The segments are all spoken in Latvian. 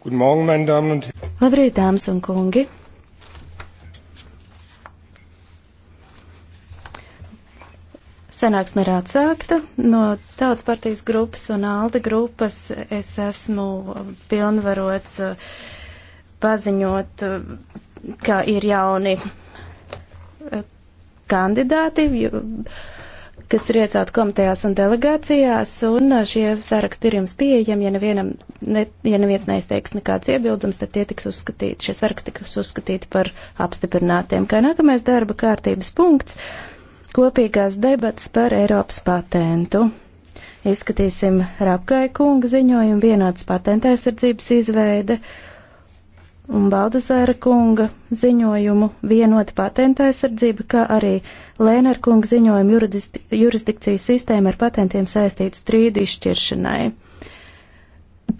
Guten Morgen, meine Damen und Herren. Labrīt, dāmas un kungi. Sanāksme ir atsākta. No Tautas partijas grupas un Alda grupas es esmu pilnvarots uh, paziņot, ka ir jauni eh, kandidāti, kas ir iecelt komitejās un delegācijās, un eh, šie saraksti ir jums pieejami. Ja, nevienam, ne, ja neviens neizteiks nekādus iebildumus, tad tie tiks uzskatīti, šie saraksti tiks uzskatīti par apstiprinātiem. Kā nākamais darba kārtības punkts - kopīgās debatas par Eiropas patentu. Izskatīsim Rapkai kunga ziņojumu vienādas patentēsardzības izveide un Baldazēra kunga ziņojumu vienota patenta aizsardzība, kā arī Lēnera kunga ziņojumu jurisdikcijas sistēma ar patentiem saistītu strīdu izšķiršanai.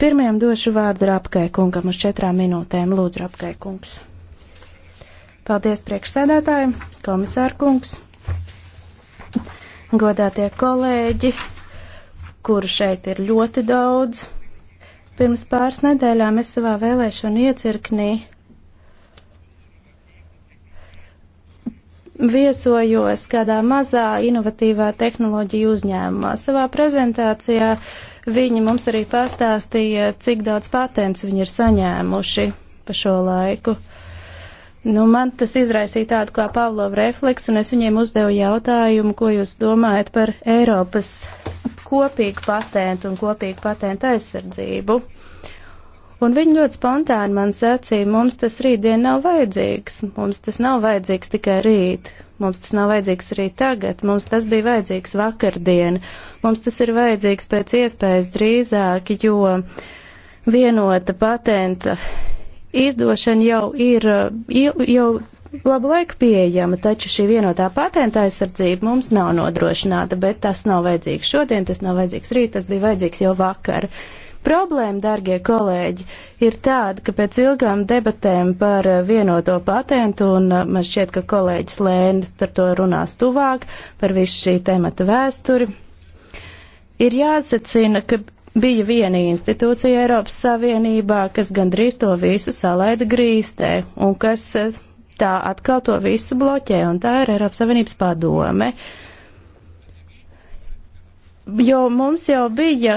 Pirmajam došu vārdu Rapkai kungam uz četrām minūtēm. Lūdzu, Rapkai kungs. Paldies priekšsēdētājiem, komisāra kungs, godātie kolēģi, kuru šeit ir ļoti daudz. Pirms pāris nedēļām es savā vēlēšanu iecirknī viesojos kādā mazā inovatīvā tehnoloģija uzņēmumā. Savā prezentācijā viņi mums arī pastāstīja, cik daudz patents viņi ir saņēmuši pa šo laiku. Nu, man tas izraisīja tādu kā Pavlova refleksu, un es viņiem uzdevu jautājumu, ko jūs domājat par Eiropas kopīgu patentu un kopīgu patentu aizsardzību. Un viņi ļoti spontāni man sacīja, mums tas rītdien nav vajadzīgs, mums tas nav vajadzīgs tikai rīt, mums tas nav vajadzīgs arī tagad, mums tas bija vajadzīgs vakardien, mums tas ir vajadzīgs pēc iespējas drīzāk, jo vienota patenta izdošana jau ir, jau labu laiku pieejama, taču šī vienotā patenta aizsardzība mums nav nodrošināta, bet tas nav vajadzīgs šodien, tas nav vajadzīgs rīt, tas bija vajadzīgs jau vakar. Problēma, darbie kolēģi, ir tāda, ka pēc ilgām debatēm par vienoto patentu, un uh, man šķiet, ka kolēģis Lēns par to runās tuvāk, par visu šī temata vēsturi, ir jāsacina, ka bija viena institūcija Eiropas Savienībā, kas gandrīz to visu salaida grīstē un kas uh, tā atkal to visu bloķē, un tā ir Eiropas Savienības padome. Jo mums jau bija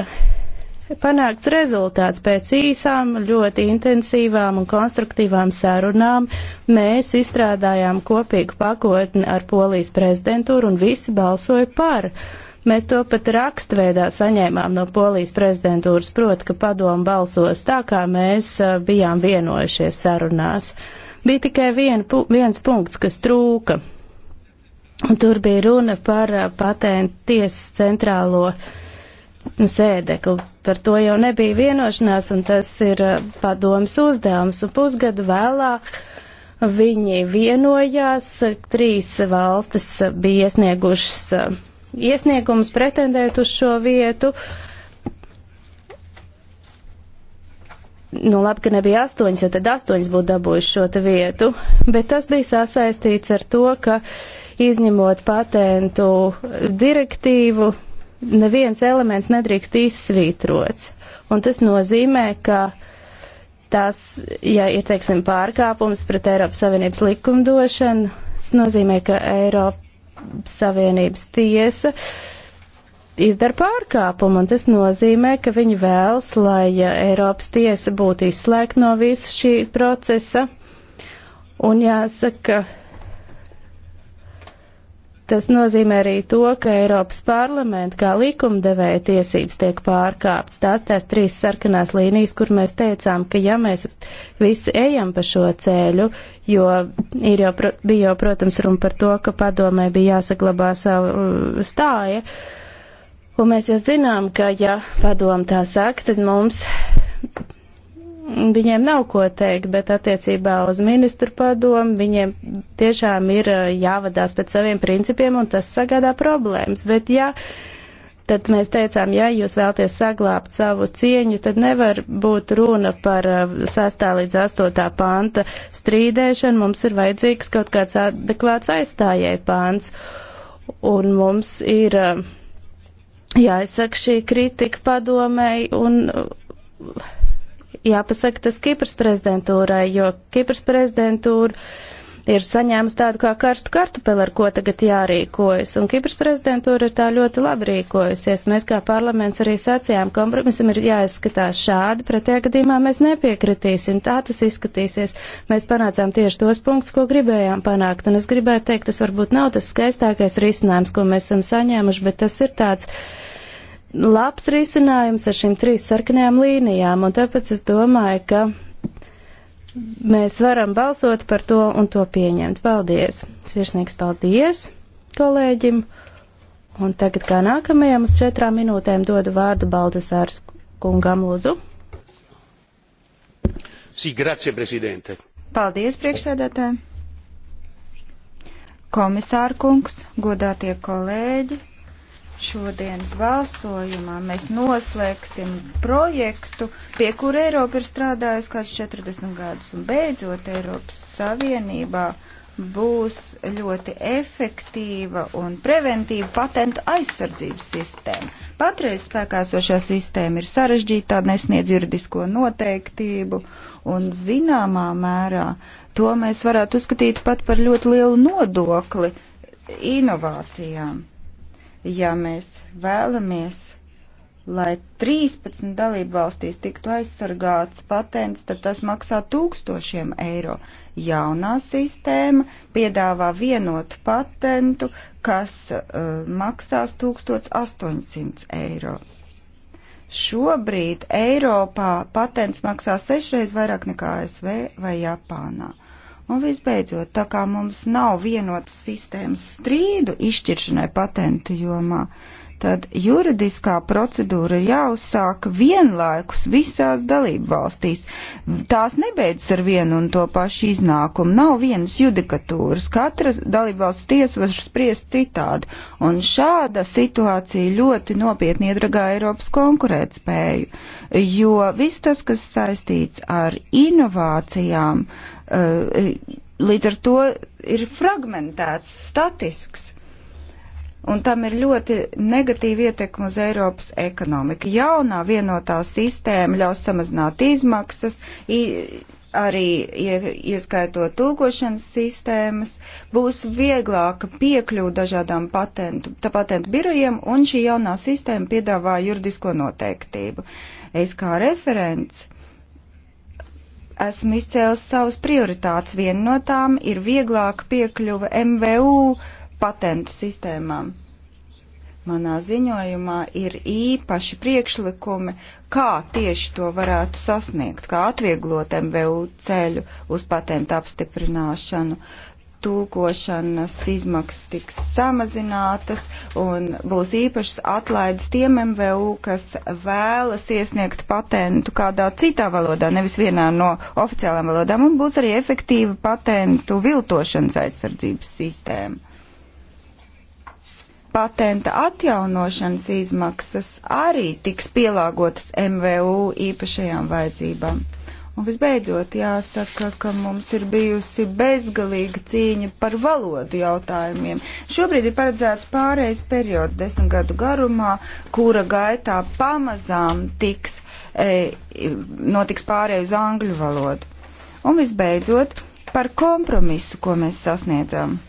panākts rezultāts pēc īsām, ļoti intensīvām un konstruktīvām sarunām. Mēs izstrādājām kopīgu pakotni ar Polijas prezidentūru un visi balsoja par. Mēs to pat rakstveidā saņēmām no Polijas prezidentūras, proti, ka padomu balsos tā, kā mēs eh, bijām vienojušies sarunās. Uh, Bija tikai vien, viens punkts, kas trūka. Un tur bija runa par uh, patentu tiesas centrālo nu, sēdekli. Par to jau nebija vienošanās, un tas ir uh, padomas uzdevums. Un pusgadu vēlāk viņi vienojās, trīs valstis bija iesniegušas uh, iesniegums pretendēt uz šo vietu. Uh, nu labi, ka nebija astoņas, jo tad astoņas būtu dabūjuši šo te vietu, bet tas bija sasaistīts ar to, ka izņemot patentu direktīvu, neviens elements nedrīkst izsvītrots. Un tas nozīmē, ka tas, ja ir, teiksim, pārkāpums pret Eiropas Savienības likumdošanu, tas nozīmē, ka Eiropas Savienības tiesa uh, izdara pārkāpumu, un tas nozīmē, ka viņi vēlas, lai Eiropas tiesa būtu izslēgta no visa šī procesa. Un jāsaka, tas nozīmē arī to, ka Eiropas parlamenta kā likumdevēja tiesības tiek pārkāptas. Tās tās trīs sarkanās līnijas, kur mēs teicām, ka ja mēs visi ejam pa šo ceļu, jo ir jau, bija jau, protams, runa par to, ka padomē bija jāsaglabā savu uh, stāja. Uh, Un mēs jau zinām, ka, ja padomu tā saka, tad mums viņiem nav ko teikt, bet attiecībā uz ministru padomu viņiem tiešām ir eh, jāvadās pēc saviem principiem, un tas sagādā problēmas. Bet, ja tad mēs teicām, ja jūs vēlties saglābt savu cieņu, tad nevar būt runa par 6. Eh, līdz 8. panta strīdēšanu, mums ir vajadzīgs kaut kāds adekvāts aizstājai pants, un mums ir. Uh, jāizsaka šī kritika padomēji un jāpasaka tas Kipras prezidentūrai, jo Kipras prezidentūra ir saņēmusi tādu kā karstu kartupeli, ar ko tagad jārīkojas. Un Kipras prezidentūra ir tā ļoti labi rīkojusies. Mēs kā parlaments arī sacījām, kompromisam ir jāizskatās šādi, pretējā gadījumā mēs nepiekritīsim, tā tas izskatīsies. Mēs panācām tieši tos punktus, ko gribējām panākt. Un es gribēju teikt, tas varbūt nav tas skaistākais risinājums, ko mēs esam saņēmuši, bet tas ir tāds labs risinājums ar šīm trīs sarkanajām līnijām, un tāpēc es domāju, ka mēs varam balsot par to un to pieņemt. Paldies! Sirsnīgs paldies kolēģim! Un tagad kā nākamajam uz četrām minūtēm dodu vārdu Baldasārs kungam lūdzu. Sī, grazie, prezidente. Paldies, priekšsēdētāji. Komisāra kungs, godātie kolēģi, šodienas balsojumā mēs noslēgsim projektu, pie kura Eiropa ir strādājusi kāds 40 gadus, un beidzot Eiropas Savienībā būs ļoti efektīva un preventīva patentu aizsardzības sistēma. Patreiz spēkā esošā sistēma ir sarežģītā, nesniedz juridisko noteiktību un zināmā mērā to mēs varētu uzskatīt pat par ļoti lielu nodokli inovācijām ja mēs vēlamies, lai 13 dalību valstīs tiktu aizsargāts patents, tad tas maksā tūkstošiem eiro. Jaunā sistēma piedāvā vienotu patentu, kas uh, maksās 1800 eiro. Šobrīd Eiropā patents maksā sešreiz vairāk nekā ASV vai Japānā. Uh, Un visbeidzot, tā kā mums nav vienotas sistēmas strīdu izšķiršanai patentu jomā, uh, tad juridiskā procedūra ir jāuzsāk vienlaikus visās dalību valstīs. Tās nebeidzas ar vienu un to pašu iznākumu. Nav vienas judikatūras. Katra dalību valsts tiesa var spriest citādi. Un šāda situācija ļoti nopietni iedragā Eiropas konkurētspēju, jo viss tas, kas saistīts ar inovācijām, eh, līdz ar to ir fragmentēts, statisks un tam ir ļoti negatīva ietekma uz Eiropas ekonomiku. Jaunā vienotā sistēma ļaus samazināt izmaksas, arī ieskaitot tulkošanas sistēmas, būs vieglāka piekļuva dažādām patentu, patentu birojiem, un šī jaunā sistēma piedāvā juridisko noteiktību. Es kā referents esmu izcēlis savas prioritātes. Viena no tām ir vieglāka piekļuva MVU patentu sistēmām. Manā ziņojumā ir īpaši priekšlikumi, kā tieši to varētu sasniegt, kā atvieglot MVU ceļu uz patentu apstiprināšanu. Tulkošanas izmaksas tiks samazinātas un būs īpašas atlaides tiem MVU, kas vēlas iesniegt patentu kādā citā valodā, nevis vienā no oficiālām valodām, un būs arī efektīva patentu viltošanas aizsardzības sistēma patenta atjaunošanas izmaksas arī tiks pielāgotas MVU īpašajām vajadzībām. Un visbeidzot, jāsaka, ka mums ir bijusi bezgalīga cīņa par valodu jautājumiem. Šobrīd ir paredzēts pārējais periods desmit gadu garumā, kura gaitā pamazām tiks, e, notiks pārējai uz angļu valodu. Un visbeidzot, par kompromisu, ko mēs sasniedzām.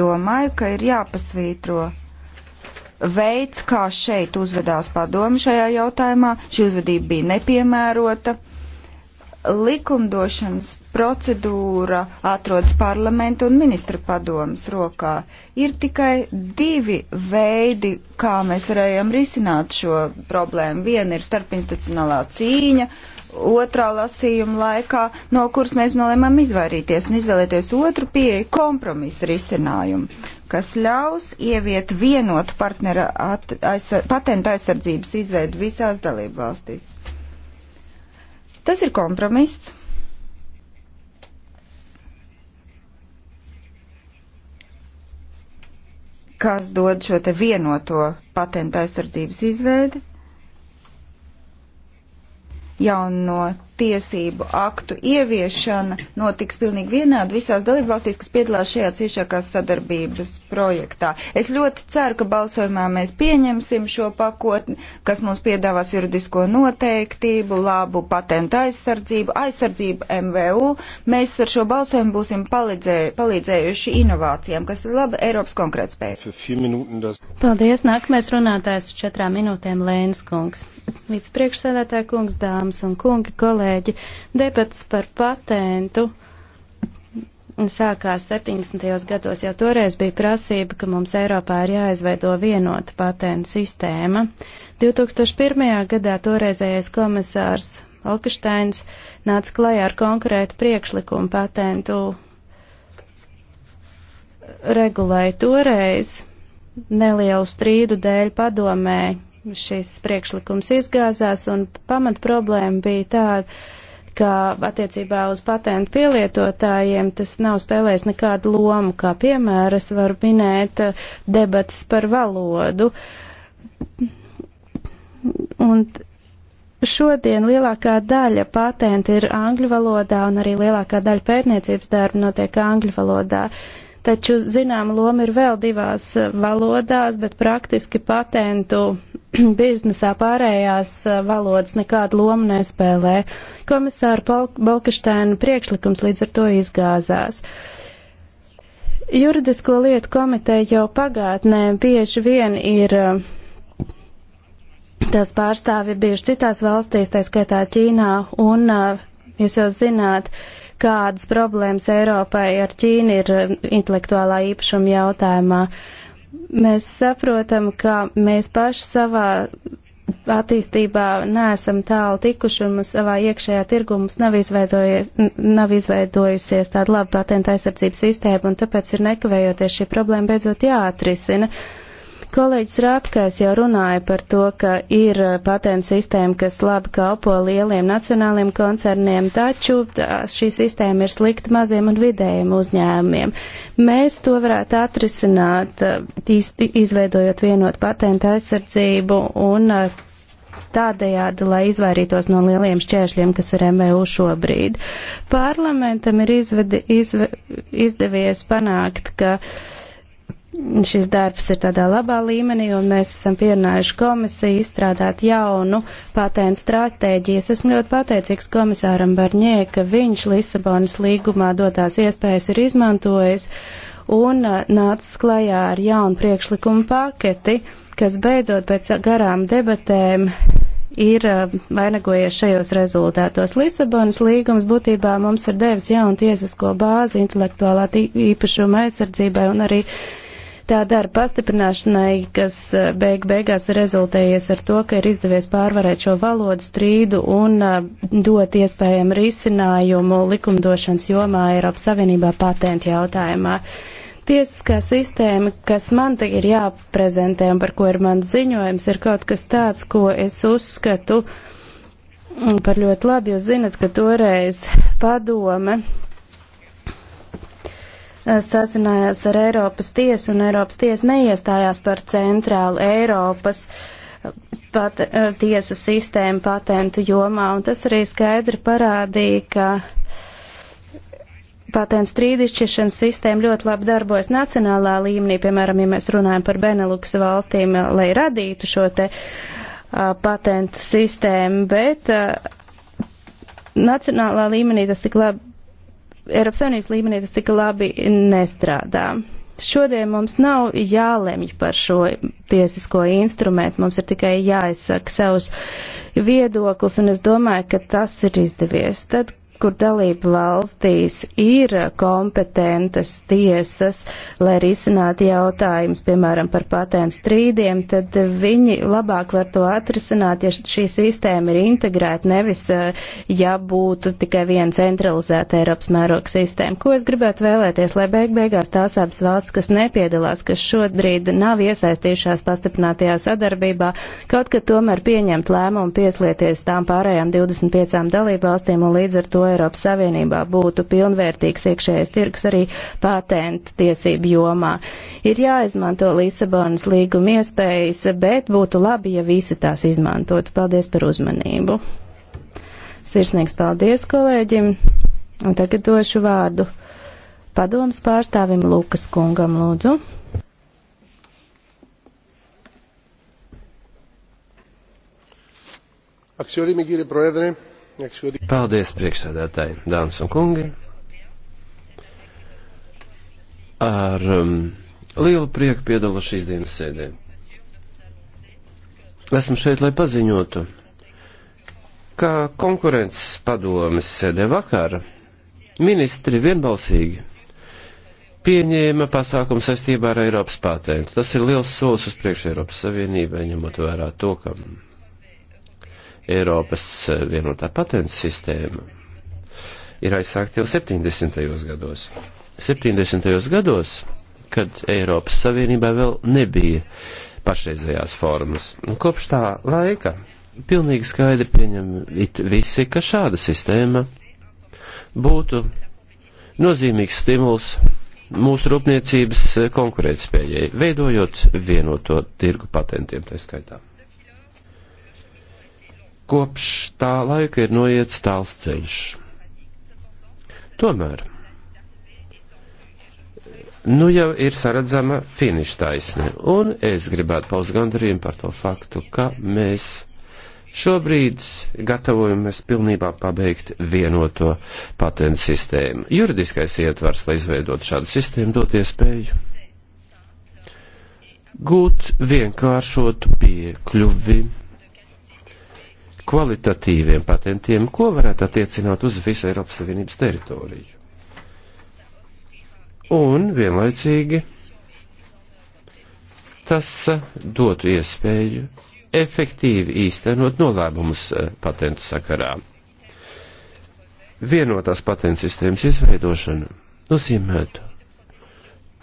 Domāju, ka ir jāpasvītro veids, kā šeit uzvedās padomi šajā jautājumā. Šī uzvedība bija nepiemērota. Likumdošanas procedūra atrodas parlamenta un ministra padomas rokā. Ir tikai divi veidi, kā mēs varējām risināt šo problēmu. Viena ir starpinstitucionālā cīņa, uh, otrā lasījuma laikā, no kuras mēs nolēmām izvairīties un izvēlēties otru pieeju kompromisu risinājumu, kas ļaus ieviet vienotu partnera at, aizsar, patenta aizsardzības izveidu visās dalību valstīs. Tas ir kompromiss. kas dod šo te vienoto patenta aizsardzības izveidi, jauno tiesību aktu ieviešana notiks pilnīgi vienādi visās dalībvalstīs, kas piedalās šajā ciešākās sadarbības projektā. Es ļoti ceru, ka balsojumā mēs pieņemsim šo pakotni, kas mums piedāvās juridisko noteiktību, labu patentu aizsardzību, aizsardzību MVU. Mēs ar šo balsojumu būsim palīdzē, palīdzējuši inovācijām, kas ir laba Eiropas konkurētspēja. Paldies, nākamais runātājs četrām minūtēm Lēnas kungs. Vicepriekšsēdētāja kungs, dāmas un kungi, kolēģi kolēģi. Debats par patentu sākās 70. gados, jau toreiz bija prasība, ka mums Eiropā ir jāizveido vienota patentu sistēma. 2001. gadā toreizējais komisārs Olkašteins nāca klajā ar konkrētu priekšlikumu patentu regulēja toreiz nelielu strīdu dēļ padomēji šis priekšlikums izgāzās, un pamat problēma bija tāda, ka attiecībā uz patentu pielietotājiem tas nav spēlējis nekādu lomu, kā piemēras var minēt eh, debatas par valodu. Un šodien lielākā daļa patentu ir angļu valodā, un arī lielākā daļa pētniecības darba notiek angļu valodā. Taču, zinām, loma ir vēl divās valodās, bet praktiski patentu biznesā pārējās eh, valodas nekādu lomu nespēlē. Komisāra Balkaštēna priekšlikums līdz ar to izgāzās. Juridisko lietu komiteja jau pagātnē bieži vien ir eh, tās pārstāvi ir bijuši citās valstīs, tā skaitā Ķīnā, un eh, jūs jau zināt, kādas problēmas Eiropai ar Ķīnu ir intelektuālā īpašuma jautājumā. Uh, mēs saprotam, ka mēs paši savā attīstībā neesam tālu tikuši un mums savā iekšējā tirgu mums nav, nav izveidojusies tāda laba patenta aizsardzības sistēma un tāpēc ir nekavējoties šī problēma beidzot jāatrisina. Uh, Kolēģis Rāpkais jau runāja par to, ka ir uh, patentu sistēma, kas labi kalpo lieliem nacionāliem koncerniem, taču uh, šī sistēma ir slikta maziem un vidējiem uzņēmumiem. Mēs to varētu atrisināt, uh, iz, izveidojot vienot patentu aizsardzību un tādējādi, lai izvairītos no lieliem šķēršļiem, kas ir MVU šobrīd. Parlamentam ir izvedi, izve, izdevies panākt, ka uh, šis darbs ir tādā labā līmenī, un mēs esam pierunājuši komisiju izstrādāt jaunu patentu stratēģiju. Es esmu ļoti pateicīgs komisāram Barņē, ka viņš Lisabonas līgumā dotās iespējas ir izmantojis un uh, nācis klajā ar jaunu priekšlikumu paketi, kas beidzot pēc garām debatēm ir uh, vainagojies šajos rezultātos. Lisabonas līgums būtībā mums ir devis jaunu tiesisko bāzi intelektuālā īpašuma aizsardzībai un arī uh, tā dara pastiprināšanai, kas e, beig beigās ir rezultējies ar to, ka ir izdevies pārvarēt šo valodu strīdu un e, dot iespējamu risinājumu likumdošanas jomā Eiropas Savienībā patentu jautājumā tiesiskā sistēma, kas man te ir jāprezentē un par ko ir mans ziņojums, ir kaut kas tāds, ko es uzskatu par ļoti labi. Jūs zinat, ka toreiz padome Eh, sazinājās ar Eiropas tiesu, un Eiropas tiesa neiestājās par centrālu Eiropas eh, pat, eh, tiesu sistēmu patentu jomā, un tas arī skaidri parādīja, ka patents strīdišķiršanas sistēma ļoti labi darbojas nacionālā līmenī, piemēram, ja mēs runājam par Benelux valstīm, lai radītu šo te uh, patentu sistēmu, bet uh, nacionālā līmenī tas tik labi Eiropas Savienības līmenī tas tik labi nestrādā. Šodien mums nav jālemj par šo tiesisko instrumentu, mums ir tikai jāizsaka savus viedoklis, un es domāju, ka tas ir izdevies. Tad, kur dalību valstīs ir kompetentas tiesas, lai risinātu jautājumus, piemēram, par patentu strīdiem, tad viņi labāk var to atrisināt, ja šī sistēma ir integrēta, nevis eh, ja būtu tikai viena centralizēta Eiropas mēroga sistēma. Ko es gribētu vēlēties, lai beig beigās tās abas valsts, kas nepiedalās, kas šobrīd nav iesaistījušās pastiprinātajā sadarbībā, kaut kad tomēr pieņemt lēmumu pieslieties tām pārējām 25 dalību valstīm un līdz ar to to Eiropas Savienībā būtu pilnvērtīgs iekšējais tirgs arī patentu tiesību jomā. Ir jāizmanto Lisabonas līguma iespējas, bet būtu labi, ja visi tās izmantotu. Paldies par uzmanību. Sirsnīgs paldies kolēģim. Un tagad došu vārdu padomas pārstāvim Lukas kungam lūdzu. Aksiodīmi, gīri proedri. Paldies, priekšsēdētāji, dāmas un kungi. Ar um, lielu prieku piedalos šīs dienas sēdē. Esmu šeit, lai paziņotu, ka konkurences padomes sēdē vakar ministri vienbalsīgi pieņēma pasākumu saistībā ar Eiropas patentu. Tas ir liels solis uz priekšu Eiropas Savienībai, ņemot vērā to, ka Eiropas eh, vienotā patenta sistēma ir aizsākta jau 70. gados. 70. gados, kad Eiropas Savienībā vēl nebija pašreizējās formas. Kopš tā laika pilnīgi skaidri pieņem visi, ka šāda sistēma būtu nozīmīgs stimuls mūsu rūpniecības eh, konkurētspējai, veidojot vienoto tirgu patentiem, tā skaitā. Kopš tā laika ir noiets tāls ceļš. Tomēr, nu jau ir saredzama finiša taisne, un es gribētu paust gandarījumu par to faktu, ka mēs Šobrīd gatavojamies pilnībā pabeigt vienoto patentu sistēmu. Juridiskais ietvars, lai izveidot šādu sistēmu, dot iespēju gūt vienkāršotu piekļuvi kvalitatīviem patentiem, ko varētu attiecināt uz visu Eiropas Savienības teritoriju. Un vienlaicīgi tas dotu iespēju efektīvi īstenot nolēmumus eh, patentu sakarā. Vienotās patentu sistēmas izveidošana nozīmētu,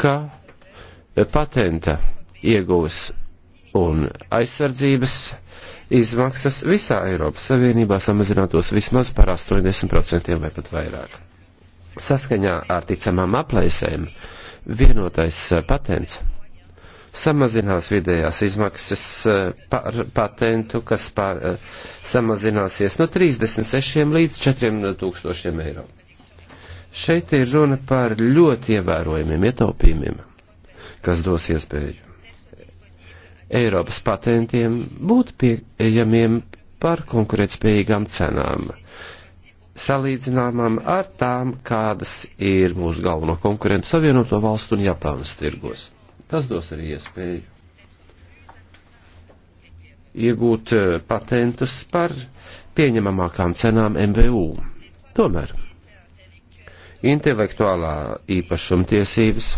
ka patenta iegūs un aizsardzības izmaksas visā Eiropas Savienībā samazinātos vismaz par 80% vai pat vairāk. Saskaņā ar ticamām aplēsēm vienotais eh, patents samazinās vidējās izmaksas eh, par patentu, kas pār, eh, samazināsies no 36 līdz 4 tūkstošiem eiro. Šeit ir runa par ļoti ievērojumiem ietaupījumiem, kas dos iespēju Eiropas patentiem būtu pieejamiem par konkurētspējīgām cenām, salīdzināmām ar tām, kādas ir mūsu galveno konkurentu Savienoto valstu un Japānas tirgos. Tas dos arī iespēju iegūt eh, patentus par pieņemamākām cenām MVU. Tomēr intelektuālā īpašumtiesības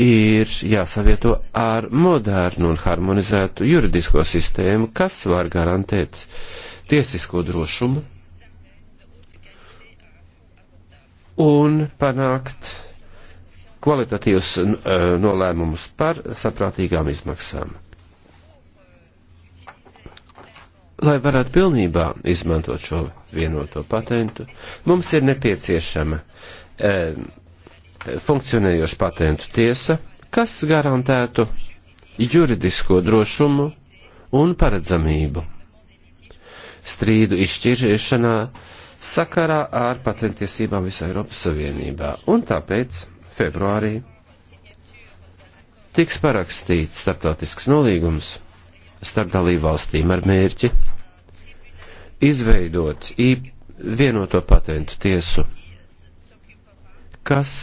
ir jāsavieto ar modernu un harmonizētu juridisko sistēmu, kas var garantēt tiesisko drošumu un panākt kvalitatīvus e, nolēmumus par saprātīgām izmaksām. Lai varētu pilnībā izmantot šo vienoto patentu, mums ir nepieciešama e, funkcionējoša patentu tiesa, kas garantētu juridisko drošumu un paredzamību. Strīdu izšķiršanā sakarā ar patentiesībām visā Eiropas Savienībā, un tāpēc februārī tiks parakstīts starptautisks nolīgums starp dalībvalstīm ar mērķi izveidot vienoto patentu tiesu, kas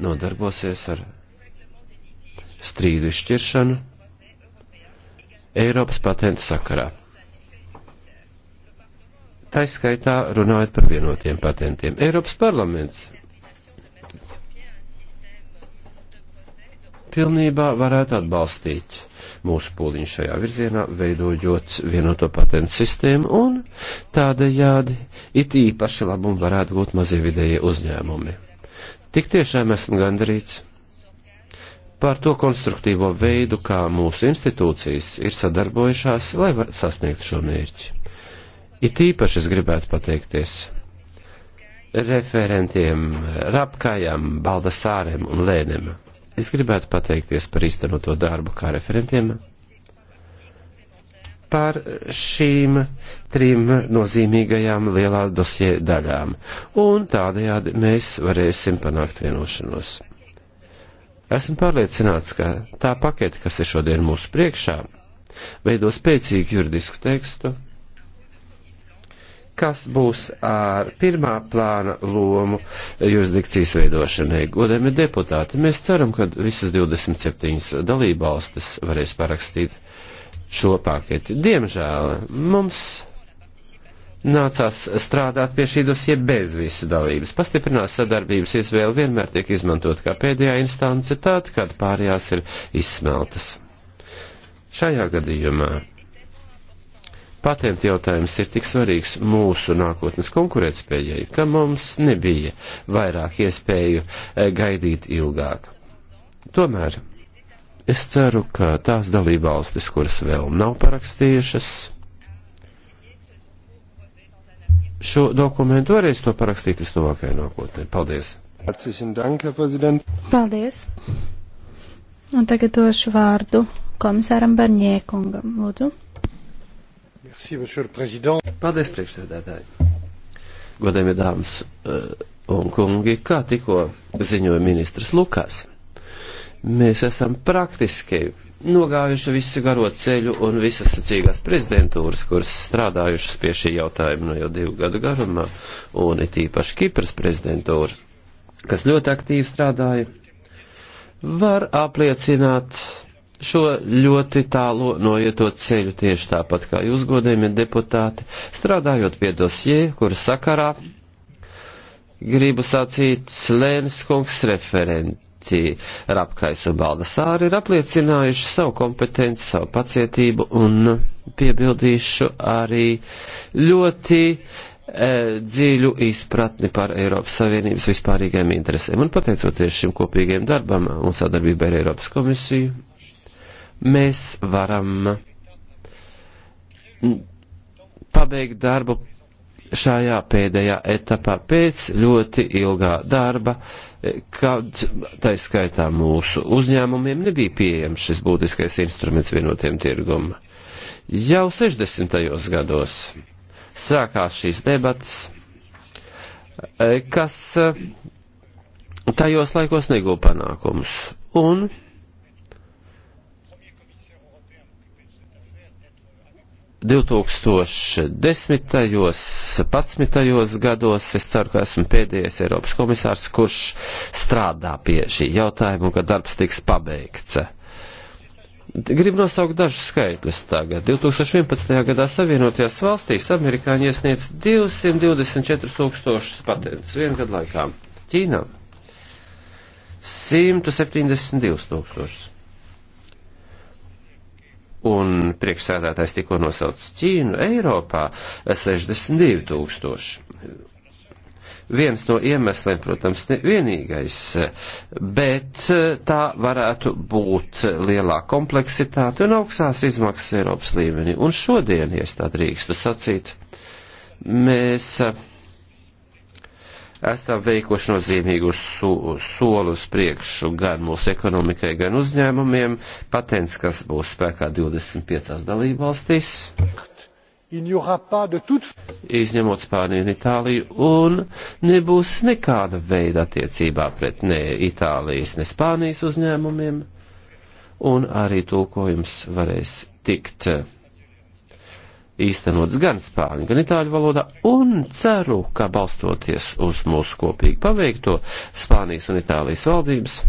nodarbosies ar strīdu izšķiršanu Eiropas patentu sakarā. Taiskaitā runājot par vienotiem patentiem. Eiropas parlaments pilnībā varētu atbalstīt mūsu pūliņu šajā virzienā, veidojot vienoto patentu sistēmu un tādējādi it īpaši labumu varētu būt mazie vidējie uzņēmumi. Tik tiešām esmu gandarīts par to konstruktīvo veidu, kā mūsu institūcijas ir sadarbojušās, lai sasniegtu šo mērķi. It īpaši es gribētu pateikties referentiem Rapkājam, Baldasārem un Lēnem. Es gribētu pateikties par īstenoto darbu kā referentiem par šīm trim nozīmīgajām lielā dosie daļām, un tādējādi mēs varēsim panākt vienošanos. Esmu pārliecināts, ka tā pakete, kas ir šodien mūsu priekšā, veido spēcīgu juridisku tekstu, kas būs ar pirmā plāna lomu jurisdikcijas veidošanai. Godējumi deputāti, mēs ceram, ka visas 27 dalībvalstis varēs parakstīt šo paketi. Diemžēl mums nācās strādāt pie šī dosie bez visu dalības. Pastiprinās sadarbības izvēle vienmēr tiek izmantot kā pēdējā instance tad, kad pārējās ir izsmeltas. Šajā gadījumā patentu jautājums ir tik svarīgs mūsu nākotnes konkurētspējai, ka mums nebija vairāk iespēju eh, gaidīt ilgāk. Tomēr Es ceru, ka tās dalībvalstis, kuras vēl nav parakstījušas, šo dokumentu varēs to parakstīt visnovākajā nākotnē. Paldies! Paldies! Un tagad došu vārdu komisāram Barņiekungam. Lūdzu! Merci, Paldies, priekšsēdētāji! Godējumie dāmas eh, un kungi, kā tikko ziņoja ministrs Lukas. Mēs esam praktiski nogājuši visu garo ceļu un visas sacīgās prezidentūras, kuras strādājušas pie šī jautājuma no jau divu gadu garumā, un it īpaši Kipras prezidentūra, kas ļoti aktīvi strādāja, var apliecināt šo ļoti tālo noietot ceļu tieši tāpat kā jūs, godējumie deputāti, strādājot pie dosie, kuras sakarā gribu sacīt Lēnis kungs referent Marķī, Rapkais un Baldasāri ir apliecinājuši savu kompetenci, savu pacietību un piebildīšu arī ļoti e, dziļu izpratni par Eiropas Savienības vispārīgajiem interesēm. Un pateicoties šim kopīgajam darbam un sadarbībai ar Eiropas komisiju, mēs varam pabeigt darbu šajā pēdējā etapā pēc ļoti ilgā darba, e, kad taiskaitā mūsu uzņēmumiem nebija pieejams šis būtiskais instruments vienotiem tirguma. Jau 60. gados sākās šīs debats, e, kas e, tajos laikos neguva panākumus. Un 2010. 11. gados. Es ceru, ka esmu pēdējais Eiropas komisārs, kurš strādā pie šī jautājuma un ka darbs tiks pabeigts. Gribu nosaukt dažus skaitļus tagad. 2011. gadā Savienotajās valstīs amerikāņi iesniedz 224 tūkstošus patentus vienu gadu laikā. Ķīnā 172 tūkstošus un priekšsēdētājs tikko nosaucis Ķīnu, Eiropā 62 tūkstoši. Viens no iemesliem, protams, nevienīgais, bet tā varētu būt lielā kompleksitāte un augstās izmaksas Eiropas līmenī. Un šodien, ja es tā drīkstu sacīt, mēs. Uh, esam veikuši nozīmīgus so, solus priekšu gan mūsu ekonomikai, gan uzņēmumiem. Patents, kas būs spēkā 25 dalībvalstīs, izņemot Spāniju un Itāliju, un nebūs nekāda veida attiecībā pret ne Itālijas, ne Spānijas uzņēmumiem, un arī tulkojums varēs tikt eh, īstenots gan spāņu, gan itāļu valodā, un ceru, ka balstoties uz mūsu kopīgi paveikto Spānijas un Itālijas valdības,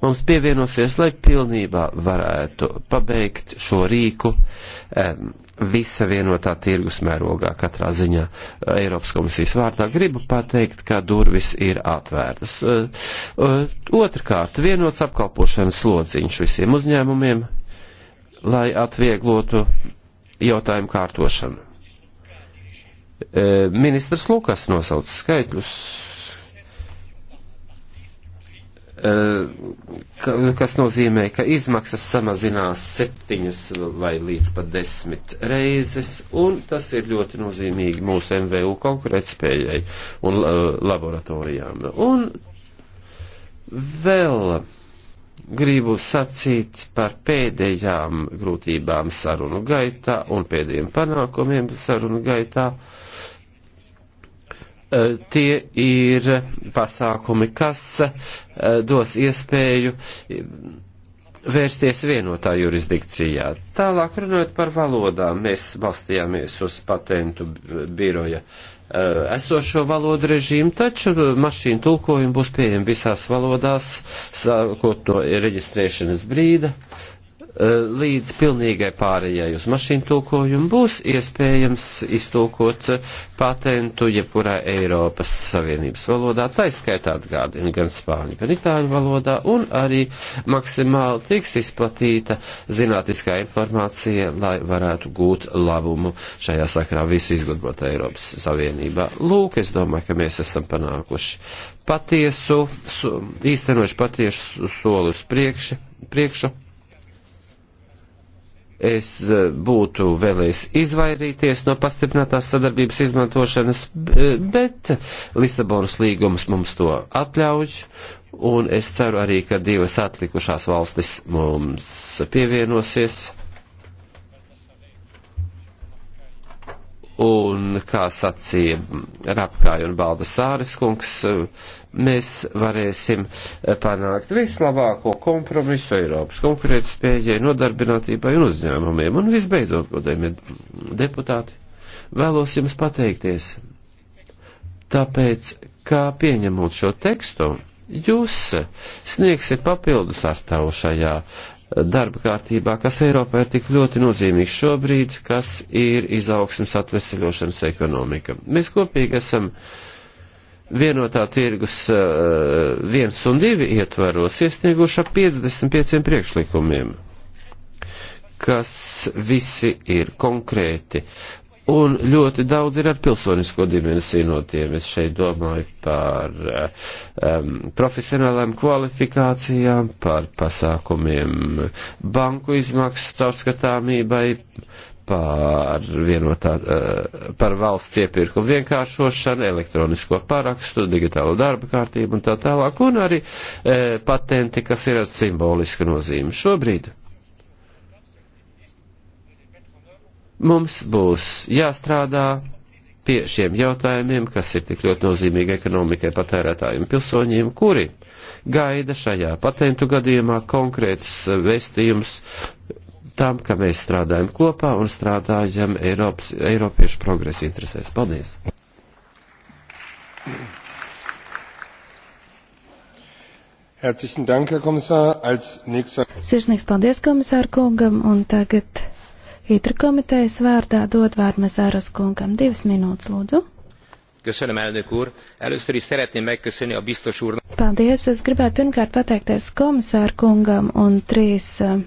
mums pievienosies, lai pilnībā varētu pabeigt šo rīku um, visa vienotā tirgus mērogā katrā ziņā eh, Eiropas komisijas vārdā. Gribu pateikt, ka durvis ir atvērtas. Uh, uh, otrkārt, vienots apkalpošanas slodziņš visiem uzņēmumiem lai atvieglotu jautājumu kārtošanu. E, ministrs Lukas nosauca skaitļus, e, kas nozīmē, ka izmaksas samazinās septiņas vai līdz pat desmit reizes, un tas ir ļoti nozīmīgi mūsu MVU konkurētspējai un e, laboratorijām. Un vēl gribu sacīt par pēdējām grūtībām sarunu gaitā un pēdējiem panākumiem sarunu gaitā. Eh, tie ir pasākumi, kas eh, dos iespēju eh, vērsties vienotā jurisdikcijā. Tālāk runājot par valodām, mēs balstījāmies uz patentu biroja uh, Uh, esošo valodu režīmu, taču mašīnu tulkojumi būs pieejami visās valodās, sākot no reģistrēšanas brīda Eh, līdz pilnīgai pārējai uz mašīnu tulkojumu būs iespējams iztulkot eh, patentu jebkurā Eiropas Savienības valodā, taiskaitā atgādina gan spāņu, gan itāļu valodā, un arī maksimāli tiks izplatīta zinātniskā informācija, lai varētu gūt labumu šajā sakarā visi izgudrota Eiropas Savienībā. Lūk, es domāju, ka mēs esam panākuši patiesu, īstenoši patiesu soli uz priekšu, priekšu es e, būtu vēlējis izvairīties no pastiprinātās sadarbības izmantošanas, bet Lisabonas līgums mums to atļauj, un es ceru arī, ka divas atlikušās valstis mums pievienosies. Un, kā sacīja Rapkāja un Balda Sāris kungs, uh, mēs varēsim eh, panākt vislabāko kompromisu Eiropas konkurētspējai, nodarbinātībai un uzņēmumiem. Un visbeidzot, godējumie deputāti, vēlos jums pateikties, tāpēc, kā pieņemot šo tekstu, jūs sniegsiet papildus ar tavu šajā darba kārtībā, kas Eiropā ir tik ļoti nozīmīgs šobrīd, kas ir izaugsmas atveseļošanas ekonomika. Mēs kopīgi esam uh, vienotā tirgus eh, viens un divi ietvaros iesnieguši ap 55 priekšlikumiem, kas visi ir konkrēti un ļoti daudz ir ar pilsonisko dimensiju no tiem. Es šeit domāju par um, profesionālām kvalifikācijām, par pasākumiem banku izmaksu caurskatāmībai, par vienotā, eh, par valsts iepirkumu vienkāršošanu, elektronisko parakstu, digitālo darba kārtību un tā tālāk, un arī e, patenti, kas ir ar simbolisku nozīmi. Šobrīd mums būs jāstrādā pie šiem jautājumiem, kas ir tik ļoti nozīmīgi ekonomikai, patērētājiem, pilsoņiem, kuri gaida šajā patentu gadījumā konkrētus eh, vēstījumus tam, ka mēs strādājam kopā un strādājam Eiropas, Eiropiešu progresa interesēs. Paldies! Herzlichen Dank, Herr Kommissar. Als nächster. Sirsnīgs paldies, komisāra kungam, un tagad Itra komitejas vārdā dod vārdu Mezáras kungam. Divas minūtes, lūdzu. Köszönöm, elnök úr. Először is szeretném megköszönni a biztos úrnak. Paldies, es gribētu pirmkārt pateikties komisāra kungam un trīs eh,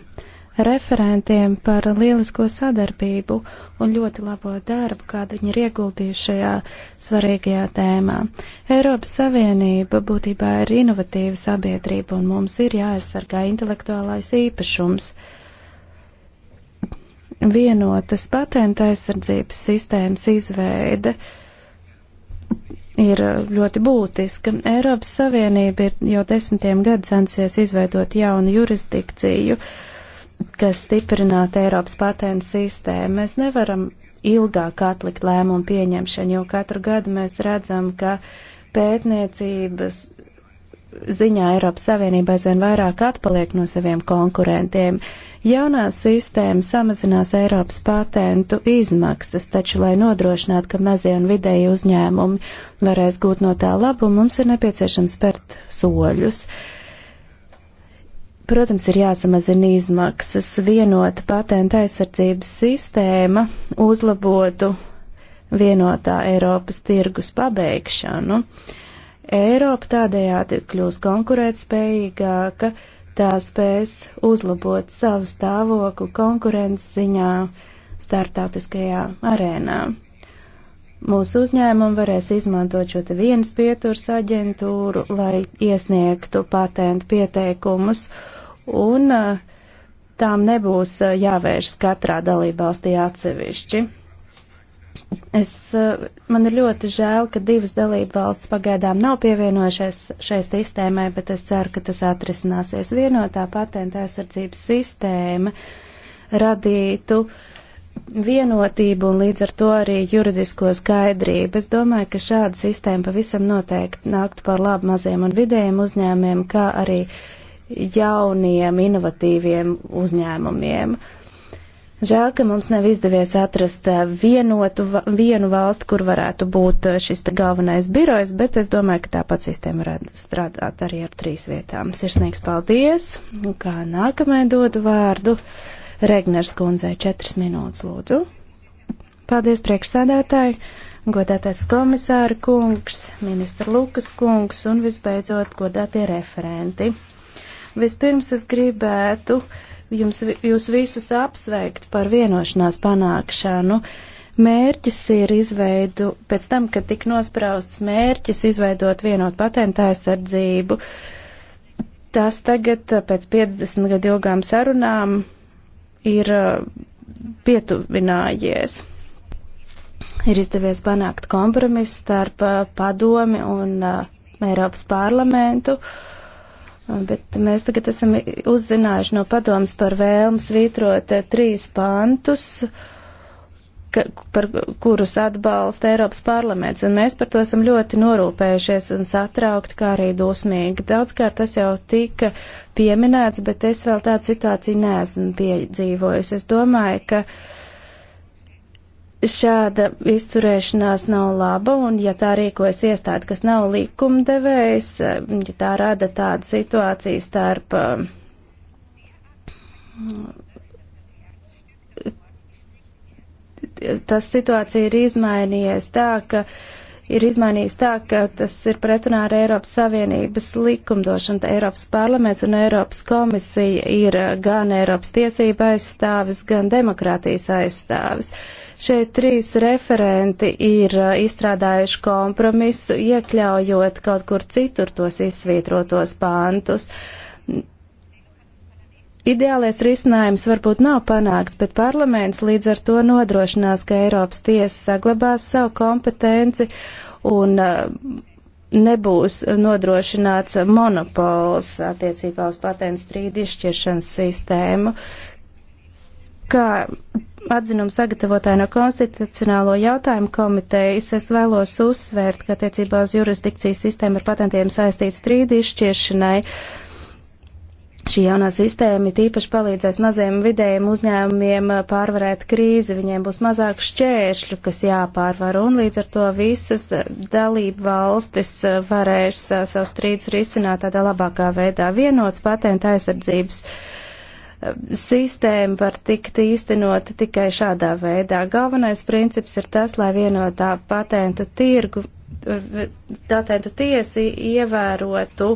referentiem par lielisko sadarbību un ļoti labo darbu, kādu viņi ir ieguldījuši šajā svarīgajā tēmā. Eiropas Savienība būtībā ir inovatīva sabiedrība un mums ir jāaizsargā intelektuālais īpašums. Vienotas patenta aizsardzības sistēmas izveide ir ļoti būtiska. Eiropas Savienība ir jau desmitiem gadu censies izveidot jaunu jurisdikciju, uh, kas stiprinātu Eiropas patentu sistēmu. Mēs nevaram ilgāk atlikt lēmumu pieņemšanu, jo katru gadu mēs redzam, ka pētniecības ziņā Eiropas Savienība aizvien vairāk atpaliek no saviem konkurentiem. Jaunā sistēma samazinās Eiropas patentu izmaksas, taču, lai nodrošinātu, ka mazie un vidēji uzņēmumi varēs gūt no tā labu, mums ir nepieciešams spērt soļus. Uh, Protams, ir jāsamazina izmaksas. Vienota patenta aizsardzības sistēma uzlabotu vienotā Eiropas tirgus pabeigšanu. Eiropa tādējādi kļūs konkurētspējīgāka, tā spēs uzlabot savu stāvokli konkurences ziņā startautiskajā arēnā. Mūsu uzņēmumi varēs izmantot šo te vienas pieturs aģentūru, lai iesniegtu patentu pieteikumus un tām nebūs jāvēršas katrā dalībvalstī atsevišķi. Es, man ir ļoti žēl, ka divas dalība valsts pagaidām nav pievienojušies šai sistēmai, bet es ceru, ka tas atrisināsies. Vienotā patenta aizsardzības sistēma radītu vienotību un līdz ar to arī juridisko skaidrību. Es domāju, ka šāda sistēma pavisam noteikti nāktu par labu maziem un vidējiem uzņēmiem, kā arī uh, jauniem, inovatīviem uzņēmumiem. Žēl, ka mums nav izdevies atrast eh, vienotu, vienu valstu, kur varētu būt eh, šis galvenais birojs, bet es domāju, ka tāpat sistēma varētu strādāt arī ar trīs vietām. Sirsnīgs paldies! Kā nākamajai dodu vārdu Regners kundzei četras minūtes lūdzu. Paldies priekšsēdētāji! godātais komisāra kungs, ministra Lukas kungs un visbeidzot godātie referenti. Vispirms es gribētu jums, jūs visus apsveikt par vienošanās panākšanu. Mērķis ir izveidu, pēc tam, kad tik nosprausts mērķis izveidot vienot patenta aizsardzību, tas tagad eh, pēc 50 gadu ilgām sarunām ir eh, pietuvinājies ir izdevies panākt kompromisu starp eh, padomi un Eiropas parlamentu. Uh, Bet mēs tagad esam uzzinājuši no padomas par vēlmu svītrot eh, trīs pantus, ka, par kurus atbalsta Eiropas parlaments, un mēs par to esam ļoti norūpējušies un satraukti, kā arī dusmīgi. Daudzkārt tas jau tika pieminēts, bet es vēl tādu situāciju neesmu piedzīvojis. Es domāju, ka. Uh, šāda izturēšanās nav laba, un ja tā rīkojas iestāde, kas nav likumdevējs, eh, ja tā rada tādu situāciju starp eh, Tas situācija ir izmainījies tā, ka ir izmainījis tā, ka tas ir pretrunā ar Eiropas Savienības likumdošanu. Eiropas parlaments un Eiropas komisija ir eh, gan Eiropas tiesība aizstāvis, gan demokrātijas aizstāvis. Uh, Šeit trīs referenti ir uh, izstrādājuši kompromisu, iekļaujot kaut kur citur tos izsvītrotos pāntus. Ideālais risinājums varbūt nav panākts, bet parlaments līdz ar to nodrošinās, ka Eiropas tiesa saglabās savu kompetenci un uh, nebūs nodrošināts monopols attiecībā uz patentu strīdu izšķiršanas sistēmu, kā atzinumu sagatavotāju no Konstitucionālo jautājumu komitejas, es vēlos uzsvērt, ka attiecībā uz jurisdikcijas sistēmu ar patentiem saistīts strīdi izšķiršanai. Šī jaunā sistēma tīpaši palīdzēs maziem vidējiem uzņēmumiem uh, pārvarēt krīzi, viņiem būs mazāk šķēršļu, kas jāpārvar, un līdz ar to visas dalību valstis uh, varēs uh, savus strīdus risināt tādā labākā veidā. Vienots patenta aizsardzības uh, sistēma var tikt īstenot tikai šādā veidā. Galvenais princips ir tas, lai vienotā patentu tirgu, patentu tiesi ievērotu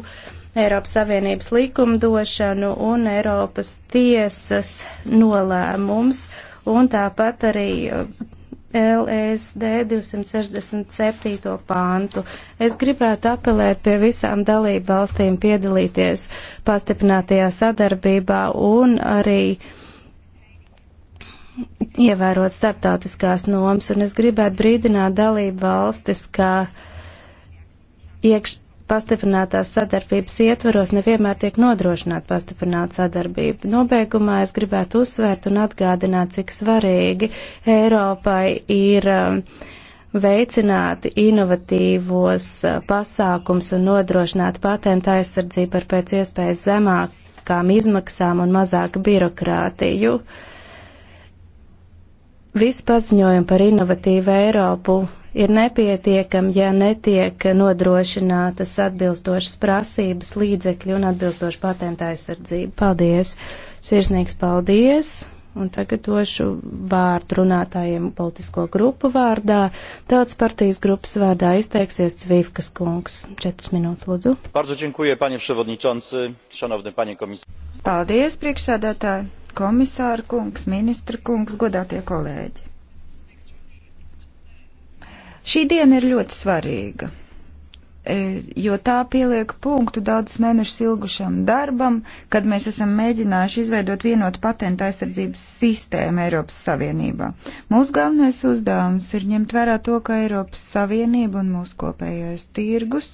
Eiropas Savienības likumdošanu un Eiropas tiesas nolēmums, un tāpat arī LSD 267. pāntu. Es gribētu apelēt pie visām dalību valstīm piedalīties pastiprinātajā sadarbībā un arī ievērot starptautiskās normas, un es gribētu brīdināt dalību valstis, ka iekš, pastiprinātās sadarbības ietvaros nevienmēr tiek nodrošināta pastiprināta sadarbība. Nobeigumā es gribētu uzsvērt un atgādināt, cik svarīgi Eiropai ir um, veicināt inovatīvos uh, pasākums un nodrošināt patenta aizsardzību ar pēc iespējas zemākām izmaksām un mazāku birokrātiju. Visi paziņojumi par inovatīvu Eiropu ir nepietiekama, ja netiek nodrošinātas atbilstošas prasības, līdzekļi un atbilstoša patenta aizsardzība. Paldies! Sirsnīgs paldies! Un tagad došu vārdu runātājiem politisko grupu vārdā. Tāds partijas grupas vārdā izteiksies Cvīvkas kungs. Četras minūtes, lūdzu. Bardzo dziękuję, panie przewodniczący, szanowny panie komisār. Paldies, priekšsēdētāji, komisāra kungs, ministra kungs, godātie kolēģi. Šī diena ir ļoti svarīga, e, jo tā pieliek punktu daudzus mēnešus ilgušam darbam, kad mēs esam mēģinājuši izveidot vienotu patenta aizsardzības sistēmu Eiropas Savienībā. Mūsu galvenais uzdevums ir ņemt vērā to, ka Eiropas Savienība un mūsu kopējais tirgus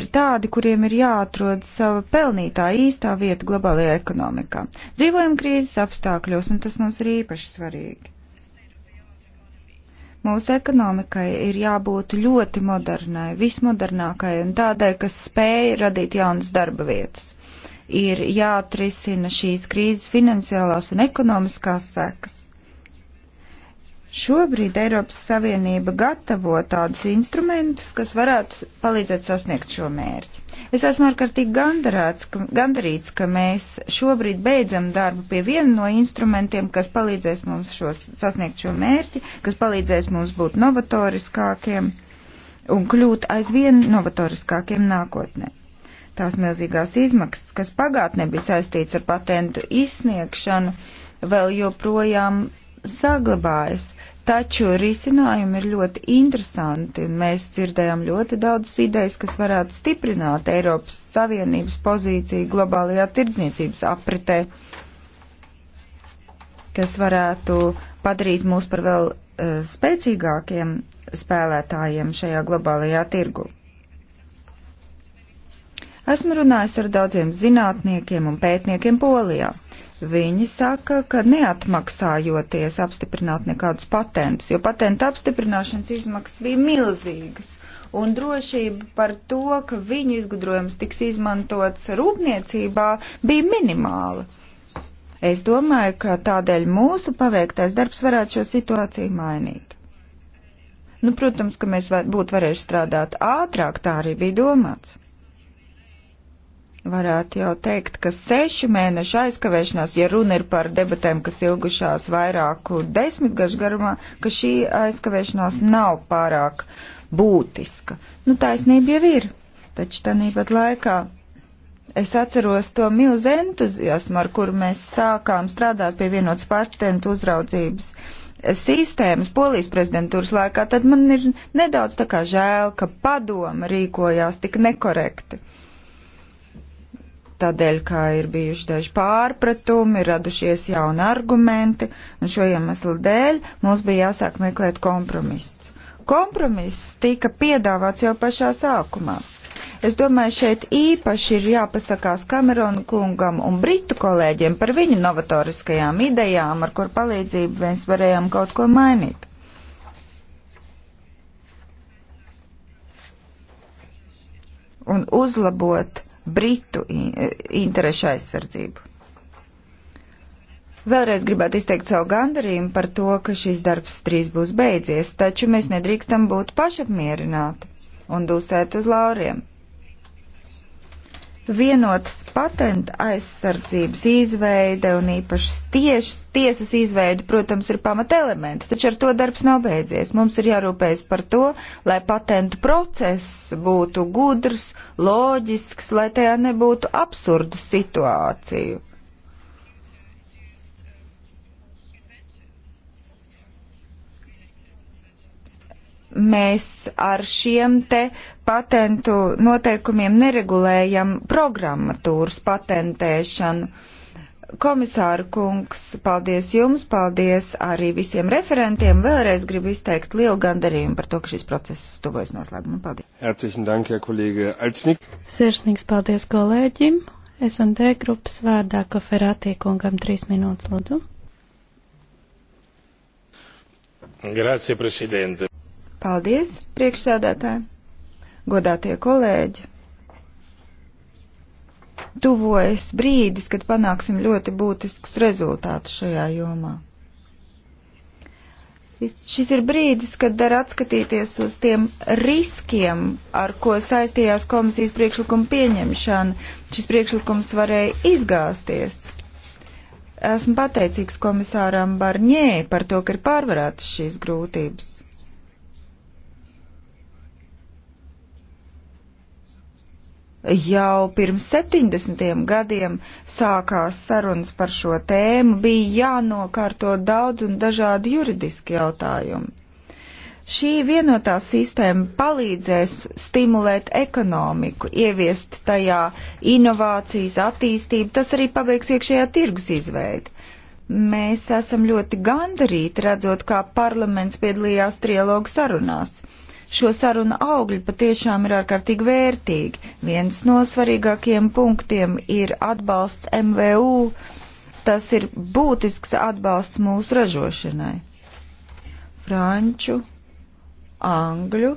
ir tādi, kuriem ir jāatrod sava pelnītā īstā vieta globālajā ekonomikā. Dzīvojam krīzes apstākļos, un tas mums ir īpaši svarīgi. Mūsu ekonomikai ir jābūt ļoti modernai, vismodernākai un tādai, kas spēj radīt jaunas darba vietas. Ir jāatrisina šīs krīzes finansiālās un ekonomiskās sekas. Šobrīd Eiropas Savienība gatavo tādus instrumentus, kas varētu palīdzēt sasniegt šo mērķi. Es esmu ārkārtīgi gandarīts, ka mēs šobrīd beidzam darbu pie viena no instrumentiem, kas palīdzēs mums šos, sasniegt šo mērķi, kas palīdzēs mums būt novatoriskākiem un kļūt aizvien novatoriskākiem nākotnē. Tās milzīgās izmaksas, kas pagātnē bija saistīts ar patentu izsniegšanu, vēl joprojām saglabājas. Taču risinājumi ir ļoti interesanti, un mēs dzirdējām ļoti daudzas idejas, kas varētu stiprināt Eiropas Savienības pozīciju globālajā tirdzniecības apritē, kas varētu padarīt mūs par vēl uh, spēcīgākiem spēlētājiem šajā globālajā tirgu. Esmu runājis ar daudziem zinātniekiem un pētniekiem Polijā. Viņi saka, ka neatmaksājoties apstiprināt nekādus patentus, jo patentu apstiprināšanas izmaksas bija milzīgas. Un drošība par to, ka viņu izgudrojums tiks izmantots rūpniecībā, bija minimāla. Es domāju, ka tādēļ mūsu paveiktais darbs varētu šo situāciju mainīt. Nu, protams, ka mēs var, būtu varējuši strādāt ātrāk, tā arī bija domāts. Varētu jau teikt, ka seši mēneši aizkavēšanās, ja runa ir par debatēm, kas ilgušās vairāku desmitgažu garumā, ka šī aizkavēšanās nav pārāk būtiska. Nu, taisnība jau ir, taču tanīpat laikā es atceros to milzu entuziasmu, ar kuru mēs sākām strādāt pie vienotas patentu uzraudzības sistēmas polijas prezidentūras laikā, tad man ir nedaudz tā kā žēl, ka padoma rīkojās tik nekorekti tādēļ, kā ir bijuši daži pārpratumi, ir radušies jauni argumenti, un šo iemeslu dēļ mums bija jāsāk meklēt kompromiss. Kompromiss tika piedāvāts jau pašā sākumā. Es domāju, šeit īpaši ir jāpasakās Kamerona kungam un britu kolēģiem par viņu novatoriskajām idejām, ar kur palīdzību mēs varējām kaut ko mainīt. Un uzlabot Britu e, interešu aizsardzību. Vēlreiz gribētu izteikt savu gandarījumu par to, ka šis darbs drīz būs beidzies, taču mēs nedrīkstam būt pašapmierināti un dusēt uz lauriem vienotas patenta aizsardzības izveide un īpašas tieš, tiesas izveide, protams, ir pamata elementi, taču ar to darbs nav beidzies. Mums ir jārūpējas par to, lai patentu process būtu gudrs, loģisks, lai tajā nebūtu absurdu situāciju. Mēs ar šiem te patentu noteikumiem neregulējam programmatūras patentēšanu. Komisāra kungs, paldies jums, paldies arī visiem referentiem. Vēlreiz gribu izteikt lielu gandarījumu par to, ka šis process tuvojas noslēgumam. Paldies. Herzlichen Dank, Herr Kollege Altsnik. Sirsnīgs paldies kolēģim. SND grupas vārdā Koferātī kungam trīs minūtes, lūdzu. Grazie, prezidente. Paldies, priekšsēdētāji, godātie kolēģi. Tuvojas brīdis, kad panāksim ļoti būtiskus rezultātus šajā jomā. Šis ir brīdis, kad dar atskatīties uz tiem riskiem, ar ko saistījās komisijas priekšlikuma pieņemšana. Šis priekšlikums varēja izgāzties. Esmu pateicīgs komisāram Barņē par to, ka ir pārvarētas šīs grūtības. Jau pirms 70 gadiem sākās sarunas par šo tēmu, bija jānokārto daudz un dažādi juridiski jautājumi. Šī vienotā sistēma palīdzēs stimulēt ekonomiku, ieviest tajā inovācijas attīstību, tas arī pabeigs iekšējā tirgus izveidi. Mēs esam ļoti gandarīti redzot, kā parlaments piedalījās trialogu sarunās. Šo sarunu augļi patiešām ir ārkārtīgi vērtīgi. Viens no svarīgākajiem punktiem ir atbalsts MVU. Tas ir būtisks atbalsts mūsu ražošanai. Franču, angļu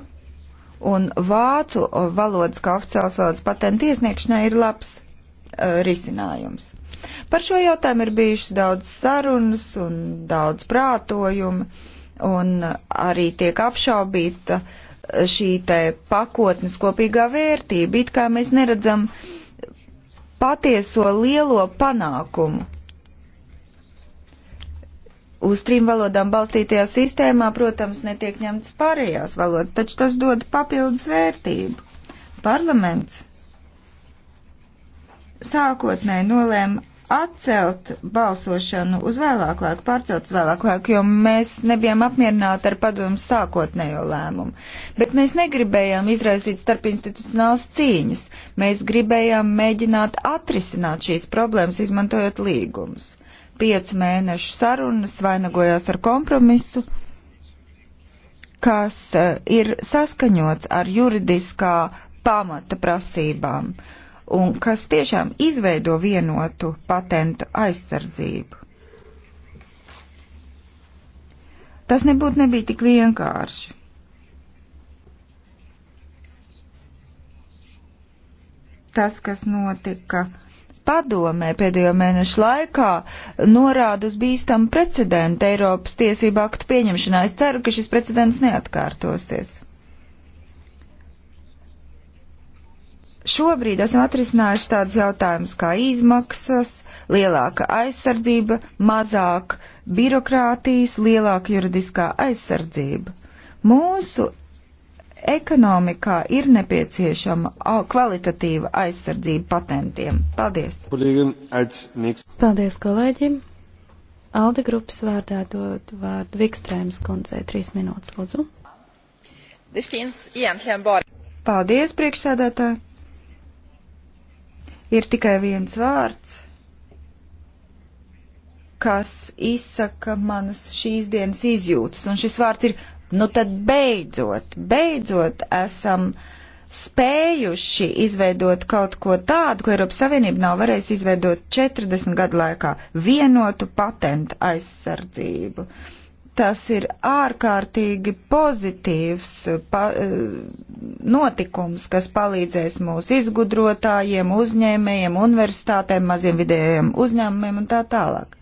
un vācu valodas, kā oficiāls valodas patentu iesniegšanai, ir labs uh, risinājums. Par šo jautājumu ir bijušas daudz sarunas un daudz prātojumu, un arī tiek apšaubīta uh, šī te pakotnes kopīgā vērtība, it kā mēs neredzam patieso lielo panākumu. Uz trim valodām balstītajā sistēmā, protams, netiek ņemtas pārējās valodas, taču tas dod papildus vērtību. Parlaments sākotnēji nolēma atcelt balsošanu uz vēlāku laiku, pārcelt uz vēlāku laiku, jo mēs nebijām apmierināti ar padomu sākotnējo lēmumu. Bet mēs negribējām izraisīt starpinstitucionālas cīņas. Mēs gribējām mēģināt atrisināt šīs problēmas, izmantojot līgumus. Piecu mēnešu sarunas vainagojās ar kompromisu, kas eh, ir saskaņots ar juridiskā pamata prasībām. Uh, un kas tiešām izveido vienotu patentu aizsardzību. Tas nebūtu nebija tik vienkārši. Tas, kas notika padomē pēdējo mēnešu laikā norāda uz bīstamu precedentu Eiropas tiesību aktu pieņemšanā. Es ceru, ka šis precedents neatkārtosies. šobrīd esam atrisinājuši tādus jautājumus kā izmaksas, lielāka aizsardzība, mazāk birokrātijas, lielāka juridiskā aizsardzība. Mūsu ekonomikā ir nepieciešama kvalitatīva aizsardzība patentiem. Paldies! Paldies, kolēģim! Alde grupas vārdā dod vārdu Vikstrēmas kundzei. Trīs minūtes, lūdzu. Paldies, priekšsēdētāji! ir tikai viens vārds, kas izsaka manas šīs dienas izjūtas, un šis vārds ir, nu tad beidzot, beidzot esam spējuši izveidot kaut ko tādu, ko Eiropas Savienība nav varējusi izveidot 40 gadu laikā - vienotu patentu aizsardzību. Uh, tas ir ārkārtīgi pozitīvs pa, eh, notikums, kas palīdzēs mūsu izgudrotājiem, uzņēmējiem, universitātēm, maziem vidējiem uzņēmumiem un tā tālāk.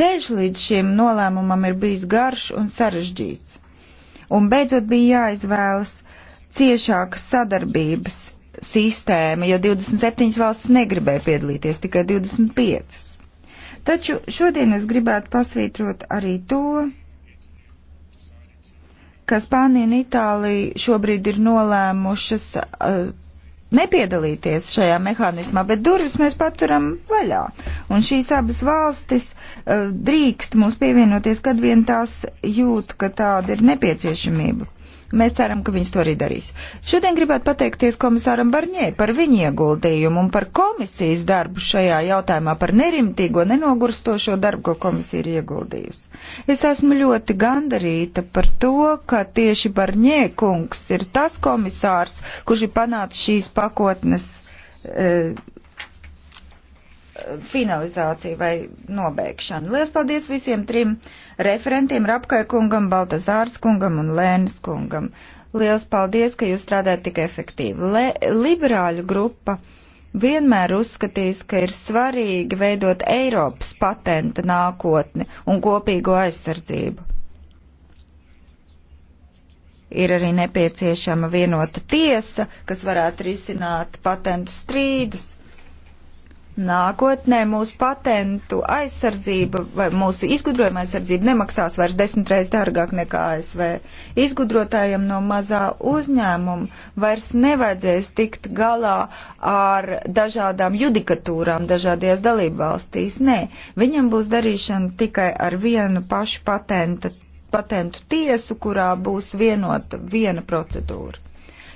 Ceļš līdz šim nolēmumam ir bijis garš un sarežģīts, un beidzot bija jāizvēlas ciešākas sadarbības sistēma, jo 27 valsts negribēja piedalīties, tikai 25. Taču šodien es gribētu pasvītrot arī to, ka Spānija un Itālija šobrīd ir nolēmušas uh, nepiedalīties šajā mehānismā, bet durvis mēs paturam vaļā. Un šīs abas valstis uh, drīkst mums pievienoties, kad vien tās jūt, ka tāda ir nepieciešamība. Mēs ceram, ka viņas to arī darīs. Šodien gribētu pateikties komisāram Barņē par viņa ieguldījumu un par komisijas darbu šajā jautājumā, par nerimtīgo, nenogurstošo darbu, ko komisija ir ieguldījusi. Es esmu ļoti gandarīta par to, ka tieši Barņē kungs ir tas komisārs, kurš ir panācis šīs pakotnes. E, finalizāciju vai nobeigšanu. Lielas paldies visiem trim referentiem, Rapkai kungam, Baltazārs kungam un Lēnas kungam. Lielas paldies, ka jūs strādājat tik efektīvi. Le liberāļu grupa vienmēr uzskatīs, ka ir svarīgi veidot Eiropas patenta nākotni un kopīgo aizsardzību. Ir arī nepieciešama vienota tiesa, kas varētu risināt patentu strīdus Nākotnē mūsu patentu aizsardzība vai mūsu izgudrojuma aizsardzība nemaksās vairs desmitreiz dārgāk nekā ASV. Izgudrotājiem no mazā uzņēmuma vairs nevajadzēs tikt galā ar dažādām judikatūrām dažādajās dalību valstīs. Nē, viņam būs darīšana tikai ar vienu pašu patenta, patentu tiesu, kurā būs vienota viena procedūra.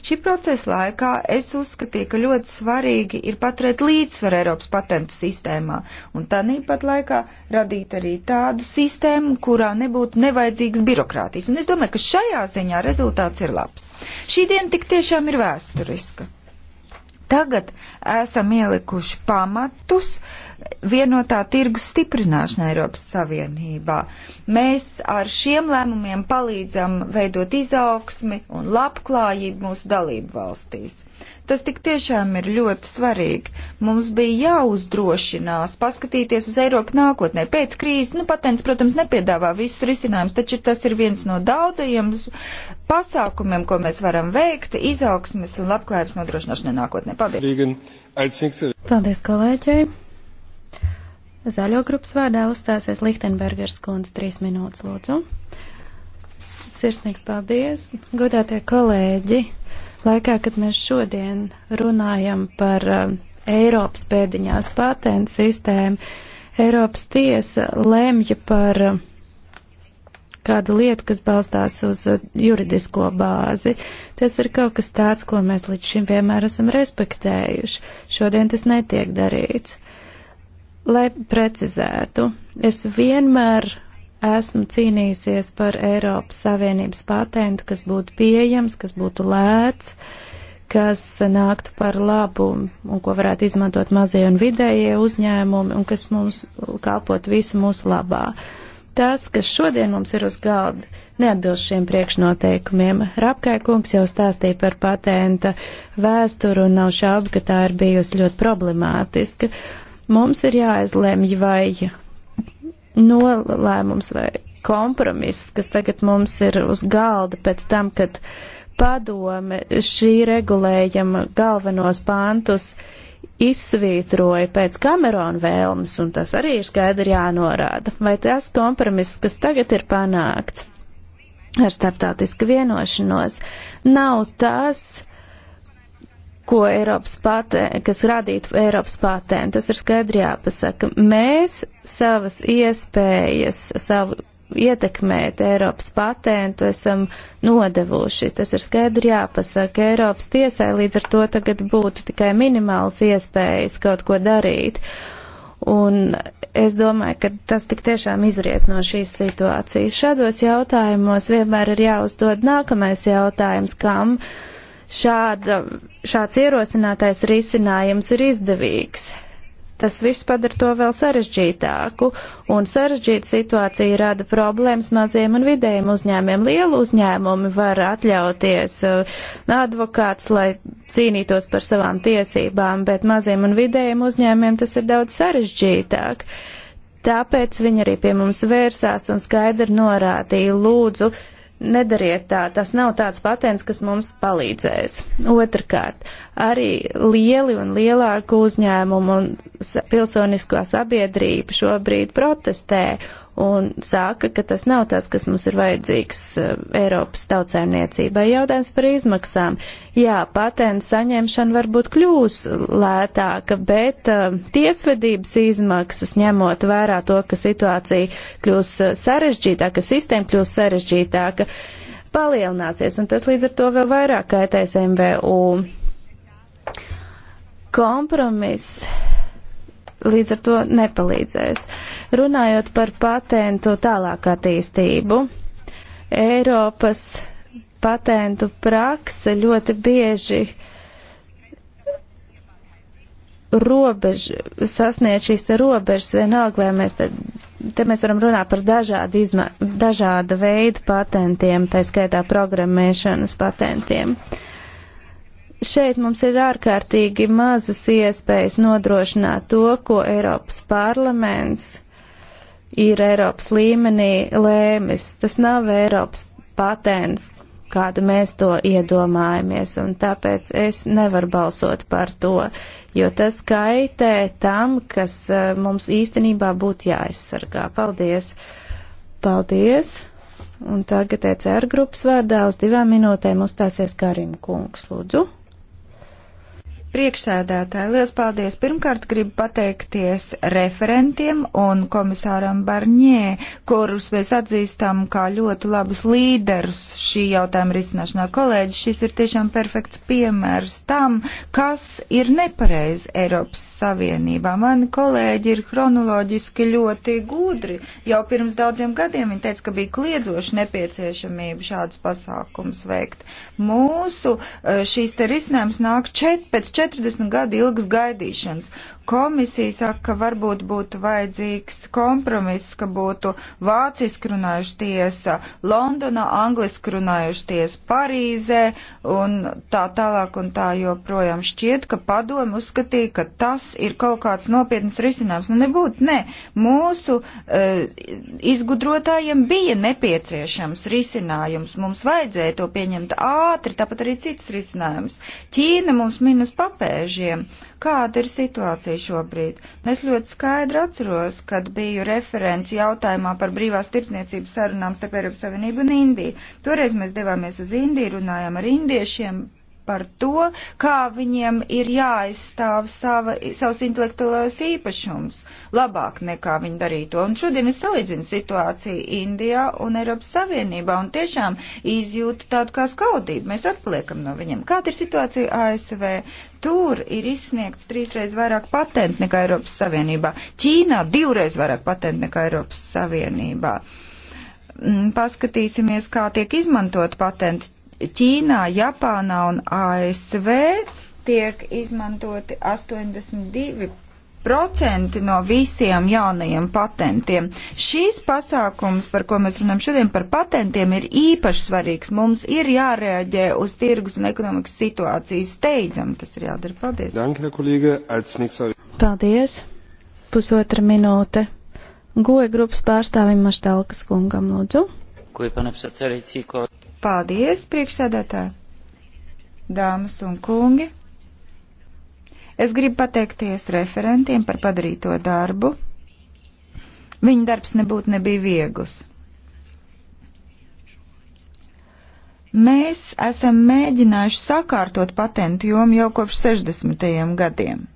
Šī procesa laikā es uzskatīju, ka ļoti svarīgi ir paturēt līdzsvaru Eiropas patentu sistēmā un tāpat laikā radīt arī tādu sistēmu, kurā nebūtu nevajadzīgas birokrātijas. Un es domāju, ka šajā ziņā rezultāts ir labs. Šī diena tik tiešām ir vēsturiska. Tagad esam ielikuši pamatus uh, vienotā tirgus stiprināšana Eiropas Savienībā. Mēs ar šiem lēmumiem palīdzam veidot izaugsmi un labklājību mūsu dalību valstīs. Tas tik tiešām ir ļoti svarīgi. Mums bija jāuzdrošinās paskatīties uz Eiropu nākotnē. Pēc krīzes, nu, patents, protams, nepiedāvā visus risinājumus, taču tas ir viens no daudzajiem pasākumiem, ko mēs varam veikt izaugsmes un labklājības nodrošināšanai nākotnē. Paldies! Paldies, kolēģei! Zaļo grupas vārdā uzstāsies Lichtenbergers kundze trīs minūtes, lūdzu. Sirsnīgs paldies, godātie kolēģi. Laikā, kad mēs šodien runājam par uh, Eiropas pēdiņās patentu sistēmu, Eiropas tiesa lemja par uh, kādu lietu, kas balstās uz uh, juridisko bāzi. Tas ir kaut kas tāds, ko mēs līdz šim vienmēr esam respektējuši. Šodien tas netiek darīts. Uh, Lai precizētu, es vienmēr esmu cīnījusies par Eiropas Savienības patentu, kas būtu pieejams, kas būtu lēts, kas nāktu par labu un ko varētu izmantot mazie un vidējie uzņēmumi un kas mums kalpot visu mūsu labā. Tas, kas šodien mums ir uz galda, neatbilst šiem priekšnoteikumiem. Rapkai kungs jau stāstīja par patenta vēsturu un nav šaubu, ka tā ir bijusi ļoti problemātiska. Uh, Mums ir jāizlemj, vai nolēmums vai kompromiss, kas tagad mums ir uz galda pēc tam, kad padome šī regulējuma galvenos pantus izsvītroja pēc Kamerona vēlmes, un tas arī ir skaidri jānorāda, vai tas kompromiss, kas tagad ir panākts ar starptautisku vienošanos, nav tas, ko Eiropas patēn, kas radītu Eiropas patēnu. Tas ir skaidri jāpasaka. Mēs savas iespējas, savu ietekmēt Eiropas patentu esam nodevuši. Tas ir skaidri jāpasaka. Eiropas tiesai līdz ar to tagad būtu tikai minimāls iespējas kaut ko darīt. Un es domāju, ka tas tik tiešām izriet no šīs situācijas. Šādos jautājumos vienmēr ir jāuzdod nākamais jautājums, kam uh, šāda, šāds ierosinātais risinājums ir izdevīgs. Tas viss padara to vēl sarežģītāku, un sarežģīta situācija rada problēmas maziem un vidējiem uzņēmiem. Lielu uzņēmumi var atļauties uh, advokātus, lai cīnītos par savām tiesībām, bet maziem un vidējiem uzņēmiem tas ir daudz sarežģītāk. Tāpēc viņi arī pie mums vērsās un skaidri norādīja, lūdzu, uh, nedariet tā, tas nav tāds patents, kas mums palīdzēs. Otrkārt, arī lieli un lielāku uzņēmumu un pilsoniskā sabiedrība šobrīd protestē un saka, ka tas nav tas, kas mums ir vajadzīgs eh, Eiropas tautsēmniecībai. Jautājums par izmaksām. Jā, patenta saņemšana varbūt kļūs lētāka, bet uh, tiesvedības izmaksas, ņemot vērā to, ka situācija kļūs eh, sarežģītāka, sistēma kļūs sarežģītāka, palielināsies, un tas līdz ar to vēl vairāk kaitēs MVU Kompromiss līdz ar to nepalīdzēs. Runājot par patentu tālāk attīstību, Eiropas patentu prakse ļoti bieži robežu, sasniedz šīs te robežas vienalga, vai mēs tad, te mēs varam runāt par dažādu, izma, dažādu veidu patentiem, tā skaitā programmēšanas patentiem. Uh, Šeit mums ir ārkārtīgi mazas iespējas nodrošināt to, ko Eiropas parlaments ir Eiropas līmenī lēmis. Tas nav Eiropas patents, kādu mēs to iedomājamies, un tāpēc es nevaru balsot par to, jo tas kaitē tam, kas e, mums īstenībā būtu jāaizsargā. Paldies! Paldies! Un tagad ECR grupas vārdā uz divām minūtēm uzstāsies Karim Kungs, lūdzu. Priekšsēdētāji, liels paldies! Pirmkārt, gribu pateikties referentiem un komisāram Barņē, kurus mēs atzīstam kā ļoti labus līderus šī jautājuma risināšanā. Kolēģi, šis ir tiešām perfekts piemērs tam, kas ir nepareizi Eiropas Savienībā. Mani kolēģi ir chronoloģiski ļoti gudri. Jau pirms daudziem gadiem viņi teica, ka bija kliedzoši nepieciešamība šādus pasākums veikt. Mūsu eh, šīs te risinājums nāk čet, pēc 40 gadu ilgas gaidīšanas. Komisija saka, ka varbūt būtu vajadzīgs kompromiss, ka būtu vāciski runājuši tiesa, Londonā angliski runājuši tiesa, Parīzē un tā tālāk un tā joprojām šķiet, ka padomu uzskatīja, ka tas ir kaut kāds nopietns risinājums. Nu nebūtu, nē. Mūsu uh, izgudrotājiem bija nepieciešams risinājums. Mums vajadzēja to pieņemt ātri ātri, tāpat arī citus risinājumus. Ķīna mūs minus papēžiem. Kāda ir situācija šobrīd? Es ļoti skaidri atceros, kad biju referents jautājumā par brīvās tirdzniecības sarunām starp Eiropas Savienību un Indiju. Toreiz mēs devāmies uz Indiju, runājām ar indiešiem par to, kā viņiem ir jāaizstāv sava, savs intelektuālais īpašums labāk nekā viņi darīto. Un šodien es salīdzinu situāciju Indijā un Eiropas Savienībā un tiešām izjūtu tādu kā skaudību. Mēs atpaliekam no viņiem. Kāda ir situācija ASV? Tur ir izsniegts trīsreiz vairāk patentu nekā Eiropas Savienībā. Ķīnā divreiz vairāk patentu nekā Eiropas Savienībā mm, paskatīsimies, kā tiek izmantot patenti Ķīnā, Japānā un ASV tiek izmantoti 82 procenti no visiem jaunajiem patentiem. Šīs pasākums, par ko mēs runājam šodien par patentiem, ir īpaši svarīgs. Mums ir jārēģē uz tirgus un ekonomikas situācijas steidzam. Tas ir jādara. Paldies. Danke, kolīga, Paldies. Pusotra minūte. Goja grupas pārstāvim Maštalkas kungam lūdzu. Ko, pane, Paldies, priekšsēdētāji! Dāmas un kungi! Es gribu pateikties referentiem par padarīto darbu. Viņa darbs nebūtu nebija viegls. Mēs esam mēģinājuši sakārtot patentu jomu jau kopš 60. gadiem.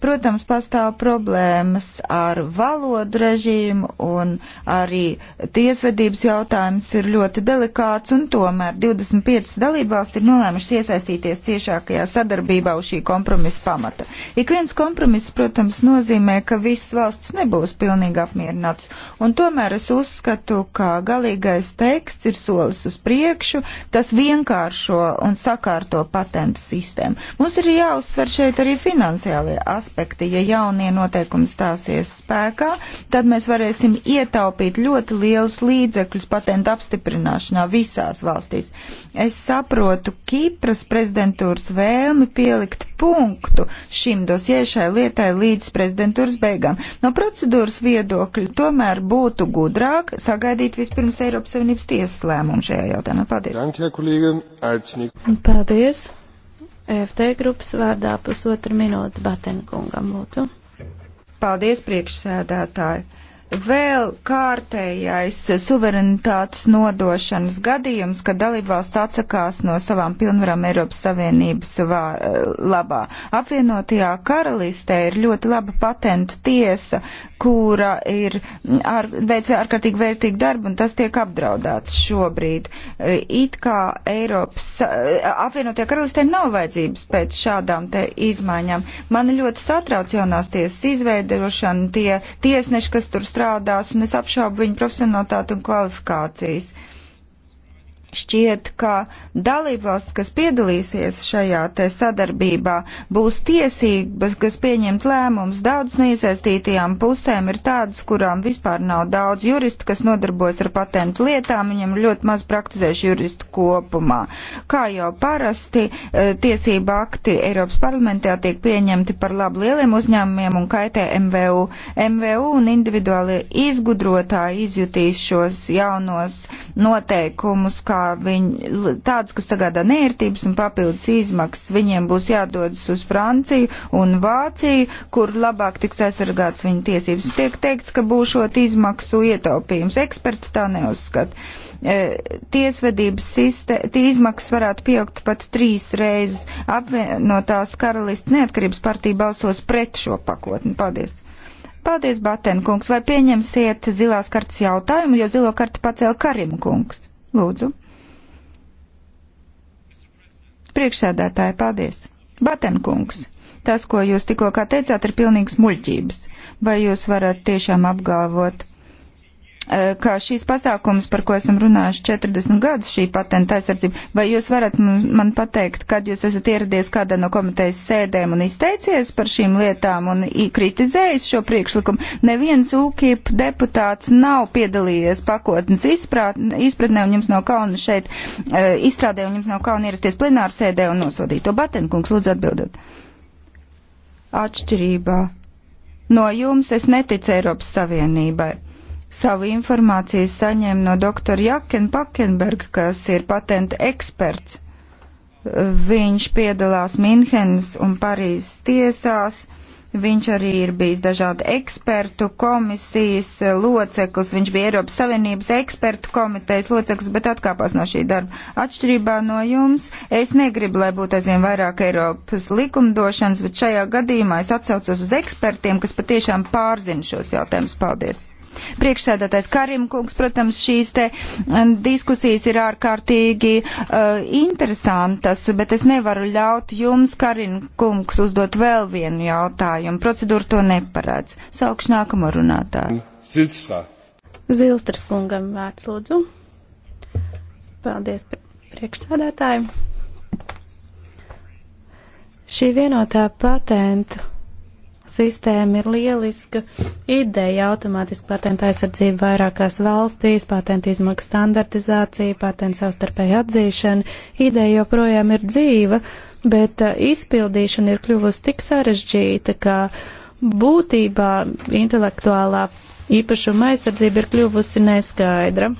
Protams, pastāv problēmas ar valodu režīmu un arī tiesvedības jautājums ir ļoti delikāts un tomēr 25 dalībvalsts ir nolēmušas iesaistīties ciešākajā sadarbībā uz šī kompromisa pamata. Ik viens kompromiss, protams, nozīmē, ka visas valsts nebūs pilnīgi apmierināts un tomēr es uzskatu, ka galīgais teksts ir solis uz priekšu, tas vienkāršo un sakārto patentu sistēmu. Mums ir jāuzsver šeit arī finansiālie aspekti. Ja jaunie noteikumi stāsies spēkā, tad mēs varēsim ietaupīt ļoti lielus līdzekļus patentu apstiprināšanā visās valstīs. Es saprotu Kipras prezidentūras vēlmi pielikt punktu šim dosiešai lietai līdz prezidentūras beigām. No procedūras viedokļa tomēr būtu gudrāk sagaidīt vispirms Eiropas Savienības tiesas lēmumu šajā jautājumā. Paldies! Danke, Paldies! FT grupas vārdā pusotra minūte Batenkungam, lūdzu. Paldies, priekšsēdētāji! vēl kārtējais suverenitātes nodošanas gadījums, kad dalībvalsts atsakās no savām pilnvarām Eiropas Savienības vā, eh, labā. Apvienotajā karalistē ir ļoti laba patentu tiesa, kura ir ar, veic ārkārtīgi vērtīgu darbu, un tas tiek apdraudēts šobrīd. Eh, it kā Eiropas, eh, apvienotajā karalistē nav vajadzības pēc šādām te izmaiņām. Mani ļoti satrauc jaunās tiesas izveidošana, tie tiesneši, kas tur strādās, un es apšaubu viņu profesionālitāti un kvalifikācijas. Uh, šķiet, ka dalībvalsts, kas piedalīsies šajā te sadarbībā, būs tiesīgas, kas pieņemt lēmums. Daudz no iesaistītajām pusēm ir tādas, kurām vispār nav daudz juristu, kas nodarbojas ar patentu lietām, viņam ļoti maz praktizējuši juristu kopumā. Kā jau parasti, e, tiesība akti Eiropas parlamentā tiek pieņemti par labu lieliem uzņēmumiem un kaitē MVU. MVU un individuāli izgudrotāji izjutīs šos jaunos noteikumus, kā viņ, tādus, kas sagādā nērtības un papildus izmaksas, viņiem būs jādodas uz Franciju un Vāciju, kur labāk tiks aizsargāts viņu tiesības. Tiek teikts, ka būšot izmaksu ietaupījums. Eksperti tā neuzskata. E, tiesvedības sistē, izmaksas varētu pieaugt pat trīs reizes. Apvienotās karalists neatkarības partija balsos pret šo pakotni. Paldies! Paldies, Batenkungs. Vai pieņemsiet zilās kartas jautājumu, jo zilo kartu pacēla Karim kungs? Lūdzu. Priekšsēdētāji, paldies! Batenkungs, tas, ko jūs tikko teicāt, ir pilnīgs muļķības. Vai jūs varat tiešām apgalvot, Eh, ka šīs pasākums, par ko esam runājuši 40 gadus, šī patenta aizsardzība, vai jūs varat man pateikt, kad jūs esat ieradies kādā no komitejas sēdēm un izteicies par šīm lietām un kritizējis šo priekšlikumu? Neviens UKIP deputāts nav piedalījies pakotnes izprāt, izpratnē un jums nav kauna šeit eh, izstrādē un jums nav kauna ierasties plenāru sēdē un nosodīt to. Batenkungs, lūdzu atbildot. Atšķirībā. No jums es neticu Eiropas Savienībai. Savu informāciju saņēmu no doktora Jaken Pakenberga, kas ir patentu eksperts. Viņš piedalās Minhenes un Parīzes tiesās. Viņš arī ir bijis dažādu ekspertu komisijas loceklis, viņš bija Eiropas Savienības ekspertu komitejas loceklis, bet atkāpās no šī darba. Atšķirībā no jums, es negribu, lai būtu aizvien vairāk Eiropas likumdošanas, bet šajā gadījumā es atsaucos uz ekspertiem, kas patiešām pārzina šos jautājumus. Paldies! priekšsēdētājs Karim kungs. Protams, šīs te diskusijas ir ārkārtīgi uh, interesantas, bet es nevaru ļaut jums, Karim kungs, uzdot vēl vienu jautājumu. Procedūra to neparāds. Saukšu nākamo runātāju. Zilstra. Zilstras kungam vārds lūdzu. Paldies priekšsēdētājiem. Šī vienotā patentu sistēma ir lieliska ideja automātiski patenta aizsardzība vairākās valstīs, patenta izmaksu standartizācija, patenta savstarpēja atzīšana. Ideja joprojām ir dzīva, bet uh, izpildīšana ir kļuvusi tik sarežģīta, ka būtībā intelektuālā īpašuma aizsardzība ir kļuvusi neskaidra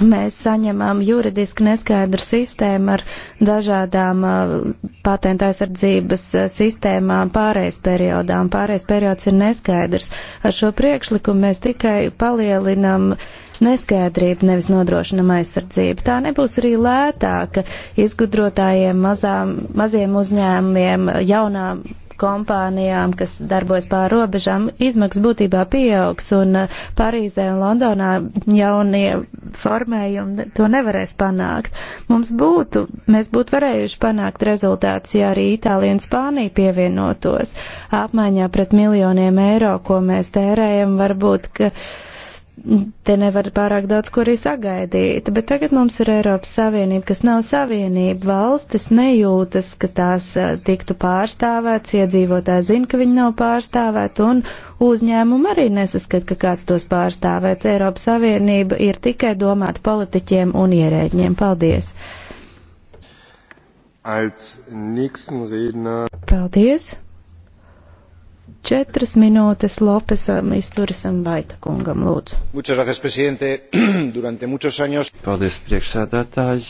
mēs saņemam juridiski neskaidru sistēmu ar dažādām uh, patenta aizsardzības uh, sistēmām pārējais periodā, un pārējais periods ir neskaidrs. Ar šo priekšlikumu mēs tikai palielinam neskaidrību, nevis nodrošinam aizsardzību. Tā nebūs arī lētāka izgudrotājiem, mazām, maziem uzņēmumiem, jaunām kompānijām, kas darbojas pār robežām, izmaksas būtībā pieaugs, un eh, Parīzē un Londonā jaunie formējumi to nevarēs panākt. Mums būtu, mēs būtu varējuši panākt rezultātus, ja arī Itālija un Spānija pievienotos apmaiņā pret miljoniem eiro, ko mēs tērējam, varbūt, ka. Uh, te nevar pārāk daudz ko arī sagaidīt, bet tagad mums ir Eiropas Savienība, kas nav savienība. Valstis nejūtas, ka tās eh, tiktu pārstāvēts, iedzīvotāji zina, ka viņi nav pārstāvēti, un uzņēmumi arī nesaskat, ka kāds tos pārstāvēt. Eiropas Savienība ir tikai domāta politiķiem un ierēģiem. Paldies! Paldies! Četras minūtes Lopesam izturisam Baita kungam, lūdzu. Paldies, priekšsēdētājs.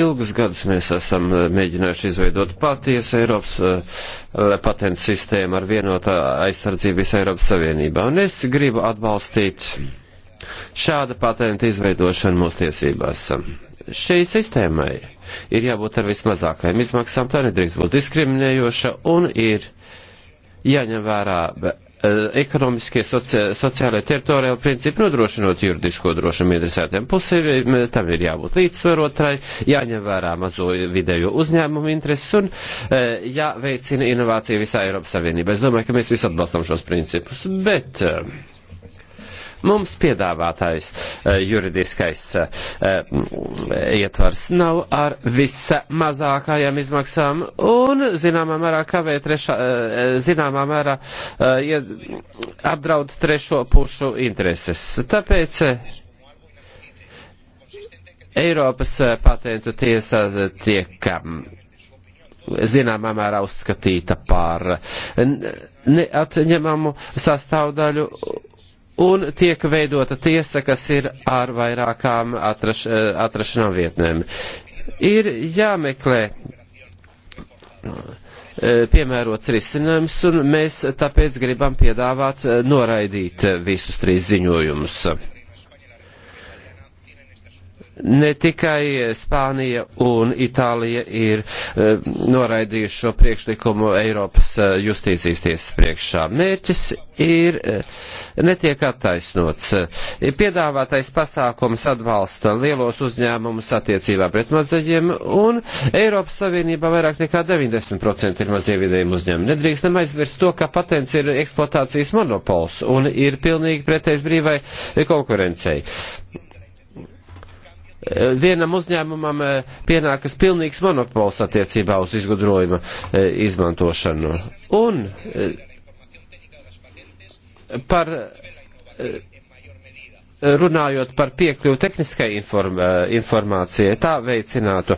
Ilgus gadus mēs esam eh, mēģinājuši izveidot patiesu Eiropas eh, patentu sistēmu ar vienotā aizsardzību visā Eiropas Savienībā. Un es gribu atbalstīt šāda patenta izveidošanu mūsu tiesībās. Šai sistēmai ir jābūt ar vismazākajām izmaksām, tā nedrīkst būt diskriminējoša un ir jāņem vērā e, ekonomiskie, socia sociālai, teritoriāli principi nodrošinot juridisko drošumu interesētiem pusēm, e, tam ir jābūt līdzsvarotrai, jāņem vērā mazo vidējo uzņēmumu intereses un e, jāveicina inovācija visā Eiropas Savienībā. Es domāju, ka mēs visi atbalstam šos principus, bet Mums piedāvātais eh, juridiskais eh, mm, ietvars nav ar vismazākajām izmaksām un zināmā mērā kavē trešā, eh, zināmā mērā apdraud trešo pušu intereses. Tāpēc Eiropas patentu tiesa tiek mm, zināmā mērā uzskatīta par neatņemamu sastāvdaļu un tiek veidota tiesa, kas ir ar vairākām atraš, eh, atrašanām vietnēm. Ir jāmeklē eh, piemērots risinājums, un mēs tāpēc gribam piedāvāt eh, noraidīt visus trīs ziņojumus ne tikai Spānija un Itālija ir e, noraidījuši šo priekšlikumu Eiropas eh, justīcijas tiesas priekšā. Mērķis ir e, netiek attaisnots. Piedāvātais pasākums atbalsta lielos uzņēmumus attiecībā pret mazajiem un Eiropas Savienībā vairāk nekā 90% ir mazie vidējiem uzņēmumi. Nedrīkstam aizmirst to, ka patents ir eksploatācijas monopols un ir pilnīgi pretējs brīvai konkurencei Eh, vienam uzņēmumam eh, pienākas pilnīgs monopols attiecībā uz izgudrojuma eh, izmantošanu. Un par, runājot par piekļuvu tehniskai inform, informācijai, tā veicinātu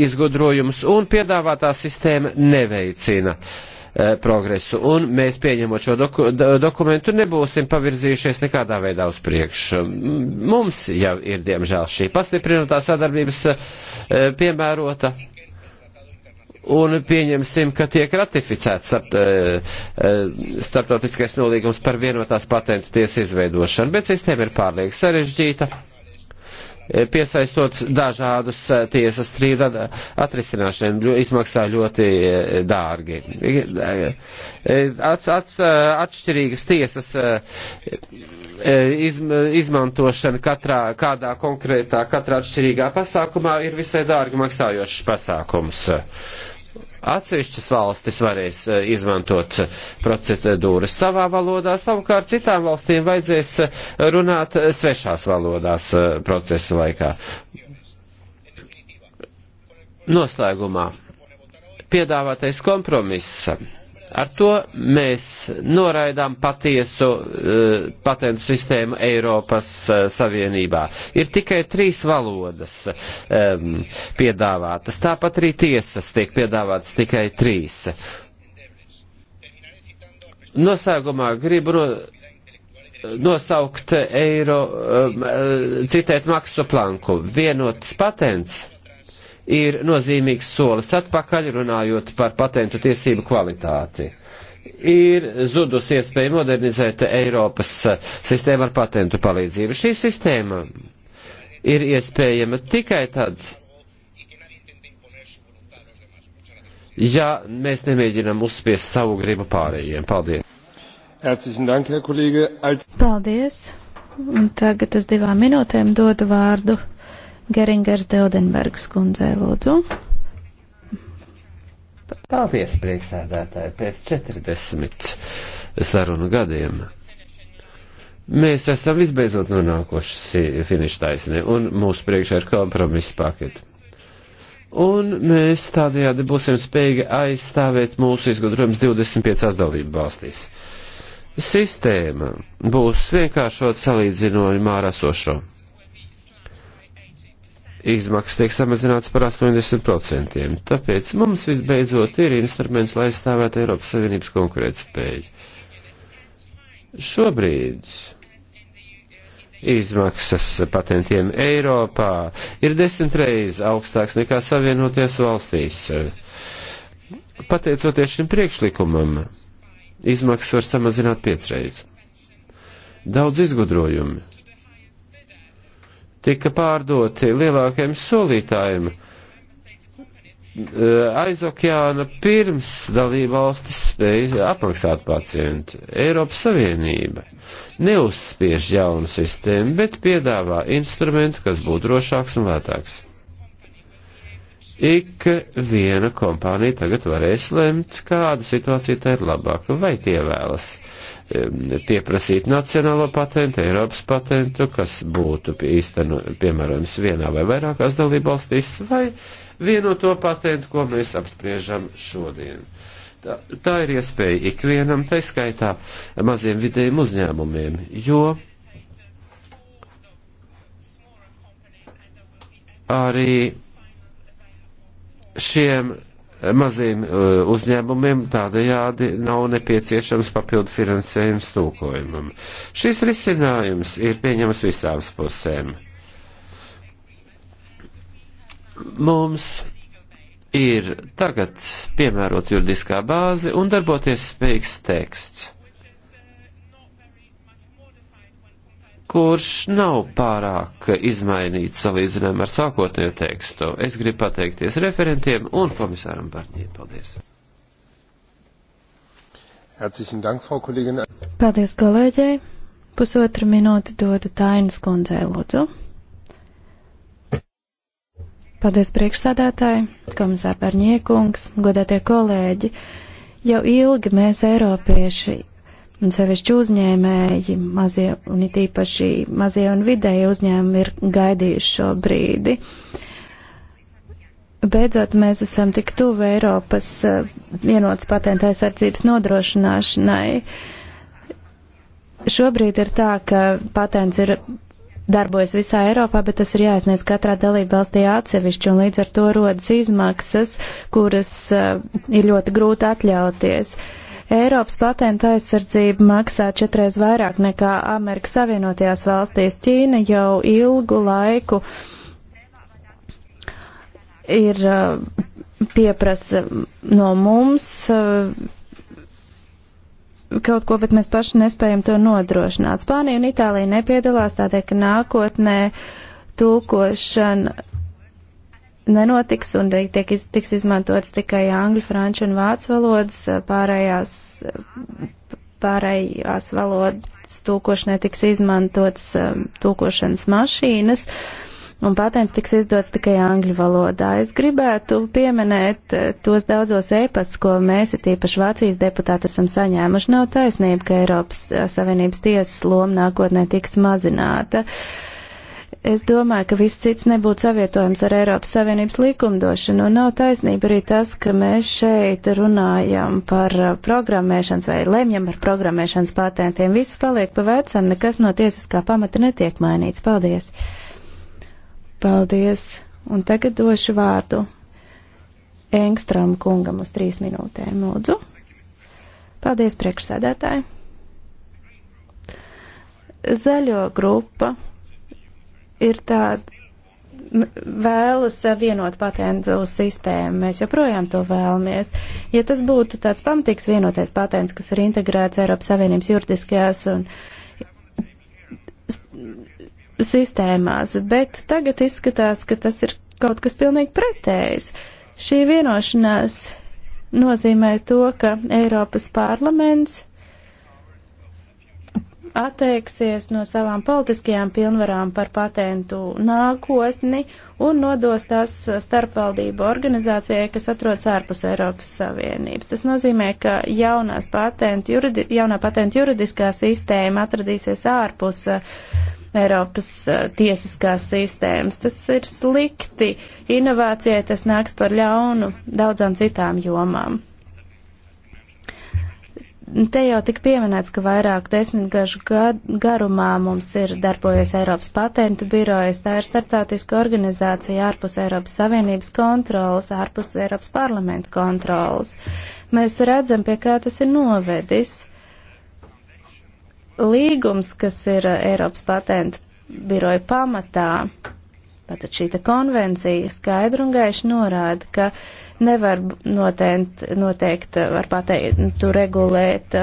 izgudrojumus un piedāvātā sistēma neveicina uh, Eh, progresu. Un mēs pieņemot šo doku, dokumentu nebūsim pavirzījušies nekādā veidā uz priekšu. Mums jau ir, diemžēl, šī pastiprinātā sadarbības eh, piemērota un pieņemsim, ka tiek ratificēts starp, eh, starptautiskais nolīgums par vienotās patentu tiesu izveidošanu, bet sistēma ir pārlieku sarežģīta E, piesaistot dažādus e, tiesas strīdu e, atrisināšaniem, izmaksā ļoti dārgi. Ats, ats, atšķirīgas tiesas iz, izmantošana katrā, kādā konkrētā, katrā atšķirīgā pasākumā ir visai dārgi maksājošs pasākums. Atsevišķas valstis varēs eh, izmantot eh, procedūras savā valodā, savukārt citām valstīm vajadzēs eh, runāt svešās valodās procesu laikā. Noslēgumā piedāvātais kompromiss Ar to mēs noraidām patiesu uh, patentu sistēmu Eiropas uh, Savienībā. Ir tikai trīs valodas um, piedāvātas, tāpat arī tiesas tiek piedāvātas tikai trīs. Noslēgumā gribu no, nosaukt eiro, um, citēt Maksu Planku. Vienots patents ir nozīmīgs solis atpakaļ, runājot par patentu tiesību kvalitāti. Ir zudus iespēja modernizēt Eiropas eh, sistēmu ar patentu palīdzību. Šī sistēma ir iespējama tikai tad, ja mēs nemēģinam uzspiest savu gribu pārējiem. Paldies! Paldies! Un tagad es divām minūtēm dodu vārdu Geringers Deodenbergs kundzei lūdzu. Paldies, priekšsēdētāji, pēc 40 sarunu gadiem. Mēs esam visbeidzot nonākuši finiša taisnē, un mūsu priekšā ir kompromisa paketi. Un mēs tādējādi būsim spējīgi aizstāvēt mūsu izgudrojumus 25 dalību valstīs. Sistēma būs vienkāršot salīdzinojumā ar esošo izmaksas tiek samazināts par 80%. Tāpēc mums visbeidzot ir instruments, lai aizstāvētu Eiropas Savienības konkurētspēju. Šobrīd izmaksas patentiem Eiropā ir desmit reizes augstāks nekā Savienoties valstīs. Pateicoties šim priekšlikumam, izmaksas var samazināt piecreiz. Daudz izgudrojumi tika pārdoti lielākajiem solītājiem eh, aiz okeāna pirms dalībvalstis spēja apmaksāt pacientu. Eiropas Savienība neuzspiež jaunu sistēmu, bet piedāvā instrumentu, kas būtu drošāks un lētāks ik viena kompānija tagad varēs lemt, kāda situācija tā ir labāka, vai tie vēlas pieprasīt nacionālo patentu, Eiropas patentu, kas būtu īstenu, piemērojams vienā vai vairākās dalībvalstīs, vai vienu to patentu, ko mēs apspriežam šodien. Tā, tā ir iespēja ikvienam, tai skaitā maziem vidējiem uzņēmumiem, jo arī šiem maziem eh, uzņēmumiem tādējādi nav nepieciešams papildu finansējums tūkojumam. Šis risinājums ir pieņems visām pusēm. Mums ir tagad piemērot juridiskā bāzi un darboties spējīgs teksts. kurš nav pārāk izmainīts salīdzinājumā ar sākotnējo tekstu. Es gribu pateikties referentiem un komisāram Barņiem. Paldies! Paldies kolēģei! Pusotru minūti dodu Tainas kundzei lūdzu. Paldies priekšsādātāji, komisār Barņiekungs, godātie kolēģi! Jau ilgi mēs, Eiropieši, Un sevišķi uzņēmēji, mazie un it īpaši mazie un vidēji uzņēmumi ir gaidījuši šo brīdi. Beidzot, mēs esam tik tuvu Eiropas eh, vienotas patenta aizsardzības nodrošināšanai. Šobrīd ir tā, ka patents ir darbojas visā Eiropā, bet tas ir jāizniedz katrā dalība valstī atsevišķi, un līdz ar to rodas izmaksas, kuras uh, ir ļoti grūti atļauties. Uh, Eiropas patenta aizsardzība maksā četreiz vairāk nekā Amerikas Savienotajās valstīs. Ķīna jau ilgu laiku ir uh, pieprasa no mums uh, kaut ko, bet mēs paši nespējam to nodrošināt. Spānija un Itālija nepiedalās tādēļ, ka nākotnē tulkošana nenotiks un tiek, iz, tiks izmantots tikai angļu, franču un vācu valodas, pārējās, pārējās valodas tūkošanai tiks izmantots tūkošanas mašīnas. Un patents tiks izdots tikai angļu valodā. Es gribētu pieminēt tos daudzos ēpastus, ko mēs, it īpaši Vācijas deputāti, esam saņēmuši. Nav taisnība, ka Eiropas Savienības tiesas loma nākotnē tiks mazināta. Uh, es domāju, ka viss cits nebūtu savietojams ar Eiropas Savienības likumdošanu. Un nav taisnība arī tas, ka mēs šeit runājam par uh, programmēšanas vai lemjam par programmēšanas patentiem. Viss paliek pa vecam, nekas no tiesiskā pamata netiek mainīts. Paldies! Paldies! Un tagad došu vārdu Engstram kungam uz trīs minūtēm. Lūdzu! Paldies, priekšsēdētāji! Zaļo grupa ir tāda vēlas vienot patentu sistēmu. Mēs joprojām to vēlamies. Ja tas būtu tāds pamatīgs vienotais patents, kas ir integrēts Eiropas Savienības juridiskajās un sistēmās, bet tagad izskatās, ka tas ir kaut kas pilnīgi pretējs. Šī vienošanās nozīmē to, ka Eiropas parlaments atteiksies no savām politiskajām pilnvarām par patentu nākotni un nodos tās starpvaldību organizācijai, kas atrodas ārpus Eiropas Savienības. Tas nozīmē, ka jaunās patentu, juridi, jaunā patentu juridiskā sistēma atradīsies ārpus uh, Eiropas uh, tiesiskās sistēmas. Tas ir slikti. Inovācijai tas nāks par ļaunu daudzām citām jomām. Te jau tik pieminēts, ka vairāk desmitgažu garumā mums ir darbojies Eiropas patentu birojas, tā ir starptautiska organizācija ārpus Eiropas Savienības kontrolas, ārpus Eiropas parlamenta kontrolas. Mēs redzam, pie kā tas ir novedis. Līgums, kas ir Eiropas patentu biroja pamatā, pat šīta konvencija skaidru un gaiši norāda, ka nevar noteikt, noteikt var pateikt, nu, regulēt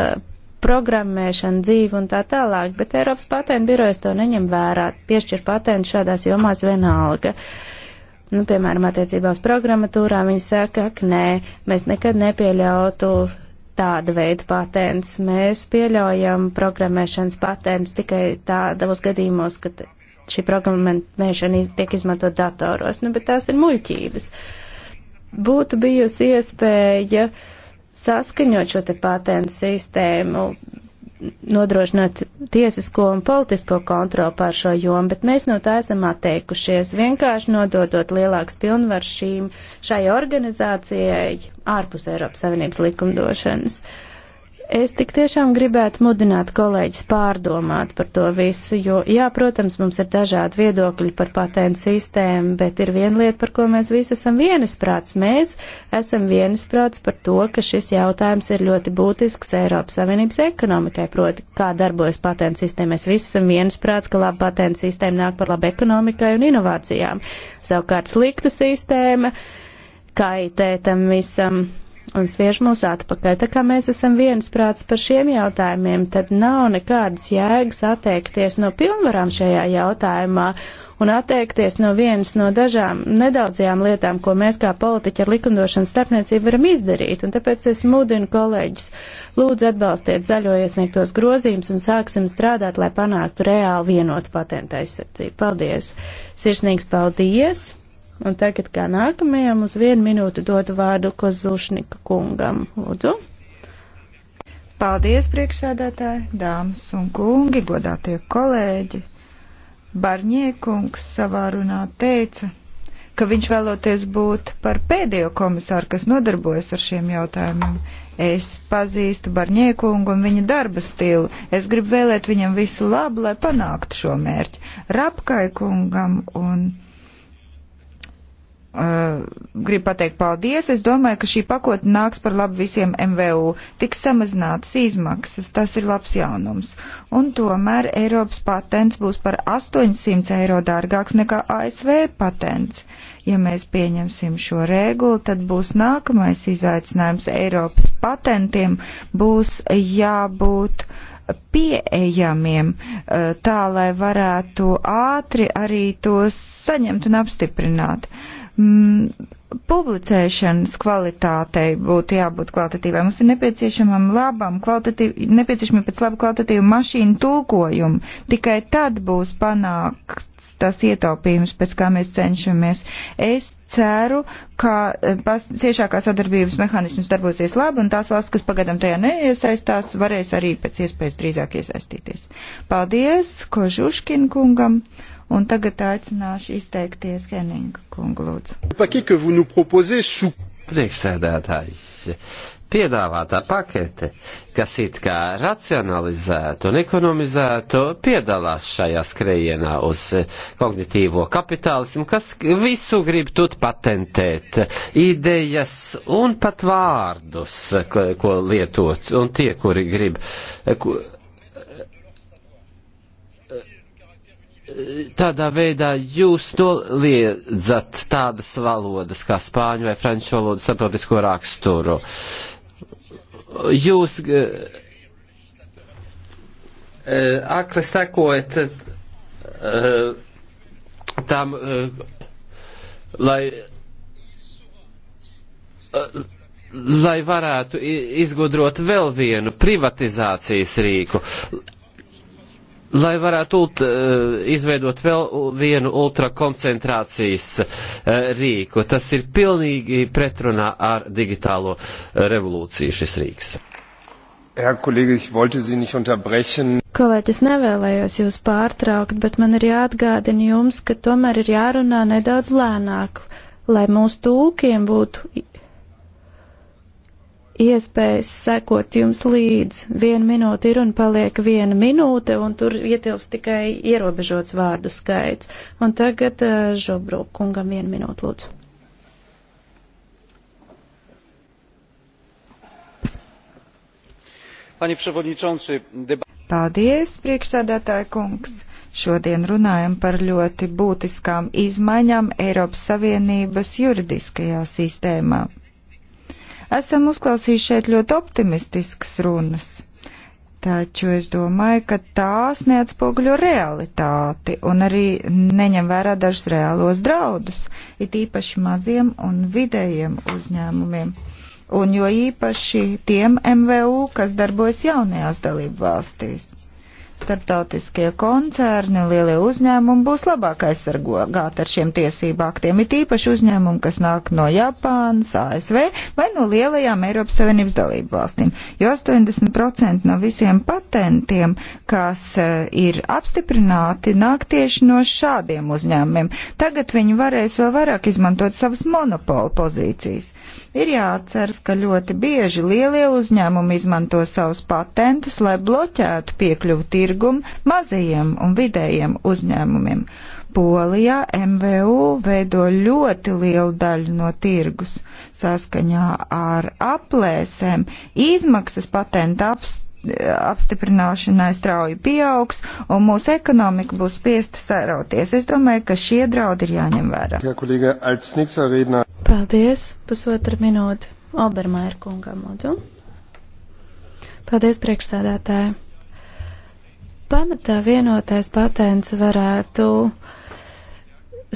programmēšanu, dzīvi un tā tālāk, bet Eiropas patentu birojas to neņem vērā, piešķir patentu šādās jomās vienalga. Nu, piemēram, attiecībā uz programmatūrām viņi saka, ka nē, mēs nekad nepieļautu tāda veida patents. Mēs pieļaujam programmēšanas patentus tikai tādos gadījumos, kad šī programmēšana tiek izmantot datoros, nu, bet tās ir muļķības. Uh, būtu bijusi iespēja saskaņot šo te patentu sistēmu, nodrošināt tiesisko un politisko kontroli pār šo jomu, bet mēs no tā esam atteikušies, vienkārši nododot lielāks pilnvars šīm, šai organizācijai ārpus Eiropas Savienības likumdošanas. Uh, Es tik tiešām gribētu mudināt kolēģis pārdomāt par to visu, jo, jā, protams, mums ir dažādi viedokļi par patentu sistēmu, bet ir viena lieta, par ko mēs visi esam vienisprāts. Mēs esam vienisprāts par to, ka šis jautājums ir ļoti būtisks Eiropas Savienības ekonomikai, proti, kā darbojas patentu sistēma. Mēs visi esam vienisprāts, ka laba patentu sistēma nāk par labu ekonomikai un inovācijām. Savukārt slikta sistēma kaitē tam visam un sviež mūs atpakaļ. Tā kā mēs esam viensprāts par šiem jautājumiem, tad nav nekādas jēgas atteikties no pilnvarām šajā jautājumā un atteikties no vienas no dažām nedaudzajām lietām, ko mēs kā politiķi ar likumdošanas starpniecību varam izdarīt. Un tāpēc es mudinu kolēģus, lūdzu atbalstiet zaļo iesniegtos grozījumus un sāksim strādāt, lai panāktu reāli vienotu patentu aizsardzību. Paldies! Sirsnīgs paldies! Un tagad kā nākamajam uz vienu minūti dodu vārdu Kozušnika kungam. Lūdzu. Paldies, priekšsēdētāji, dāmas un kungi, godātie kolēģi. Barņiekungs savā runā teica, ka viņš vēloties būt par pēdējo komisāru, kas nodarbojas ar šiem jautājumiem. Es pazīstu Barņiekungu un viņa darba stilu. Es gribu vēlēt viņam visu labu, lai panāktu šo mērķi. Rapkai kungam un Uh, gribu pateikt paldies. Es domāju, ka šī pakota nāks par labu visiem MVU. Tiks samazinātas izmaksas, tas ir labs jaunums. Un tomēr Eiropas patents būs par 800 eiro dārgāks nekā ASV patents. Ja mēs pieņemsim šo regulu, tad būs nākamais izaicinājums Eiropas patentiem būs jābūt pieejamiem eh, tā, lai varētu ātri arī tos saņemt un apstiprināt. Uh, mm, publicēšanas kvalitātei būtu jābūt kvalitatīvai. Mums ir nepieciešamam labam, nepieciešami pēc laba kvalitatīva mašīnu tulkojumu. Tikai tad būs panākts tas ietaupījums, pēc kā mēs cenšamies. Es ceru, ka eh, pas, ciešākā sadarbības mehānisms darbosies labi un tās valsts, kas pagadam tajā neiesaistās, varēs arī pēc iespējas drīzāk iesaistīties. Paldies Kožuškin kungam Un tagad aicināšu izteikties Henninga kungu lūdzu. Priekšsēdētājs, piedāvātā pakete, kas it kā racionalizētu un ekonomizētu, piedalās šajā skrējienā uz eh, kognitīvo kapitālismu, kas visu grib tut patentēt, idejas un pat vārdus, ko, ko lietot, un tie, kuri grib. Eh, ko, tādā veidā jūs noliedzat tādas valodas kā spāņu vai franču valodu starptautisko raksturu. Jūs eh, eh, akli sekojat eh, tam, lai lai varētu izgudrot vēl vienu privatizācijas rīku, lai varētu ult, eh, izveidot vēl vienu ultrakoncentrācijas eh, rīku. Tas ir pilnīgi pretrunā ar digitālo revolūciju šis rīks. Herr Kollege, ich wollte Sie nicht unterbrechen. Kolēģis nevēlējos jūs pārtraukt, bet man ir jāatgādina jums, ka tomēr ir jārunā nedaudz lēnāk, lai mūsu tūkiem būtu iespējas sekot jums līdz. Viena minūte ir un paliek viena minūte, un tur ietilps tikai ierobežots vārdu skaits. Un tagad uh, eh, Žobro kungam vienu minūtu lūdzu. Paldies, priekšsādātāja kungs! Šodien runājam par ļoti būtiskām izmaiņām Eiropas Savienības juridiskajā sistēmā Esam uzklausījuši šeit ļoti optimistiskas runas. Taču es domāju, ka tās neatspoguļo realitāti un arī neņem vērā dažus reālos draudus, it īpaši maziem un vidējiem uzņēmumiem, un jo īpaši tiem MVU, kas darbojas jaunajās dalību valstīs starptautiskie koncerni, lielie uzņēmumi būs labāk aizsargāti ar šiem tiesību aktiem, it īpaši uzņēmumi, kas nāk no Japānas, ASV vai no lielajām Eiropas Savienības dalību valstīm. Jo 80% no visiem patentiem, kas e, ir apstiprināti, nāk tieši no šādiem uzņēmumiem. Tagad viņi varēs vēl vairāk izmantot savas monopolu pozīcijas. Ir jāatceras, ka ļoti bieži lielie uzņēmumi izmanto savus patentus, lai bloķētu piekļuvu tīru tirgumu mazajiem un vidējiem uzņēmumiem. Polijā MVU veido ļoti lielu daļu no tirgus. Saskaņā ar aplēsēm izmaksas patenta apstākļiem apstiprināšanai strauji pieaugs un mūsu ekonomika būs spiesta sērauties. Es domāju, ka šie draudi ir jāņem vērā. Jā, kolīga, rīdnā... Paldies, pusotra minūte Obermair kungam, lūdzu. Paldies, priekšsēdētāji. Pamatā vienotais patents varētu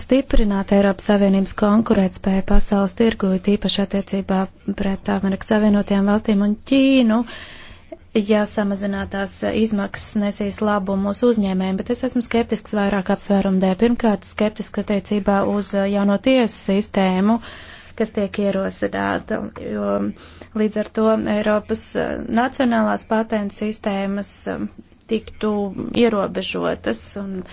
stiprināt Eiropas Savienības konkurētspēju pasaules tirgu, tīpaši attiecībā pret Amerikas Savienotajām valstīm un Ķīnu, ja samazinātās izmaksas nesīs labu mūsu uzņēmējiem, bet es esmu skeptisks vairāk apsvērumu dēļ. Pirmkārt, skeptisks attiecībā uz jauno tiesu sistēmu kas tiek ierosināta, jo līdz ar to Eiropas nacionālās patentu sistēmas tiktu ierobežotas. Un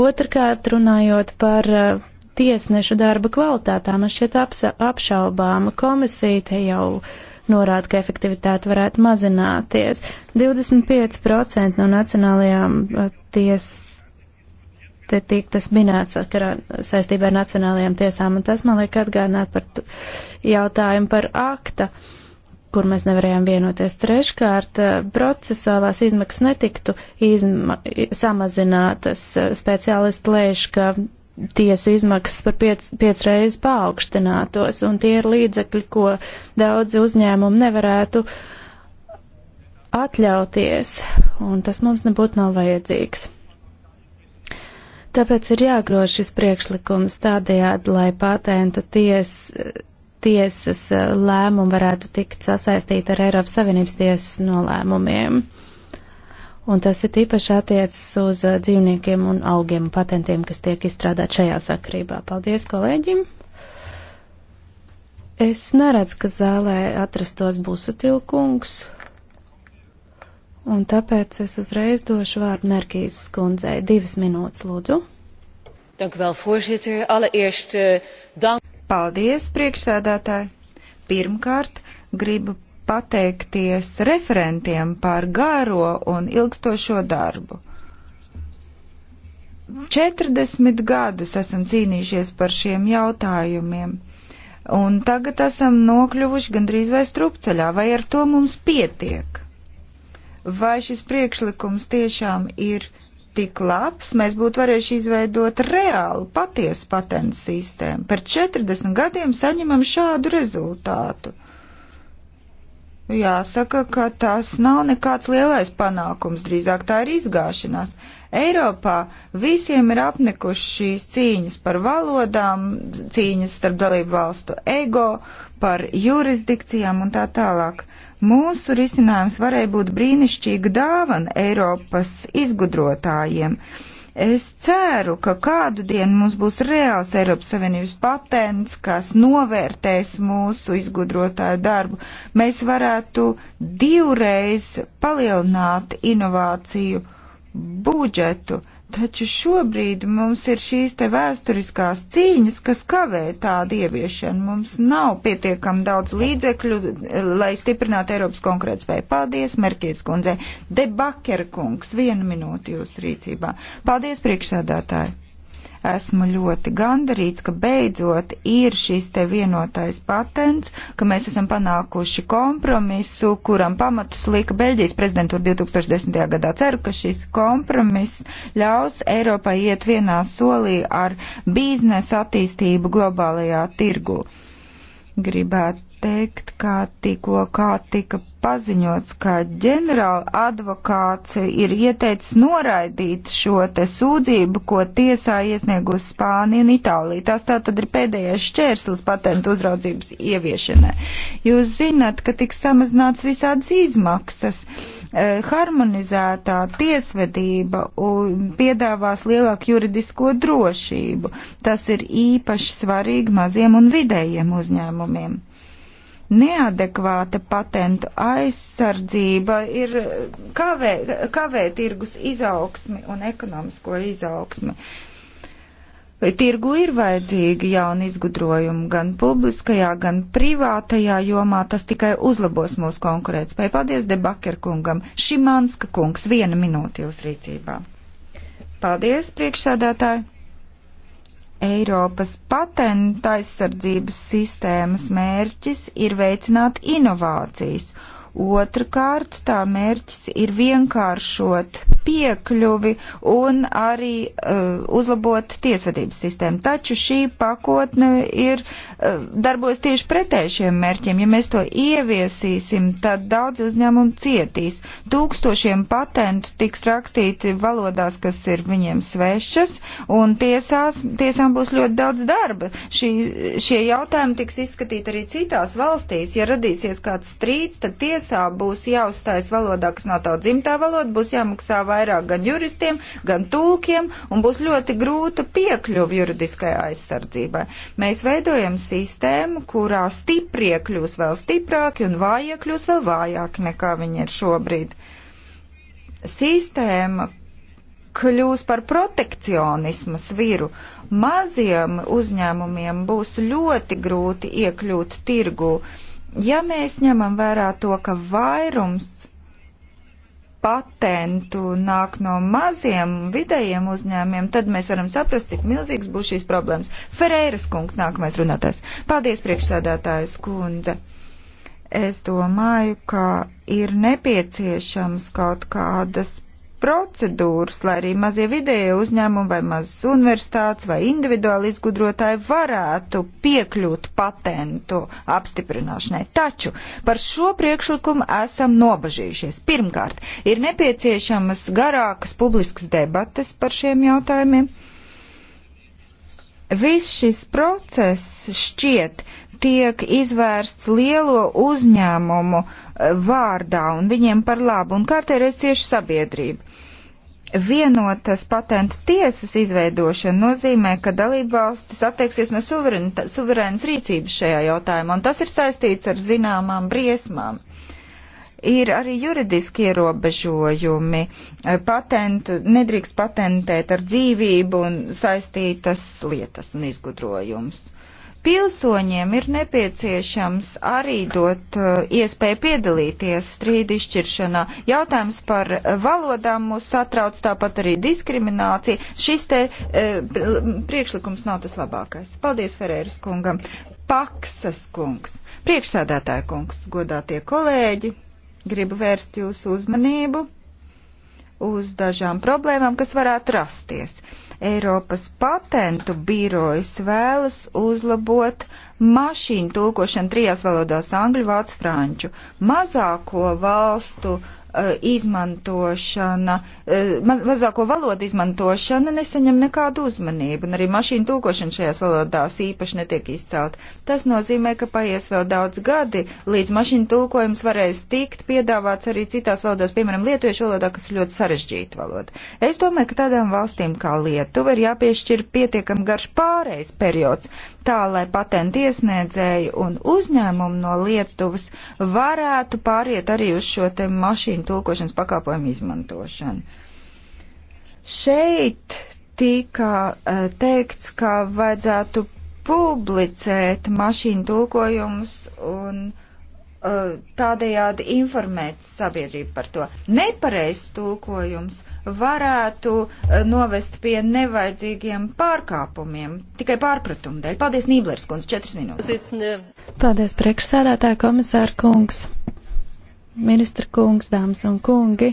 otrkārt, runājot par eh, tiesnešu darba kvalitātā, man šķiet apšaubāma komisija te jau norāda, ka efektivitāte varētu mazināties. 25% no nacionālajām eh, ties, te tiek tas minēts sakarā saistībā ar nacionālajām tiesām, un tas man liek atgādināt par jautājumu par akta. Uh, kur mēs nevarējām vienoties. Treškārt, eh, procesuālās izmaksas netiktu izma samazinātas. Eh, speciālisti lēš, ka tiesu izmaksas par piec, piec reizes paaugstinātos, un tie ir līdzekļi, ko daudzi uzņēmumi nevarētu atļauties, un tas mums nebūtu nav vajadzīgs. Tāpēc ir jāgrož šis priekšlikums tādējādi, lai patentu ties, tiesas eh, lēmumu varētu tikt sasaistīt ar Eiropas Savienības tiesas nolēmumiem. Un tas ir īpaši attiecis uz eh, dzīvniekiem un augiem un patentiem, kas tiek izstrādāt šajā sakrībā. Paldies kolēģim! Es neredzu, ka zālē atrastos būsutilkungs, un tāpēc es uzreiz došu vārdu Merkīs skundzei. Divas minūtes, lūdzu. Dank u wel, voorzitter. Allereerst uh, dank. Paldies, priekšsēdētāji! Pirmkārt, gribu pateikties referentiem par garo un ilgstošo darbu. 40 gadus esam cīnījušies par šiem jautājumiem, un tagad esam nokļuvuši gandrīz vai strupceļā, vai ar to mums pietiek? Vai šis priekšlikums tiešām ir tik labs, mēs būtu varējuši izveidot reālu, patiesu patentu sistēmu. Par 40 gadiem saņemam šādu rezultātu. Jāsaka, ka tas nav nekāds lielais panākums, drīzāk tā ir izgāšanās. Eiropā visiem ir apnikuši šīs cīņas par valodām, cīņas starp dalību valstu ego, par jurisdikcijām un tā tālāk. Mūsu risinājums varēja būt brīnišķīga dāvana Eiropas izgudrotājiem. Es ceru, ka kādu dienu mums būs reāls Eiropas Savienības patents, kas novērtēs mūsu izgudrotāju darbu. Mēs varētu divreiz palielināt inovāciju budžetu. Taču šobrīd mums ir šīs te vēsturiskās cīņas, kas kavē tādu ieviešanu. Mums nav pietiekam daudz līdzekļu, eh, lai stiprinātu Eiropas konkurētspēju. Paldies, Merkies kundzei. Debakera kungs, viena minūte jūsu rīcībā. Paldies, priekšsēdētāji. Esmu ļoti gandarīts, ka beidzot ir šis te vienotais patents, ka mēs esam panākuši kompromisu, kuram pamatus lika Beļģijas prezidentūra 2010. gadā. Ceru, ka šis kompromiss ļaus Eiropai iet vienā solī ar biznesa attīstību globālajā tirgu. Gribētu teikt, kā tikko kā tika paziņots, ka ģenerāla advokāts ir ieteicis noraidīt šo te sūdzību, ko tiesā iesniegusi Spānija un Itālija. Tas tā tad ir pēdējais šķērslis patentu uzraudzības ieviešanai. Jūs zinat, ka tiks samazināts visādas izmaksas. Eh, harmonizētā tiesvedība piedāvās lielāku juridisko drošību. Tas ir īpaši svarīgi maziem un vidējiem uzņēmumiem. Neadekvāta patentu aizsardzība ir kavē, kavē tirgus izaugsmi un ekonomisko izaugsmi. Tirgu ir vajadzīgi jauni izgudrojumi gan publiskajā, gan privātajā jomā. Tas tikai uzlabos mūsu konkurētspēju. Paldies Debaker kungam. Šimanska kungs, viena minūte jūs rīcībā. Paldies, priekšsādātāji! Eiropas patenta aizsardzības sistēmas mērķis ir veicināt inovācijas Otrakārt, tā mērķis ir vienkāršot piekļuvi un arī uh, uzlabot tiesvedības sistēmu. Taču šī pakotne ir uh, darbojas tieši pretēji šiem mērķiem. Ja mēs to ieviesīsim, tad daudz uzņēmumu cietīs. Tūkstošiem patentu tiks rakstīti valodās, kas ir viņiem svešas, un tiesās, tiesām būs ļoti daudz darba. Šī, šie jautājumi tiks izskatīti arī citās valstīs. Ja radīsies kāds strīds, tad tiesas tiesā būs jāuzstājas valodā, kas nav tava dzimtā valoda, būs jāmaksā vairāk gan juristiem, gan tulkiem, un būs ļoti grūta piekļuva juridiskai aizsardzībai. Mēs veidojam sistēmu, kurā stiprie kļūs vēl stiprāki un vājie kļūs vēl vājāki nekā viņi ir šobrīd. Sistēma, kļūs par protekcionismu sviru. Maziem uzņēmumiem būs ļoti grūti iekļūt tirgu. Uh, Ja mēs ņemam vērā to, ka vairums patentu nāk no maziem vidējiem uzņēmiem, tad mēs varam saprast, cik milzīgs būs šīs problēmas. Ferēras kungs, nākamais runātājs. Paldies, priekšsēdētājs kundze. Es domāju, ka ir nepieciešams kaut kādas procedūras, lai arī mazie vidēji uzņēmumi vai mazas universitātes vai individuāli izgudrotāji varētu piekļūt patentu apstiprināšanai. Taču par šo priekšlikumu esam nobažījušies. Pirmkārt, ir nepieciešamas garākas publiskas debates par šiem jautājumiem. Viss šis process šķiet tiek izvērsts lielo uzņēmumu eh, vārdā un viņiem par labu, un kārtēreiz cieši sabiedrība. Vienotas patentu tiesas izveidošana nozīmē, ka dalībvalstis attieksies no suverēnas rīcības šajā jautājumā, un tas ir saistīts ar zināmām briesmām ir arī juridiski ierobežojumi. Patentu, nedrīkst patentēt ar dzīvību un saistītas lietas un izgudrojumus. Pilsoņiem ir nepieciešams arī dot uh, iespēju piedalīties strīdu izšķiršanā. Jautājums par valodām mūs satrauc, tāpat arī diskriminācija. Šis te uh, priekšlikums nav tas labākais. Paldies Ferēras kungam. Paksas kungs, priekšsēdētāja kungs, godātie kolēģi, gribu vērst jūsu uzmanību uz dažām problēmām, kas varētu rasties. Uh, Eiropas patentu birojas vēlas uzlabot mašīnu tulkošanu trijās valodās - angļu, vācu, franču. Mazāko valstu uh, Eh, izmantošana, eh, mazāko valodu izmantošana nesaņem nekādu uzmanību, un arī mašīnu tulkošana šajās valodās īpaši netiek izcelt. Tas nozīmē, ka paies vēl daudz gadi, līdz mašīnu tulkojums varēs tikt piedāvāts arī citās valodās, piemēram, lietuviešu valodā, kas ir ļoti sarežģīta valoda. Es domāju, ka tādām valstīm kā Lietuva ir jāpiešķir pietiekam garš pārējais periods, tā, lai patentu iesniedzēji un uzņēmumi no Lietuvas varētu pāriet arī uz šo te mašīnu tulkošanas pakāpojumu izmantošanu. Šeit tika uh, teikts, ka vajadzētu publicēt mašīnu tulkojumus un uh, tādējādi informēt sabiedrību par to. Nepareizs tulkojums varētu eh, novest pie nevajadzīgiem pārkāpumiem, tikai pārpratumu dēļ. Paldies, Nīblers kundze, četras minūtes. Paldies, priekšsēdētāja komisāra kungs, ministra kungs, dāmas un kungi.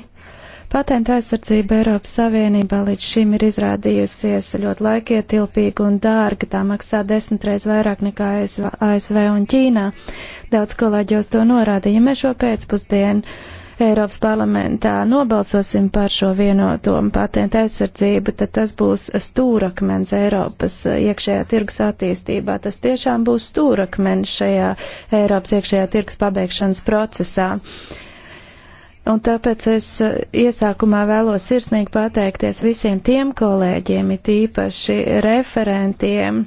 Patenta aizsardzība Eiropas Savienībā līdz šim ir izrādījusies ļoti laikietilpīga un dārga. Tā maksā desmitreiz vairāk nekā ASV un Ķīnā. Daudz kolēģos to norādīja. Mēs šo pēcpusdienu Eiropas parlamentā nobalsosim par šo vienoto patentu aizsardzību, tad tas būs stūrakmens Eiropas eh, iekšējā tirgus attīstībā. Tas tiešām būs stūrakmens šajā Eiropas iekšējā tirgus pabeigšanas procesā. Un tāpēc es eh, iesākumā vēlos sirsnīgi pateikties visiem tiem kolēģiem, it īpaši referentiem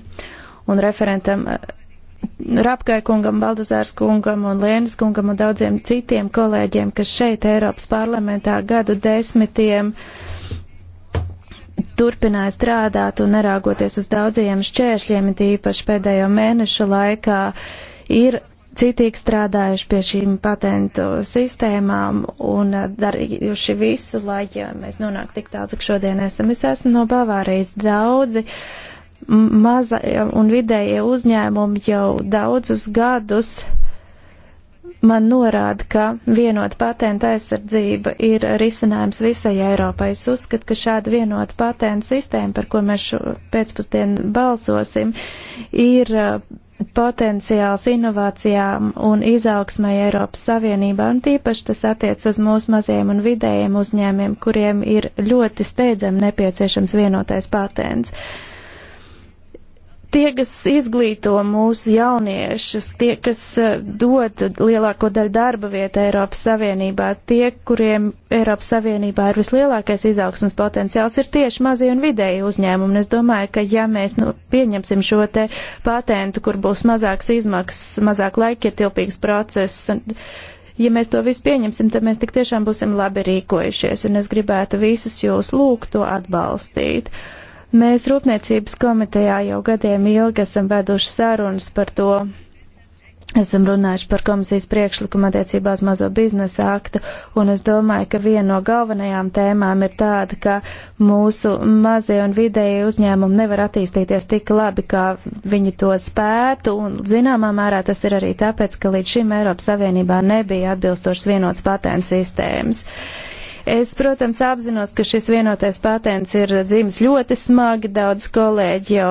un referentam eh, Rapkai kungam, Baldazārs kungam un Lienas kungam un daudziem citiem kolēģiem, kas šeit Eiropas parlamentā gadu desmitiem turpināja strādāt un neraugoties uz daudziem šķēršļiem, tīpaši pēdējo mēnešu laikā, ir citīgi strādājuši pie šīm patentu sistēmām un darījuši visu, lai ja mēs nonāktu tik tālu, cik šodien esam. Es esmu no Bavārijas daudzi. Uh, maza un vidējie uzņēmumi jau daudzus gadus man norāda, ka vienota patenta aizsardzība ir risinājums visai Eiropai. Es uzskatu, ka šāda vienota patenta sistēma, par ko mēs šo pēcpusdienu balsosim, ir uh, potenciāls inovācijām un izaugsmai Eiropas Savienībā, un tīpaši tas attiec uz mūsu mazajiem un vidējiem uzņēmiem, kuriem ir ļoti steidzami nepieciešams vienotais patents. Uh, tie, kas izglīto mūsu jauniešus, tie, kas eh, dod lielāko daļu darba vietu Eiropas Savienībā, tie, kuriem Eiropas Savienībā ir vislielākais izaugsmas potenciāls, ir tieši mazie un vidēji uzņēmumi. Un es domāju, ka ja mēs nu, pieņemsim šo te patentu, kur būs mazāks izmaksas, mazāk laikietilpīgs process, un, ja mēs to visu pieņemsim, tad mēs tik tiešām būsim labi rīkojušies, un es gribētu visus jūs lūgt to atbalstīt. Uh, Mēs Rūpniecības komitejā jau gadiem ilgi esam veduši sarunas par to. Esam runājuši par komisijas priekšlikumu attiecībā uz mazo biznesa aktu, un es domāju, ka viena no galvenajām tēmām ir tāda, ka mūsu mazie un vidēji uzņēmumi nevar attīstīties tik labi, kā viņi to spētu, un zināmā mērā tas ir arī tāpēc, ka līdz šim Eiropas Savienībā nebija atbilstošas vienotas patents sistēmas. Uh, Es, protams, apzinos, ka šis vienotais patents ir dzīves ļoti smagi. Daudz kolēģi jau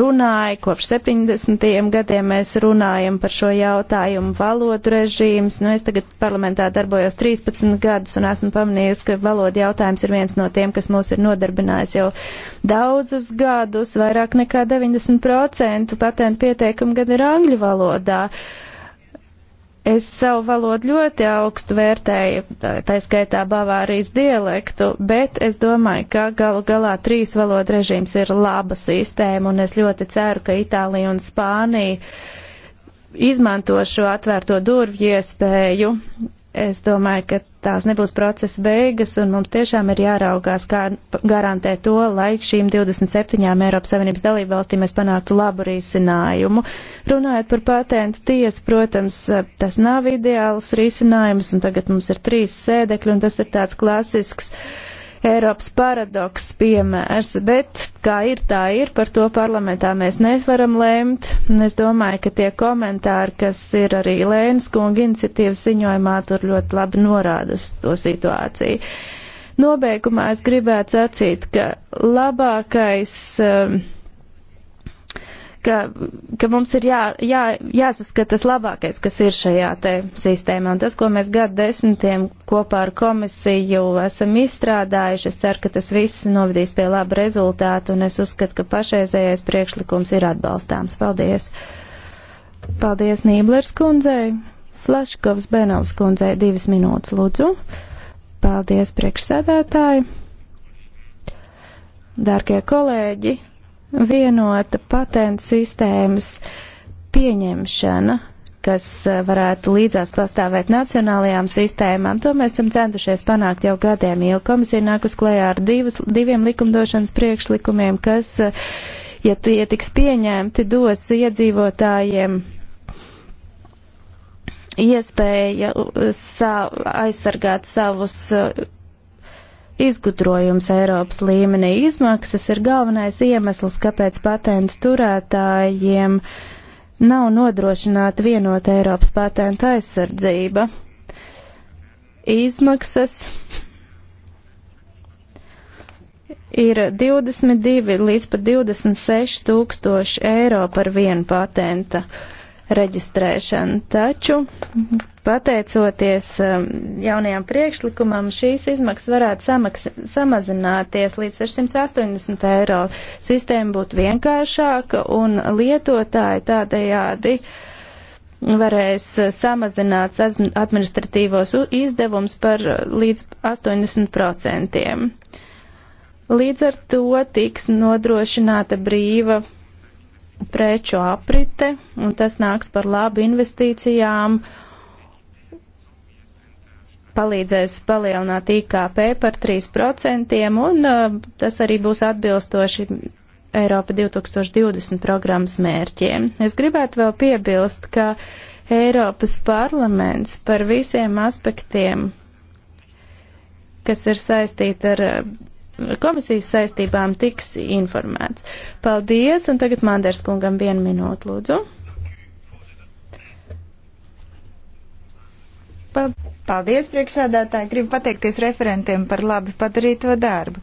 runāja, kopš 70. gadiem mēs runājam par šo jautājumu valodu režīms. Nu, es tagad parlamentā darbojos 13 gadus un esmu pamanījis, ka valoda jautājums ir viens no tiem, kas mūs ir nodarbinājis jau daudzus gadus. Vairāk nekā 90% patentu pieteikumu gadu ir angļu valodā. Uh, Es savu valodu ļoti augstu vērtēju, tā skaitā Bavārijas dialektu, bet es domāju, ka galu galā trīs valodu režīms ir laba sistēma, un es ļoti ceru, ka Itālija un Spānija izmanto šo atvērto durvju iespēju. Es domāju, ka tās nebūs procesa beigas, un mums tiešām ir jāraugās, kā garantē to, lai šīm 27 Eiropas Savienības dalību valstīm mēs panāktu labu risinājumu. Runājot par patentu tiesu, protams, tas nav ideāls risinājums, un tagad mums ir trīs sēdekļi, un tas ir tāds klasisks. Uh, Eiropas paradoks piemērs, bet kā ir, tā ir, par to parlamentā mēs nevaram lēmt. Es domāju, ka tie komentāri, kas ir arī Lēnas kunga iniciatīvas ziņojumā, tur ļoti labi norāda uz to situāciju. Nobeigumā es gribētu sacīt, ka labākais um, ka, ka mums ir jā, jā, jāsaskata tas labākais, kas ir šajā te sistēmā. Un tas, ko mēs gadu desmitiem kopā ar komisiju esam izstrādājuši, es ceru, ka tas viss novadīs pie laba rezultāta, un es uzskatu, ka pašreizējais priekšlikums ir atbalstāms. Paldies! Paldies Nīblers kundzei! Flaškovs Benovs kundzei divas minūtes lūdzu. Paldies priekšsēdētāji! Dārgie kolēģi, vienota patentu sistēmas pieņemšana, kas eh, varētu līdzās pastāvēt nacionālajām sistēmām. To mēs esam centušies panākt jau gadiem, jo komisija nāk uz klējā ar divas, diviem likumdošanas priekšlikumiem, kas, eh, ja tie tiks pieņemti, dos iedzīvotājiem iespēja sa aizsargāt savus eh, izgudrojums Eiropas līmenī. Izmaksas ir galvenais iemesls, kāpēc patentu turētājiem nav nodrošināta vienota Eiropas patenta aizsardzība. Izmaksas ir 22 līdz pat 26 tūkstoši eiro par vienu patenta reģistrēšanu. Taču, pateicoties um, jaunajām priekšlikumam, šīs izmaksas varētu samaks, samazināties līdz 680 eiro. Sistēma būtu vienkāršāka un lietotāji tādējādi varēs samazināt administratīvos izdevumus par uh, līdz 80%. Līdz ar to tiks nodrošināta brīva preču aprite, un tas nāks par labu investīcijām, palīdzēs palielināt IKP par 3%, un uh, tas arī būs atbilstoši Eiropa 2020 programmas mērķiem. Es gribētu vēl piebilst, ka Eiropas parlaments par visiem aspektiem, kas ir saistīti ar uh, komisijas saistībām tiks informēts. Paldies, un tagad Manders kungam vienu minūtu, lūdzu. Paldies, priekšsādātāji! Gribu pateikties referentiem par labi padarīto darbu.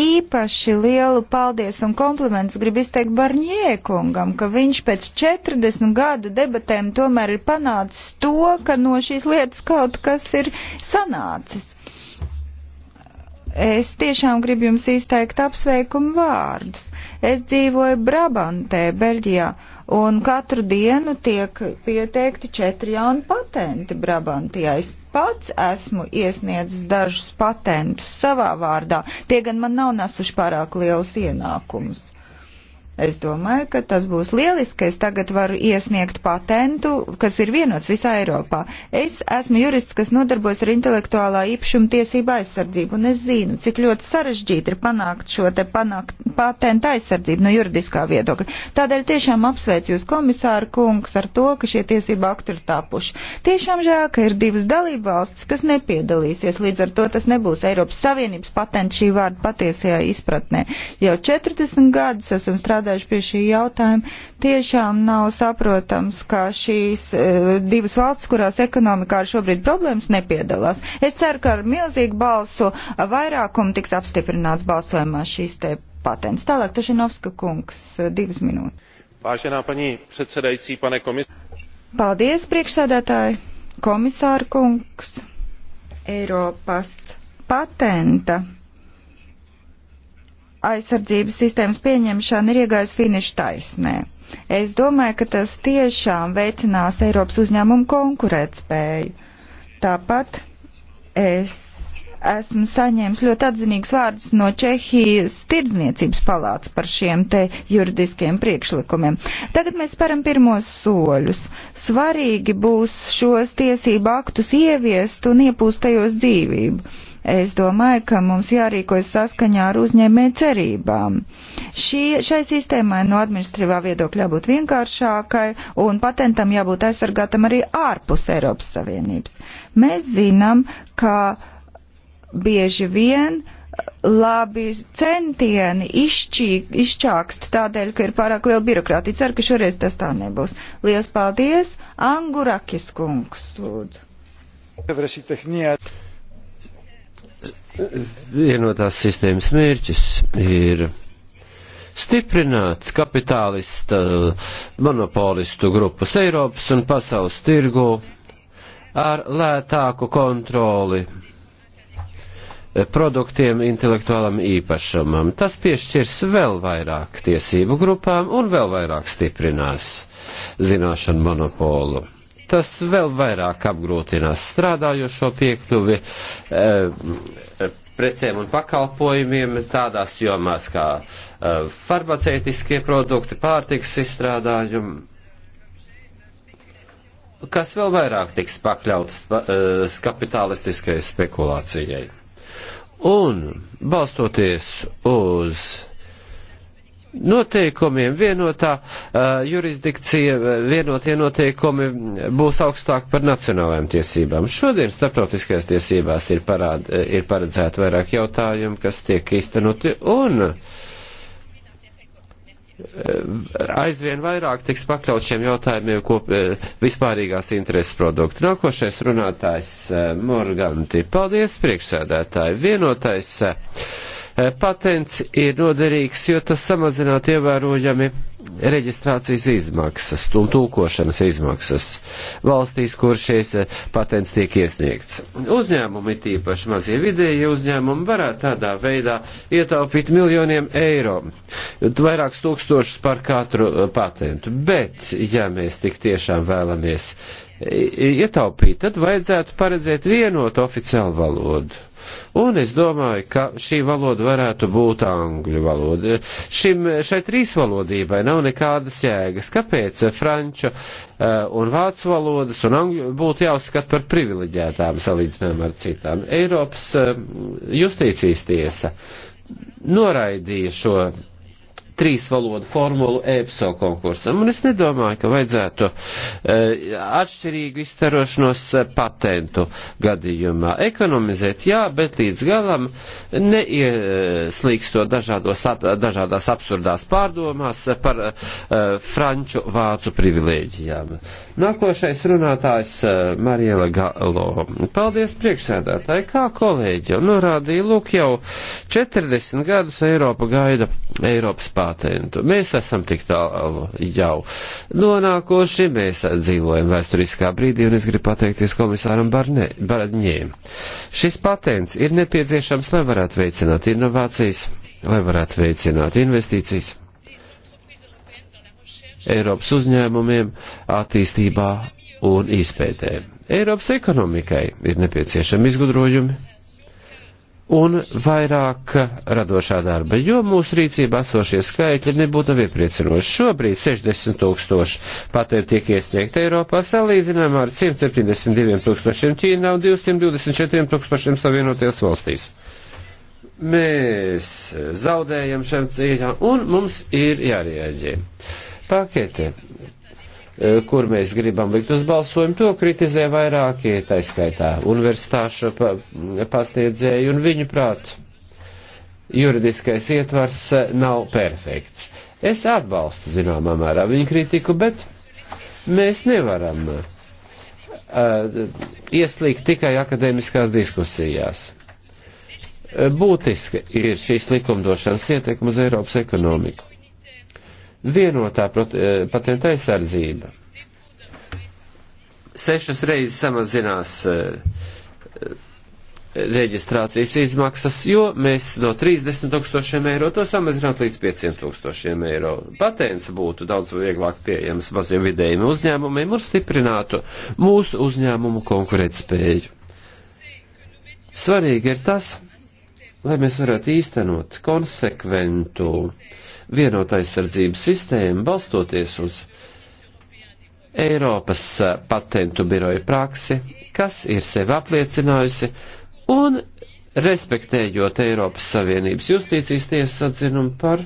Īpaši lielu paldies un komplimentus gribu izteikt Barņiekungam, ka viņš pēc 40 gadu debatēm tomēr ir panācis to, ka no šīs lietas kaut kas ir sanācis Es tiešām gribu jums izteikt apsveikumu vārdus. Es dzīvoju Brabantē, Beļģijā, un katru dienu tiek pieteikti četri jauni patenti Brabantijā. Es pats esmu iesniedzis dažus patentus savā vārdā, tie gan man nav nesuši pārāk lielus ienākumus. Es domāju, ka tas būs lieliski, ka es tagad varu iesniegt patentu, kas ir vienots visā Eiropā. Es esmu jurists, kas nodarbojas ar intelektuālā īpašuma tiesību aizsardzību, un es zinu, cik ļoti sarežģīti ir panākt šo te panākt patentu aizsardzību no juridiskā viedokļa. Tādēļ tiešām apsveicu jūs, komisāra kungs, ar to, ka šie tiesību akti ir tapuši. Tiešām žēl, ka ir divas dalību valstis, kas nepiedalīsies, līdz ar to tas nebūs Eiropas Savienības patents šī vārda patiesajā izpratnē. Jau 40 gadus esmu strādājis strādājuši pie šī jautājuma. Tiešām nav saprotams, ka šīs uh, divas valsts, kurās ekonomikā ir šobrīd problēmas, nepiedalās. Es ceru, ka ar milzīgu balsu vairākumu tiks apstiprināts balsojumā šīs te patents. Tālāk Tašinovska kungs, e, divas minūtes. Vážená paní předsedající, pane komisār. Paldies, priekšsēdētāji, komisāra kungs, Eiropas patenta aizsardzības sistēmas pieņemšana ir iegājusi finiša taisnē. Es domāju, ka tas tiešām veicinās Eiropas uzņēmumu konkurētspēju. Tāpat es esmu saņēmis ļoti atzinīgs vārdus no Čehijas tirdzniecības palāca par šiem te juridiskiem priekšlikumiem. Tagad mēs param pirmos soļus. Svarīgi būs šos tiesību aktus ieviest un iepūstajos dzīvību Es domāju, ka mums jārīkojas saskaņā ar uzņēmēju cerībām. Šī, šai sistēmai no administratīvā viedokļa jābūt vienkāršākai un patentam jābūt aizsargātam arī ārpus Eiropas Savienības. Mēs zinām, ka bieži vien labi centieni izšķī, izšķākst tādēļ, ka ir pārāk liela birokrātija. Ceru, ka šoreiz tas tā nebūs. Lielas paldies! Angurakis kungs, lūdzu! vienotās sistēmas mērķis ir stiprināt kapitālista monopolistu grupas Eiropas un pasaules tirgu ar lētāku kontroli produktiem intelektuālam īpašumam. Tas piešķirs vēl vairāk tiesību grupām un vēl vairāk stiprinās zināšanu monopolu tas vēl vairāk apgrūtinās strādājošo piekļuvi eh, precēm un pakalpojumiem tādās jomās kā eh, farmaceitiskie produkti, pārtiks izstrādājumi, kas vēl vairāk tiks pakļauts eh, kapitalistiskai spekulācijai. Un balstoties uz noteikumiem, vienotā uh, jurisdikcija, uh, vienotie noteikumi būs augstāk par nacionālajām tiesībām. Šodien starptautiskajās tiesībās ir, parād, uh, ir paredzēti vairāk jautājumu, kas tiek īstenoti un uh, aizvien vairāk tiks pakļaut šiem jautājumiem kop, vispārīgās intereses produktu. Nākošais runātājs Morganti. Paldies, priekšsēdētāji. Vienotais. Uh, Eh, patents ir noderīgs, jo tas samazinātu ievērojami reģistrācijas izmaksas un tūkošanas izmaksas valstīs, kur šīs eh, patents tiek iesniegts. Uzņēmumi, tīpaši mazie vidēji uzņēmumi, varētu tādā veidā ietaupīt miljoniem eiro, vairākus tūkstošus par katru eh, patentu. Bet, ja mēs tik tiešām vēlamies ietaupīt, tad vajadzētu paredzēt vienotu oficiālu valodu Un es domāju, ka šī valoda varētu būt angļu valoda. Šim, šai trīsvalodībai nav nekādas jēgas. Kāpēc franču eh, un vācu valodas un angļu būtu jāuzskata par privileģētām salīdzinājumā ar citām? Eiropas eh, justīcijas tiesa noraidīja šo trīs valodu formulu EPSO konkursam. Un es nedomāju, ka vajadzētu uh, atšķirīgu izstarošanos e, patentu gadījumā. Ekonomizēt, jā, bet līdz galam neieslīgstot dažādos, ap, dažādās absurdās pārdomās par uh, franču vācu privilēģijām. Nākošais runātājs uh, Mariela Galo. Paldies priekšsēdētāji, kā kolēģi jau norādīja, lūk jau 40 gadus Eiropa gaida Eiropas parlamentu patentu. Mēs esam tik tālu jau nonākoši, mēs dzīvojam vēsturiskā brīdī, un es gribu pateikties komisāram Barņē. Šis patents ir nepieciešams, lai varētu veicināt inovācijas, lai varētu veicināt investīcijas. Eiropas uzņēmumiem, attīstībā un izpētē. Eiropas ekonomikai ir nepieciešami izgudrojumi, un vairāk radošā darba, jo mūsu rīcībā esošie skaitļi nebūtu nav iepriecinoši. Šobrīd 60 tūkstoši patentu tiek iesniegt Eiropā, salīdzinājumā ar 172 tūkstošiem Ķīnā un 224 tūkstošiem Savienoties valstīs. Mēs zaudējam šiem cīņām un mums ir jārieģē. Pakete Eh, kur mēs gribam likt uz balsojumu, to kritizē vairākie, taiskaitā universitāšu pasniedzēju un viņu prāt. Juridiskais ietvars eh, nav perfekts. Es atbalstu zināmā mērā viņa kritiku, bet mēs nevaram uh, ieslīgt tikai akadēmiskās diskusijās. Būtiska ir šīs likumdošanas ietekme uz Eiropas ekonomiku vienotā eh, patenta aizsardzība. Sešas reizes samazinās eh, reģistrācijas izmaksas, jo mēs no 30 tūkstošiem eiro to samazinātu līdz 5 tūkstošiem eiro. Patents būtu daudz vieglāk pieejams maziem vidējiem uzņēmumiem un stiprinātu mūsu uzņēmumu konkurētspēju. Svarīgi ir tas, lai mēs varētu īstenot konsekventu uh, vienota aizsardzības sistēma balstoties uz Eiropas patentu biroja praksi, kas ir sevi apliecinājusi, un respektējot Eiropas Savienības justīcijas tiesas atzinumu par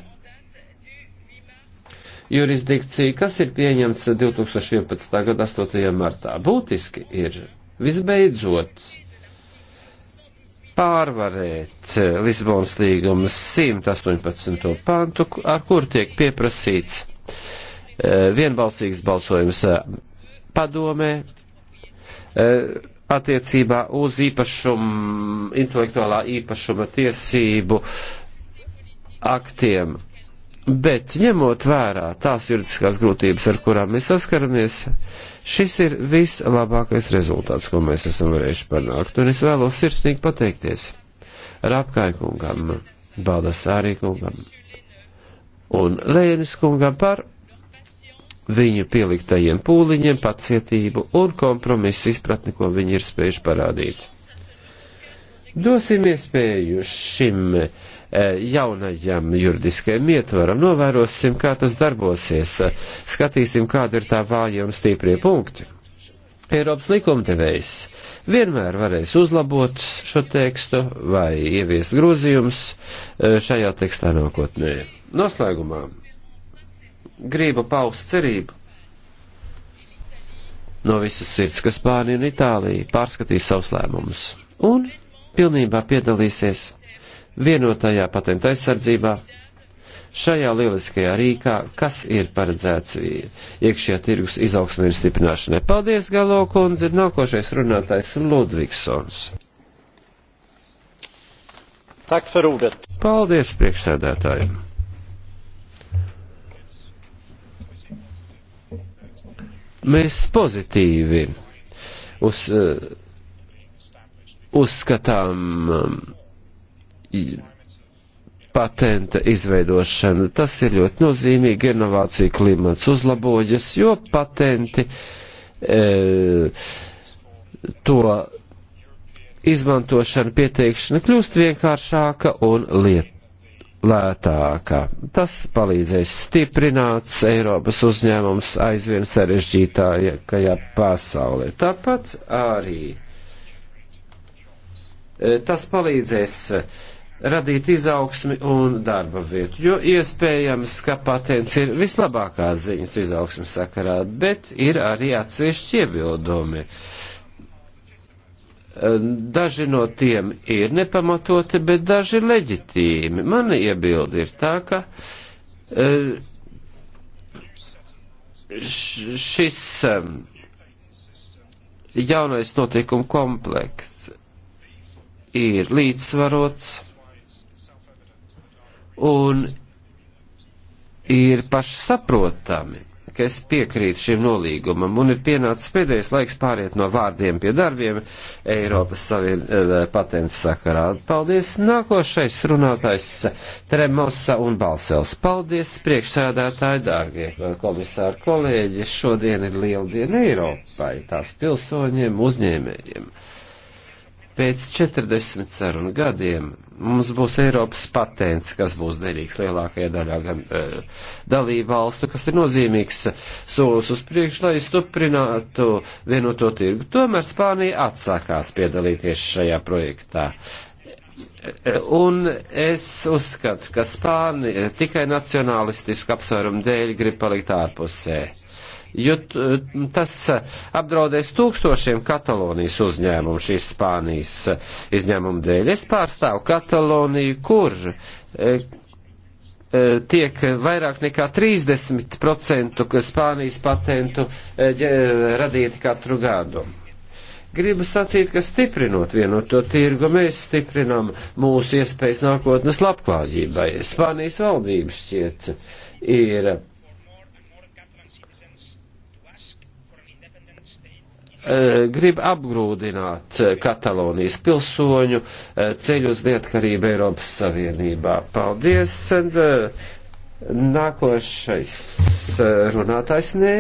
jurisdikciju, kas ir pieņemts 2011. gada 8. martā. Būtiski ir visbeidzot pārvarēt Lisbonas līguma 118. pantu, ar kuru tiek pieprasīts eh, vienbalsīgs balsojums eh, padomē eh, attiecībā uz īpašumu, intelektuālā īpašuma tiesību aktiem Bet ņemot vērā tās juridiskās grūtības, ar kurām mēs saskaramies, šis ir vislabākais rezultāts, ko mēs esam varējuši panākt. Un es vēlos sirsnīgi pateikties Rāpkāju kungam, Baldas Ārī kungam un Lēnis kungam par viņu pieliktajiem pūliņiem, pacietību un kompromisu izpratni, ko viņi ir spējuši parādīt. Dosim iespēju šim uh, Eh, jaunajam juridiskajam ietvaram. Novērosim, kā tas darbosies, skatīsim, kāda ir tā vāja un stīprie punkti. Eiropas likumdevējs vienmēr varēs uzlabot šo tekstu vai ieviest grozījumus eh, šajā tekstā nākotnē. Noslēgumā gribu paust cerību no visas sirds, ka Spānija un Itālija pārskatīs savus lēmumus un pilnībā piedalīsies vienotajā patenta aizsardzībā, šajā lieliskajā rīkā, kas ir paredzēts iekšējā tirgus izaugsmē un stiprināšanai. Paldies, Galo kundze, ir nākošais runātājs Ludvigsons. Paldies priekšsēdētājiem! Mēs pozitīvi uz, eh, uzskatām um, patenta izveidošanu. Tas ir ļoti nozīmīgi, inovācija klimats uzlabojas, jo patenti e, to izmantošana, pieteikšana kļūst vienkāršāka un liet, lētāka. Tas palīdzēs stiprināt Eiropas uzņēmums aizvien sarežģītākajā pasaulē. Tāpat arī e, tas palīdzēs radīt izaugsmi un darba vietu, jo iespējams, ka patents ir vislabākās ziņas izaugsmas sakarā, bet ir arī atsevišķi iebildumi. Daži no tiem ir nepamatoti, bet daži leģitīmi. Mana iebildi ir tā, ka eh, šis eh, jaunais notikuma komplekts ir līdzsvarots un ir pašsaprotami, ka es piekrītu šim nolīgumam, un ir pienācis pēdējais laiks pāriet no vārdiem pie darbiem Eiropas savien, eh, patentu sakarā. Paldies! Nākošais runātājs Tremosa un Balsels. Paldies, priekšsēdētāji, dārgie eh, komisāri, kolēģi! Šodien ir liela diena Eiropai, tās pilsoņiem, uzņēmējiem. Pēc 40 sarunu gadiem mums būs Eiropas patents, kas būs derīgs lielākajā daļā gan uh, dalību valstu, kas ir nozīmīgs solis uz priekšu, lai stuprinātu vienoto tirgu. Tomēr Spānija atsākās piedalīties šajā projektā. E, un es uzskatu, ka Spānija tikai nacionalistisku apsvērumu dēļ grib palikt ārpusē. Uh, jo eh, tas eh, apdraudēs tūkstošiem Katalonijas uzņēmumu šīs Spānijas eh, izņēmuma dēļ. Es pārstāvu Kataloniju, kur tiek vairāk nekā 30% Spānijas patentu radīti katru gadu. Gribu sacīt, ka stiprinot vienoto tirgu, mēs stiprinam mūsu iespējas nākotnes labklājībai. Spānijas valdības šķiet ir Eh, grib apgrūdināt eh, Katalonijas pilsoņu eh, ceļu uz neatkarību Eiropas Savienībā. Paldies! Nākošais runātājs, nē,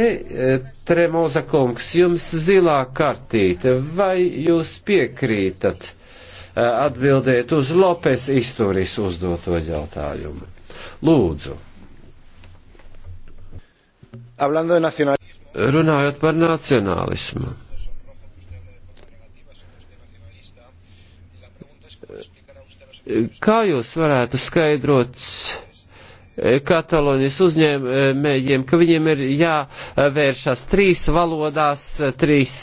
Tremoza kungs, jums zilā kartīte, vai jūs piekrītat atbildēt uz Lopes izturis uzdoto jautājumu? Lūdzu. Runājot par nacionālismu Kā jūs varētu skaidrot e, Katalonijas uzņēmējiem, ka viņiem ir jāvēršas trīs valodās, trīs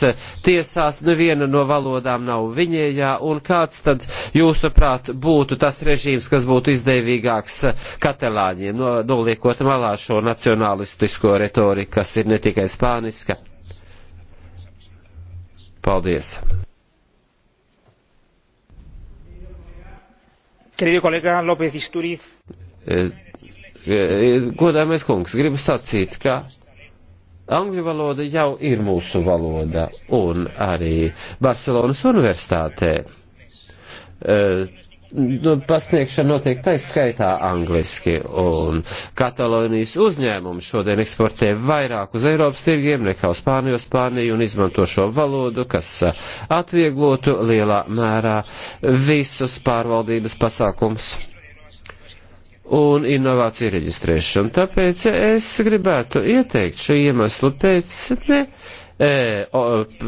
tiesās, neviena no valodām nav viņējā, un kāds tad, jūsuprāt, būtu tas režīms, kas būtu izdevīgāks katalāņiem, no, noliekot malā šo nacionalistisko retoriku, kas ir ne tikai spāniska? Paldies! Querido kolega López Isturiz. Eh, eh, godāmais kungs, gribu sacīt, ka angļu valoda jau ir mūsu valoda un arī Barcelonas universitātē eh, Nu, pasniegšana notiek taiskaitā angliski, un Katalonijas uzņēmumi šodien eksportē vairāk uz Eiropas tirgiem nekā uz Spāniju, Spāniju un izmanto šo valodu, kas atvieglotu lielā mērā visus pārvaldības pasākums un inovāciju reģistrēšanu. Tāpēc es gribētu ieteikt šo iemeslu pēc ne e, o, p,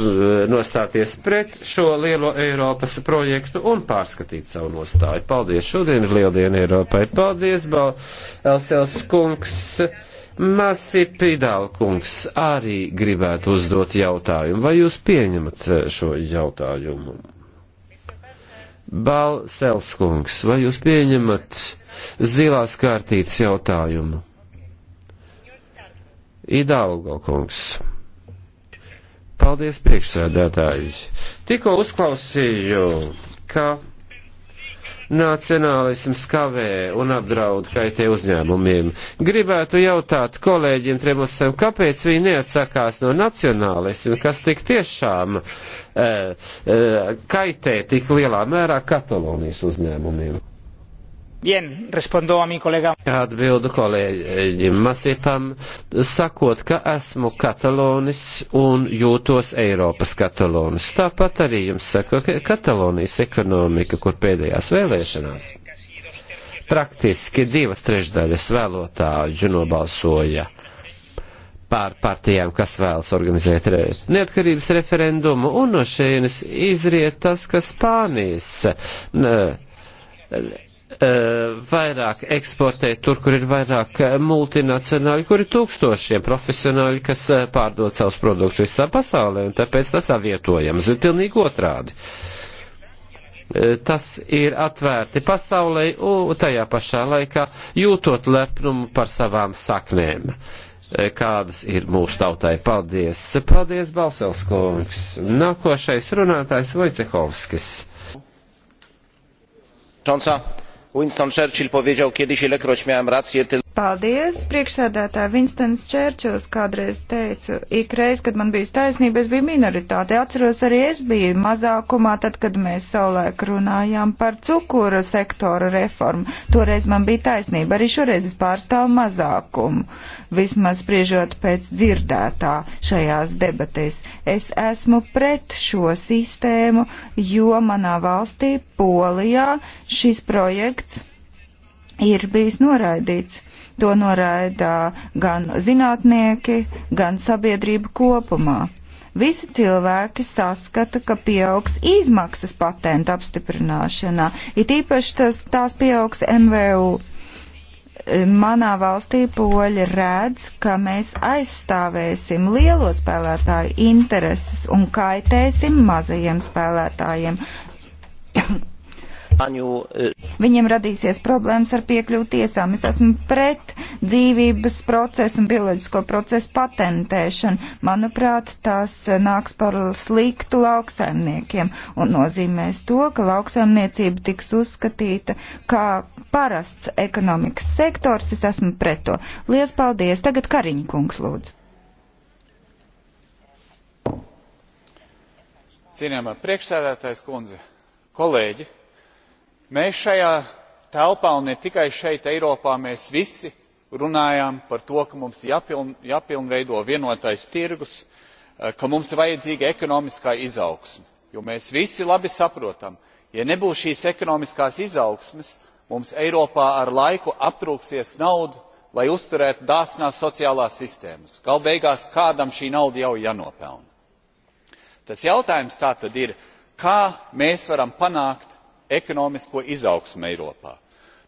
nostāties pret šo lielo Eiropas projektu un pārskatīt savu nostāju. Paldies! Šodien ir Lieldiena Eiropai. Paldies, Elsels kungs! Masi Pidāl kungs arī gribētu uzdot jautājumu. Vai jūs pieņemat šo jautājumu? Balsels kungs, vai jūs pieņemat zilās kārtītes jautājumu? Idaugo kungs. Paldies, priekšsēdētājs. Tikko uzklausīju, ka nacionālisms kavē un apdraud kaitē uzņēmumiem. Gribētu jautāt kolēģiem Tremosam, kāpēc viņi neatsakās no nacionālisma, kas tik tiešām e, eh, e, eh, kaitē tik lielā mērā Katalonijas uzņēmumiem? Bien, respondo a mi kolegam. Atbildu kolēģim Masipam, sakot, ka esmu katalonis un jūtos Eiropas katalonis. Tāpat arī jums saka, ka Katalonijas ekonomika, kur pēdējās vēlēšanās praktiski divas trešdaļas vēlotāju nobalsoja pār partijām, kas vēlas organizēt re neatkarības referendumu, un no šeit izriet tas, ka Spānijas. Ne, Eh, vairāk eksportēt tur, kur ir vairāk eh, multinacionāļu, kur ir tūkstošiem profesionāļu, kas eh, pārdod savus produktus visā pasaulē, un tāpēc tas avietojams ir pilnīgi otrādi. Tas ir atvērti pasaulē, un tajā pašā laikā jūtot lepnumu par savām saknēm kādas ir mūsu tautai. Paldies! Paldies, Balsels kungs! Nākošais runātājs Vojcehovskis. Čonsā. Winston Churchill powiedział kiedyś, ilekroć miałem rację, ty... Paldies, priekšsēdētāji. Vinstons Čērčils kādreiz teica, ikreiz, kad man bija taisnība, es biju minoritāte. Atceros, arī es biju mazākumā, tad, kad mēs savulaik runājām par cukura sektora reformu. Toreiz man bija taisnība, arī šoreiz es pārstāvu mazākumu. Vismaz spriežot pēc dzirdētā šajās debatēs. Es esmu pret šo sistēmu, jo manā valstī, Polijā, šis projekts projekts ir bijis noraidīts. To noraidā gan zinātnieki, gan sabiedrība kopumā. Visi cilvēki saskata, ka pieaugs izmaksas patentu apstiprināšanā, it īpaši tas, tās pieaugs MVU. Manā valstī poļi redz, ka mēs aizstāvēsim lielo spēlētāju intereses un kaitēsim mazajiem spēlētājiem. Eh, Viņiem radīsies problēmas ar piekļuvu tiesām. Es esmu pret dzīvības procesu un bioloģisko procesu patentēšanu. Manuprāt, tas eh, nāks par sliktu lauksaimniekiem un nozīmēs to, ka lauksaimniecība tiks uzskatīta kā parasts ekonomikas sektors. Es esmu pret to. Lielas paldies! Tagad Kariņa kungs lūdzu. Cienījamā priekšsēdētājas kundze, kolēģi! mēs šajā telpā un ne tikai šeit eiropā mēs visi runājam par to ka mums ir jāpilnveido vienotais tirgus eh, ka mums ir vajadzīga ekonomiskā izaugsme jo mēs visi labi saprotam ja nebūs šīs ekonomiskās izaugsmes mums eiropā ar laiku aptrūksies nauda lai uzturētu dāsnās sociālās sistēmas. galu beigās kādam šī nauda jau ir jānopelna. tas jautājums tātad ir kā mēs varam panākt ekonomisko izaugsmi eiropā.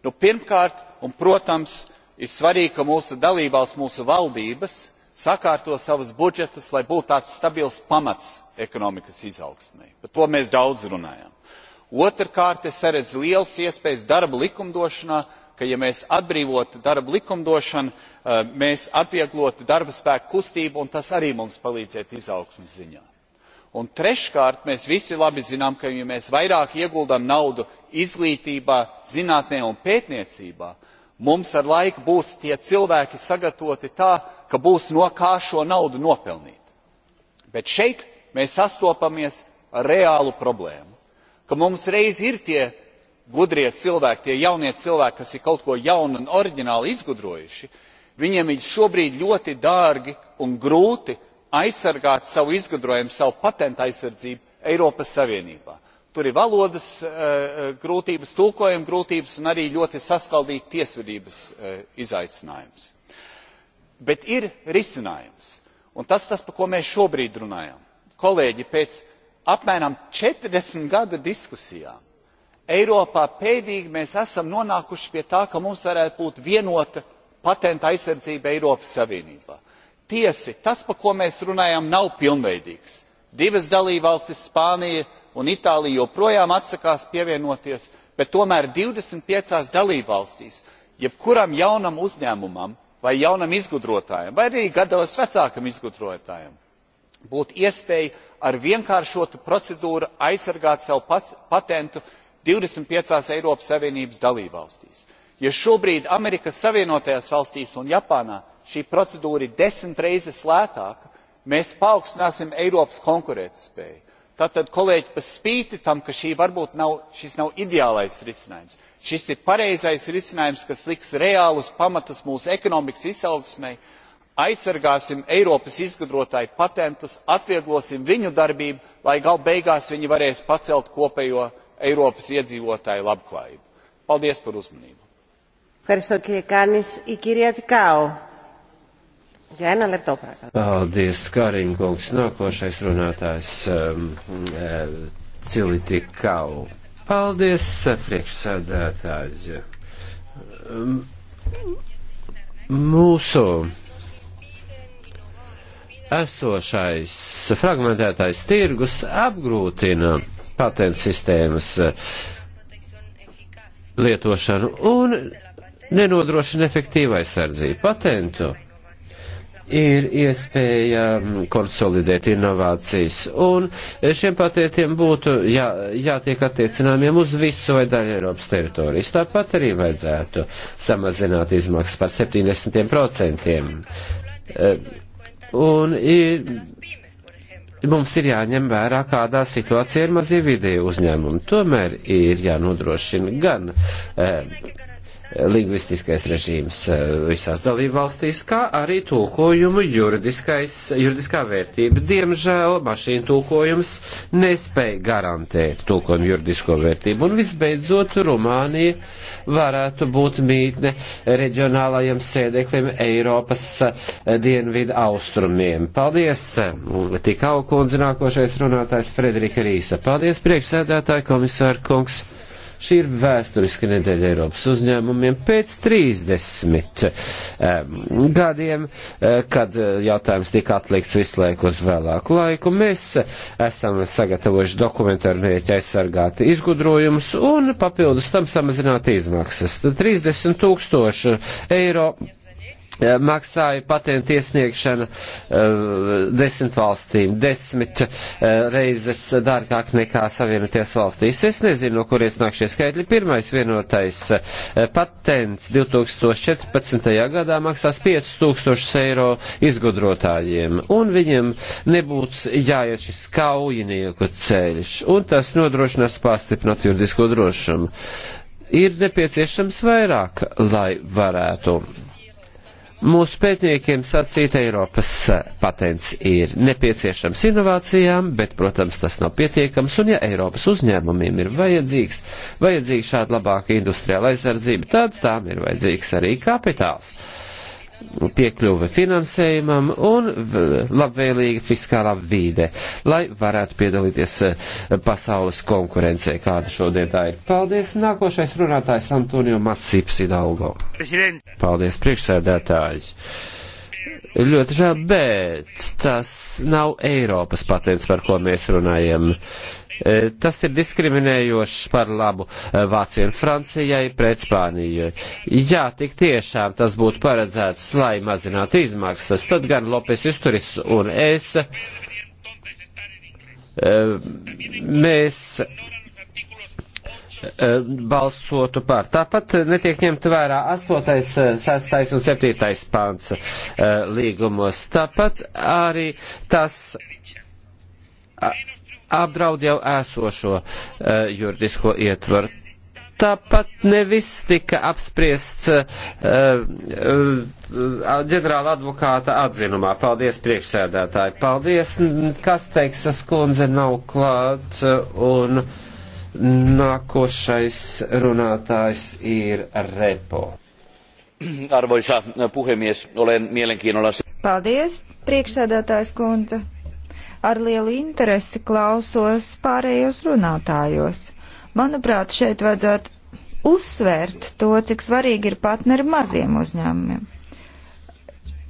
Nu, pirmkārt un protams ir svarīgi ka mūsu dalībvalstis mūsu valdības sakārto savus budžetus lai būtu tāds stabils pamats ekonomikas izaugsmei par to mēs daudz runājam. otrkārt es redzu lielas iespējas darba likumdošanā ka ja mēs atbrīvotu darba likumdošanu eh, mēs atvieglotu darba spēka kustību un tas arī mums palīdzētu izaugsmes ziņā. Un treškārt, mēs visi labi zinām, ka ja mēs vairāk ieguldam naudu izglītībā, zinātnē un pētniecībā, mums ar laiku būs tie cilvēki sagatavoti tā, ka būs no kā šo naudu nopelnīt. Bet šeit mēs sastopamies ar reālu problēmu, ka mums reiz ir tie gudrie cilvēki, tie jaunie cilvēki, kas ir kaut ko jaunu un oriģinālu izgudrojuši, viņiem ir šobrīd ļoti dārgi un grūti aizsargāt savu izgudrojumu savu patentu aizsardzību eiropas savienībā. tur ir valodas eh, eh, grūtības tulkojuma grūtības un arī ļoti saskaldīti tiesvedības eh, izaicinājumi. bet ir risinājums un tas ir tas par ko mēs šobrīd runājam. kolēģi pēc apmēram četrdesmit gadu diskusijām eiropā pēdīgi mēs esam nonākuši pie tā ka mums varētu būt vienota patentu aizsardzība eiropas savienībā tiesi tas par ko mēs runājam nav pilnveidīgs divas dalībvalstis spānija un itālija joprojām atsakās pievienoties bet tomēr divdesmit piecās dalībvalstīs jebkuram jaunam uzņēmumam vai jaunam izgudrotājam vai arī gados vecākam izgudrotājam būtu iespēja ar vienkāršotu procedūru aizsargāt savu patentu divdesmit piecās eiropas savienības dalībvalstīs ja šobrīd amerikas savienotajās valstīs un japānā šī procedūra ir desmit reizes lētāka mēs paaugstināsim eiropas konkurētspēju. tātad kolēģi par spīti tam ka varbūt nav, šis nav ideālais risinājums šis ir pareizais risinājums kas liks reālus pamatus mūsu ekonomikas izaugsmei aizsargāsim eiropas izgudrotāju patentus atvieglosim viņu darbību lai gala beigās viņi varēs pacelt kopējo eiropas iedzīvotāju labklājību. paldies par uzmanību! Ευχαριστώ κύριε Κάνης. Η κυρία Τικάου. Jā, nē, ir topā. Paldies, Kāriņa kungs. Nākošais runātājs um, uh, Ciliti Kau. Paldies, priekšsēdētāji. Um, mūsu esošais fragmentētais tirgus apgrūtina patentu sistēmas uh, lietošanu un nenodrošina efektīvu aizsardzību. Patentu ir iespēja mm, konsolidēt inovācijas, un šiem patentiem būtu jā, jātiek attiecināmiem uz visu vai daļu Eiropas teritorijas. Tāpat arī vajadzētu samazināt izmaksas par 70%. E, un ir, mums ir jāņem vērā, kādā situācijā ir mazie vidēji uzņēmumi. Tomēr ir jānodrošina gan. Eh, lingvistiskais režīms eh, visās dalībvalstīs, kā arī tulkojumu juridiskā vērtība. Diemžēl mašīna tulkojums nespēja garantēt tulkojumu juridisko vērtību. Un visbeidzot, Rumānija varētu būt mītne reģionālajiem sēdeklim Eiropas eh, dienvidu austrumiem. Paldies, eh, tik augundz nākošais runātājs Frederika Rīsa. Paldies, priekšsēdētāji komisāra kungs. Šī ir vēsturiska nedēļa Eiropas uzņēmumiem pēc 30 um, gadiem, eh, kad eh, jautājums tika atlikts visu laiku uz vēlāku laiku. Mēs eh, esam sagatavojuši dokumentu ar mērķi aizsargāt izgudrojumus un papildus tam samazināt izmaksas. 30 tūkstoši eiro Eh, maksāja patentu iesniegšana uh, desmit valstīm, desmit uh, reizes dārgāk nekā Savienoties valstīs. Es nezinu, no kurienes nāk šie skaitļi. Pirmais vienotais uh, patents 2014. gadā maksās 5000 eiro izgudrotājiem, un viņiem nebūs jāiet šis kaujinieku ceļš, un tas nodrošinās pastiprināt juridisko drošumu. Ir nepieciešams vairāk, lai varētu Mūsu pētniekiem sacīt, Eiropas eh, patents ir nepieciešams inovācijām, bet, protams, tas nav pietiekams, un ja Eiropas uzņēmumiem ir vajadzīgs, vajadzīga šāda labāka industriāla aizsardzība, tad tām ir vajadzīgs arī kapitāls. Uh, piekļuve finansējumam un labvēlīga fiskālā vīde, lai varētu piedalīties eh, pasaules konkurencē, kāda šodien tā ir. Paldies! Nākošais runātājs Antonio Masīps Hidalgo. Paldies, priekšsēdētāji! Ļoti žēl, bet tas nav Eiropas patents, par ko mēs runājam. E, tas ir diskriminējošs par labu e, Vācijai un Francijai pret Spāniju. Jā, tik tiešām tas būtu paredzēts, lai mazinātu izmaksas, tad gan Lopes Justuris un es. E, mēs Eh, balsotu par. Tāpat netiek ņemta vērā 8., 6. Eh, un 7. pāns eh, līgumos. Tāpat arī tas apdraud jau esošo juridisko ietvaru. Tāpat nevis tika apspriests ģenerāla advokāta atzinumā. Paldies, priekšsēdētāji. Paldies, kas teiks, skundze nav klāt un. Uh, Nākošais runātājs ir Repo. Arvoisa puhemies, olen mielenkiinnolla. Paldies, priekšsēdētājs kundze. Ar lielu interesi klausos pārējos runātājos. Manuprāt, šeit vajadzētu uzsvērt to, cik svarīgi ir partneri maziem uzņēmumiem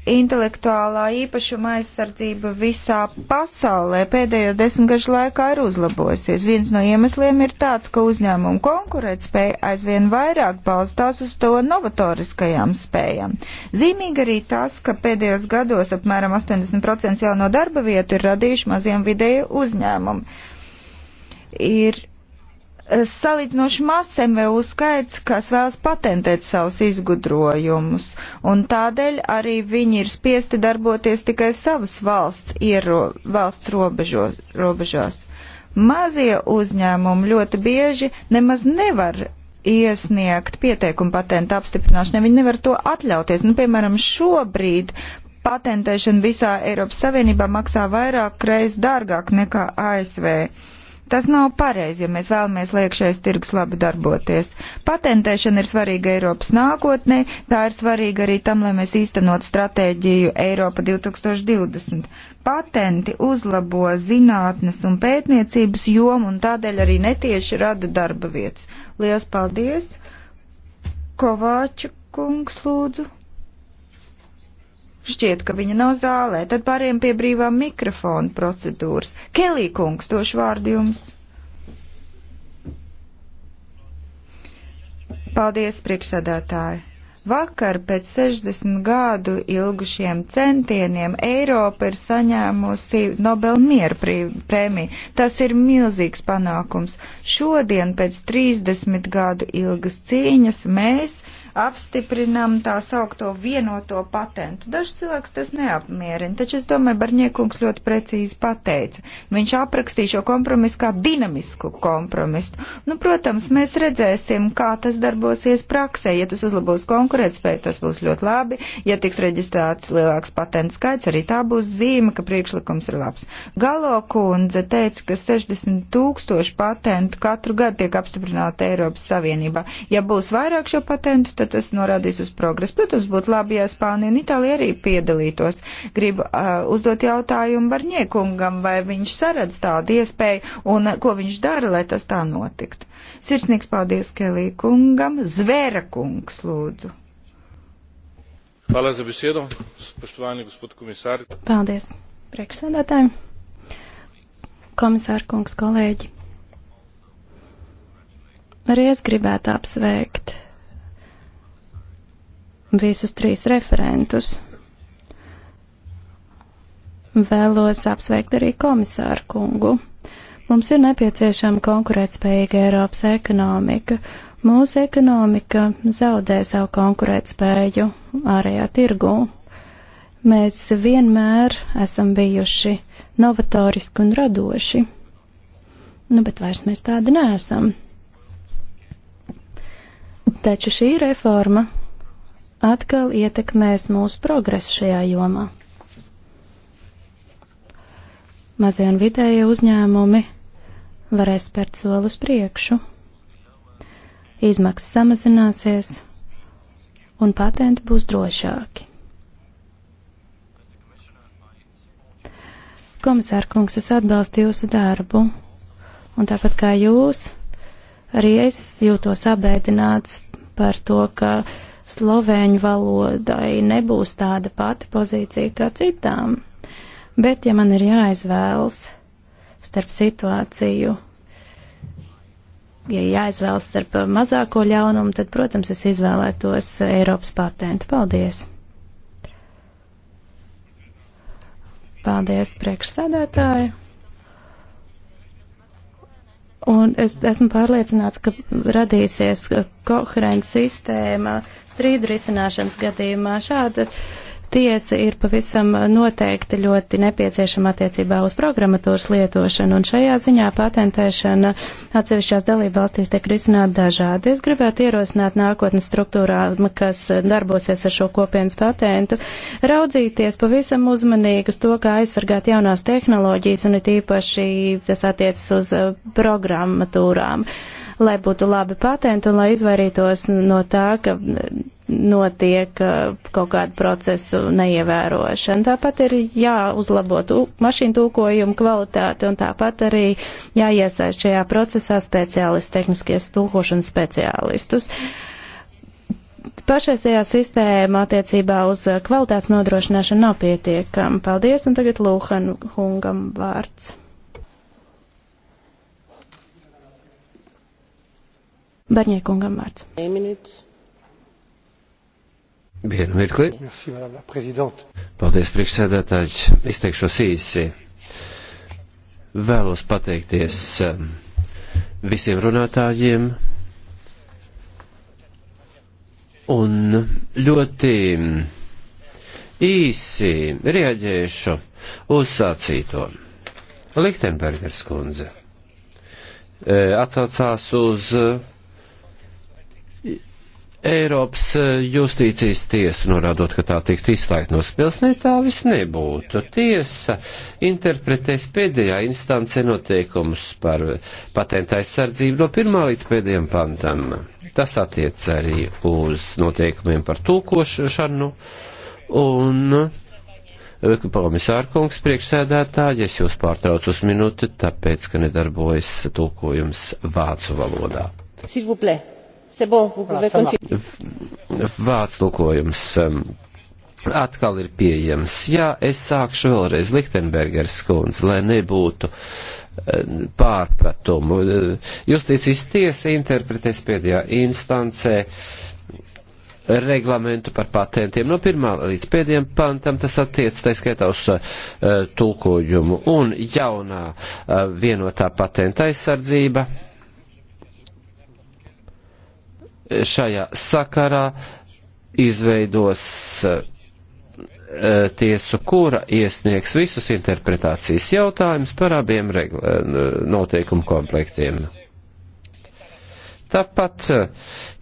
intelektuālā īpašuma aizsardzība visā pasaulē pēdējo desmitgažu laikā ir uzlabojusies. Viens no iemesliem ir tāds, ka uzņēmumu konkurētspēja aizvien vairāk balstās uz to novatoriskajām spējām. Zīmīgi arī tas, ka pēdējos gados apmēram 80% jauno darba vietu ir radījuši maziem vidēju uzņēmumu. Ir salīdzinoši mazs MVU skaits, kas vēlas patentēt savus izgudrojumus, un tādēļ arī viņi ir spiesti darboties tikai savas valsts, iero, valsts robežo, robežās. Mazie uzņēmumi ļoti bieži nemaz nevar iesniegt pieteikumu patentu apstiprināšanai. Viņi nevar to atļauties. Nu, piemēram, šobrīd patentēšana visā Eiropas Savienībā maksā vairāk reiz dārgāk nekā ASV. Uh, Tas nav pareizi, ja mēs vēlamies liekšais tirgus labi darboties. Patentēšana ir svarīga Eiropas nākotnē, tā ir svarīga arī tam, lai mēs īstenot stratēģiju Eiropa 2020. Patenti uzlabo zinātnes un pētniecības jomu un tādēļ arī netieši rada darba vietas. Lielas paldies! Kovāču kungs lūdzu! Šķiet, ka viņa nav zālē. Tad pāriem pie brīvā mikrofona procedūras. Kelī kungs, došu vārdu jums. Paldies, priekšsādātāji! Vakar pēc 60 gadu ilgušiem centieniem Eiropa ir saņēmusi Nobel mieru prēmiju. Tas ir milzīgs panākums. Šodien pēc 30 gadu ilgas cīņas mēs apstiprinam tā saukto vienoto patentu. Dažs cilvēks tas neapmierina, taču es domāju, Barņiekungs ļoti precīzi pateica. Viņš aprakstīja šo kompromisu kā dinamisku kompromisu. Nu, protams, mēs redzēsim, kā tas darbosies praksē. Ja tas uzlabos konkurētspēju, tas būs ļoti labi. Ja tiks reģistrēts lielāks patentu skaits, arī tā būs zīme, ka priekšlikums ir labs. Galo kundze teica, ka 60 tūkstoši patentu katru gadu tiek apstiprināti Eiropas Savienībā. Ja būs vairāk šo patentu, tad ka tas norādīs uz progresu. Protams, būtu labi, ja Spānija un Itālija arī piedalītos. Gribu uh, uzdot jautājumu Barņiekungam, vai viņš saredz tādu iespēju un uh, ko viņš dara, lai tas tā notiktu. Sirsnīgs paldies Kelī kungam. Zvera kungs, lūdzu. Hvala za besedo, spoštovani gospod komisar. Paldies, priekšsēdētāji, komisārkungs, kolēģi. Arī es gribētu apsveikt visus trīs referentus. Vēlos apsveikt arī komisāru kungu. Mums ir nepieciešama konkurētspējīga Eiropas ekonomika. Mūsu ekonomika zaudē savu konkurētspēju ārējā tirgū. Mēs vienmēr esam bijuši novatoriski un radoši, nu, bet vairs mēs tādi neesam. Taču šī reforma atkal ietekmēs mūsu progresu šajā jomā. Mazie un vidējie uzņēmumi varēs spērt soli uz priekšu, izmaksas samazināsies un patenti būs drošāki. Komisārkungs, es atbalstu jūsu darbu, un tāpat kā jūs, arī es jūtos abēdināts par to, ka uh, slovēņu valodai nebūs tāda pati pozīcija kā citām. Bet, ja man ir jāizvēlas starp situāciju, ja jāizvēlas starp mazāko ļaunumu, tad, protams, es izvēlētos Eiropas patentu. Paldies! Paldies, priekšsēdētāji! Un es esmu pārliecināts, ka radīsies koherenta sistēma strīdu risināšanas gadījumā. Šāda tiesa ir pavisam noteikti ļoti nepieciešama attiecībā uz programmatūras lietošanu, un šajā ziņā patentēšana atsevišķās dalība valstīs tiek risināta dažādi. Es gribētu ierosināt nākotnes struktūrā, kas darbosies ar šo kopienas patentu, raudzīties pavisam uzmanīgi uz to, kā aizsargāt jaunās tehnoloģijas, un it īpaši tas attiecas uz eh, programmatūrām. Uh, lai būtu labi patenti un lai izvairītos no tā, ka notiek kaut kādu procesu neievērošana. Tāpat ir jāuzlabo tū, mašīnu tūkojumu kvalitāti un tāpat arī jāiesaist šajā procesā speciālisti, tehniskies tūkošanas speciālistus. Pašreizējā sistēma attiecībā uz kvalitātes nodrošināšanu nav pietiekama. Paldies, un tagad Lūhan Hungam vārds. Barņēkungam vārds. Vienu mirkli. Paldies, priekšsēdētāji. Izteikšos īsi. Vēlos pateikties um, visiem runātājiem. Un ļoti īsi rieģēšu uz sācīto. Liktenbergers kundze e, atsaucās uz Eiropas eh, justīcijas tiesa, norādot, ka tā tiktu izslēgta no spēles, ne tā vis nebūtu. Tiesa interpretēs pēdējā instance noteikumus par eh, patenta aizsardzību no pirmā līdz pēdējiem pantam. Tas attiec arī uz noteikumiem par tūkošanu un eh, komisārkungs priekšsēdētāji, es jūs pārtraucu uz minūti, tāpēc, ka nedarbojas tūkojums vācu valodā. S'il vous plaît. C'est bon, vous pouvez continuer. Vārds lūkojums atkal ir pieejams. Jā, es sākšu vēlreiz Lichtenbergers kundze, lai nebūtu um, pārpratumu. Justīcijas tiesa interpretēs pēdējā instancē reglamentu par patentiem. No pirmā līdz pēdējiem pantam tas attiec, tā skaitā uz uh, tulkojumu. Un jaunā uh, vienotā patenta aizsardzība šajā sakarā izveidos e, tiesu, kura iesniegs visus interpretācijas jautājumus par abiem regla, e, noteikumu komplektiem. Tāpat e,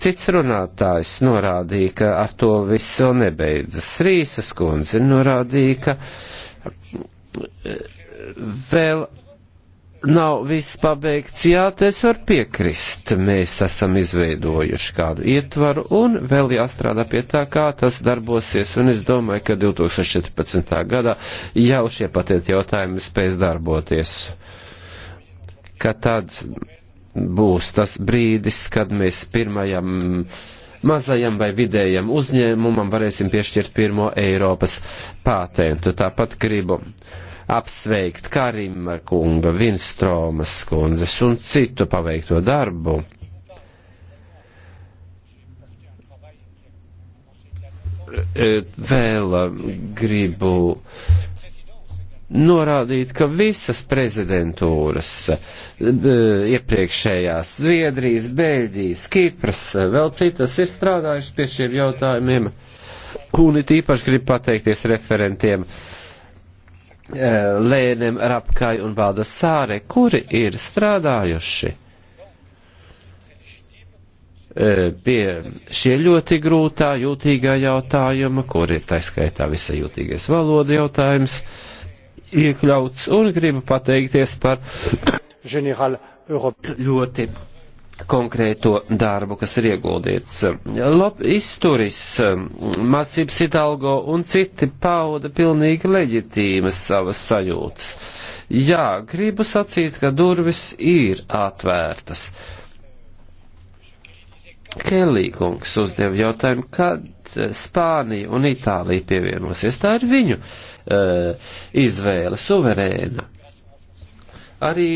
cits runātājs norādīja, ka ar to viss vēl nebeidzas. Rīsas kundze norādīja, ka vēl nav viss pabeigts. Jā, te es varu piekrist. Mēs esam izveidojuši kādu ietvaru un vēl jāstrādā pie tā, kā tas darbosies. Un es domāju, ka 2014. gadā jau šie patiet jautājumi spēs darboties. Ka tāds būs tas brīdis, kad mēs pirmajam mazajam vai vidējam uzņēmumam varēsim piešķirt pirmo Eiropas patentu. Tāpat gribu apsveikt Karima kunga, Vinstromas kundzes un citu paveikto darbu. E, vēl um, gribu norādīt, ka visas prezidentūras, e, e, iepriekšējās Zviedrijas, Beļģijas, Kipras, vēl citas ir strādājušas pie šiem jautājumiem, un it īpaši gribu pateikties referentiem uh, Eh, Lēnem, Rapkai un Balda Sāre, kuri ir strādājuši eh, pie šie ļoti grūtā, jūtīgā jautājuma, kur ir taiskaitā visai jūtīgais valoda jautājums, iekļauts un gribu pateikties par ļoti konkrēto darbu, kas ir ieguldīts. Lop, izturis, um, Masības Hidalgo un citi pauda pilnīgi leģitīmas savas sajūtas. Jā, gribu sacīt, ka durvis ir atvērtas. Kelīkungs uzdev jautājumu, kad Spānija un Itālija pievienosies. Tā ir viņu uh, izvēle, suverēna. Arī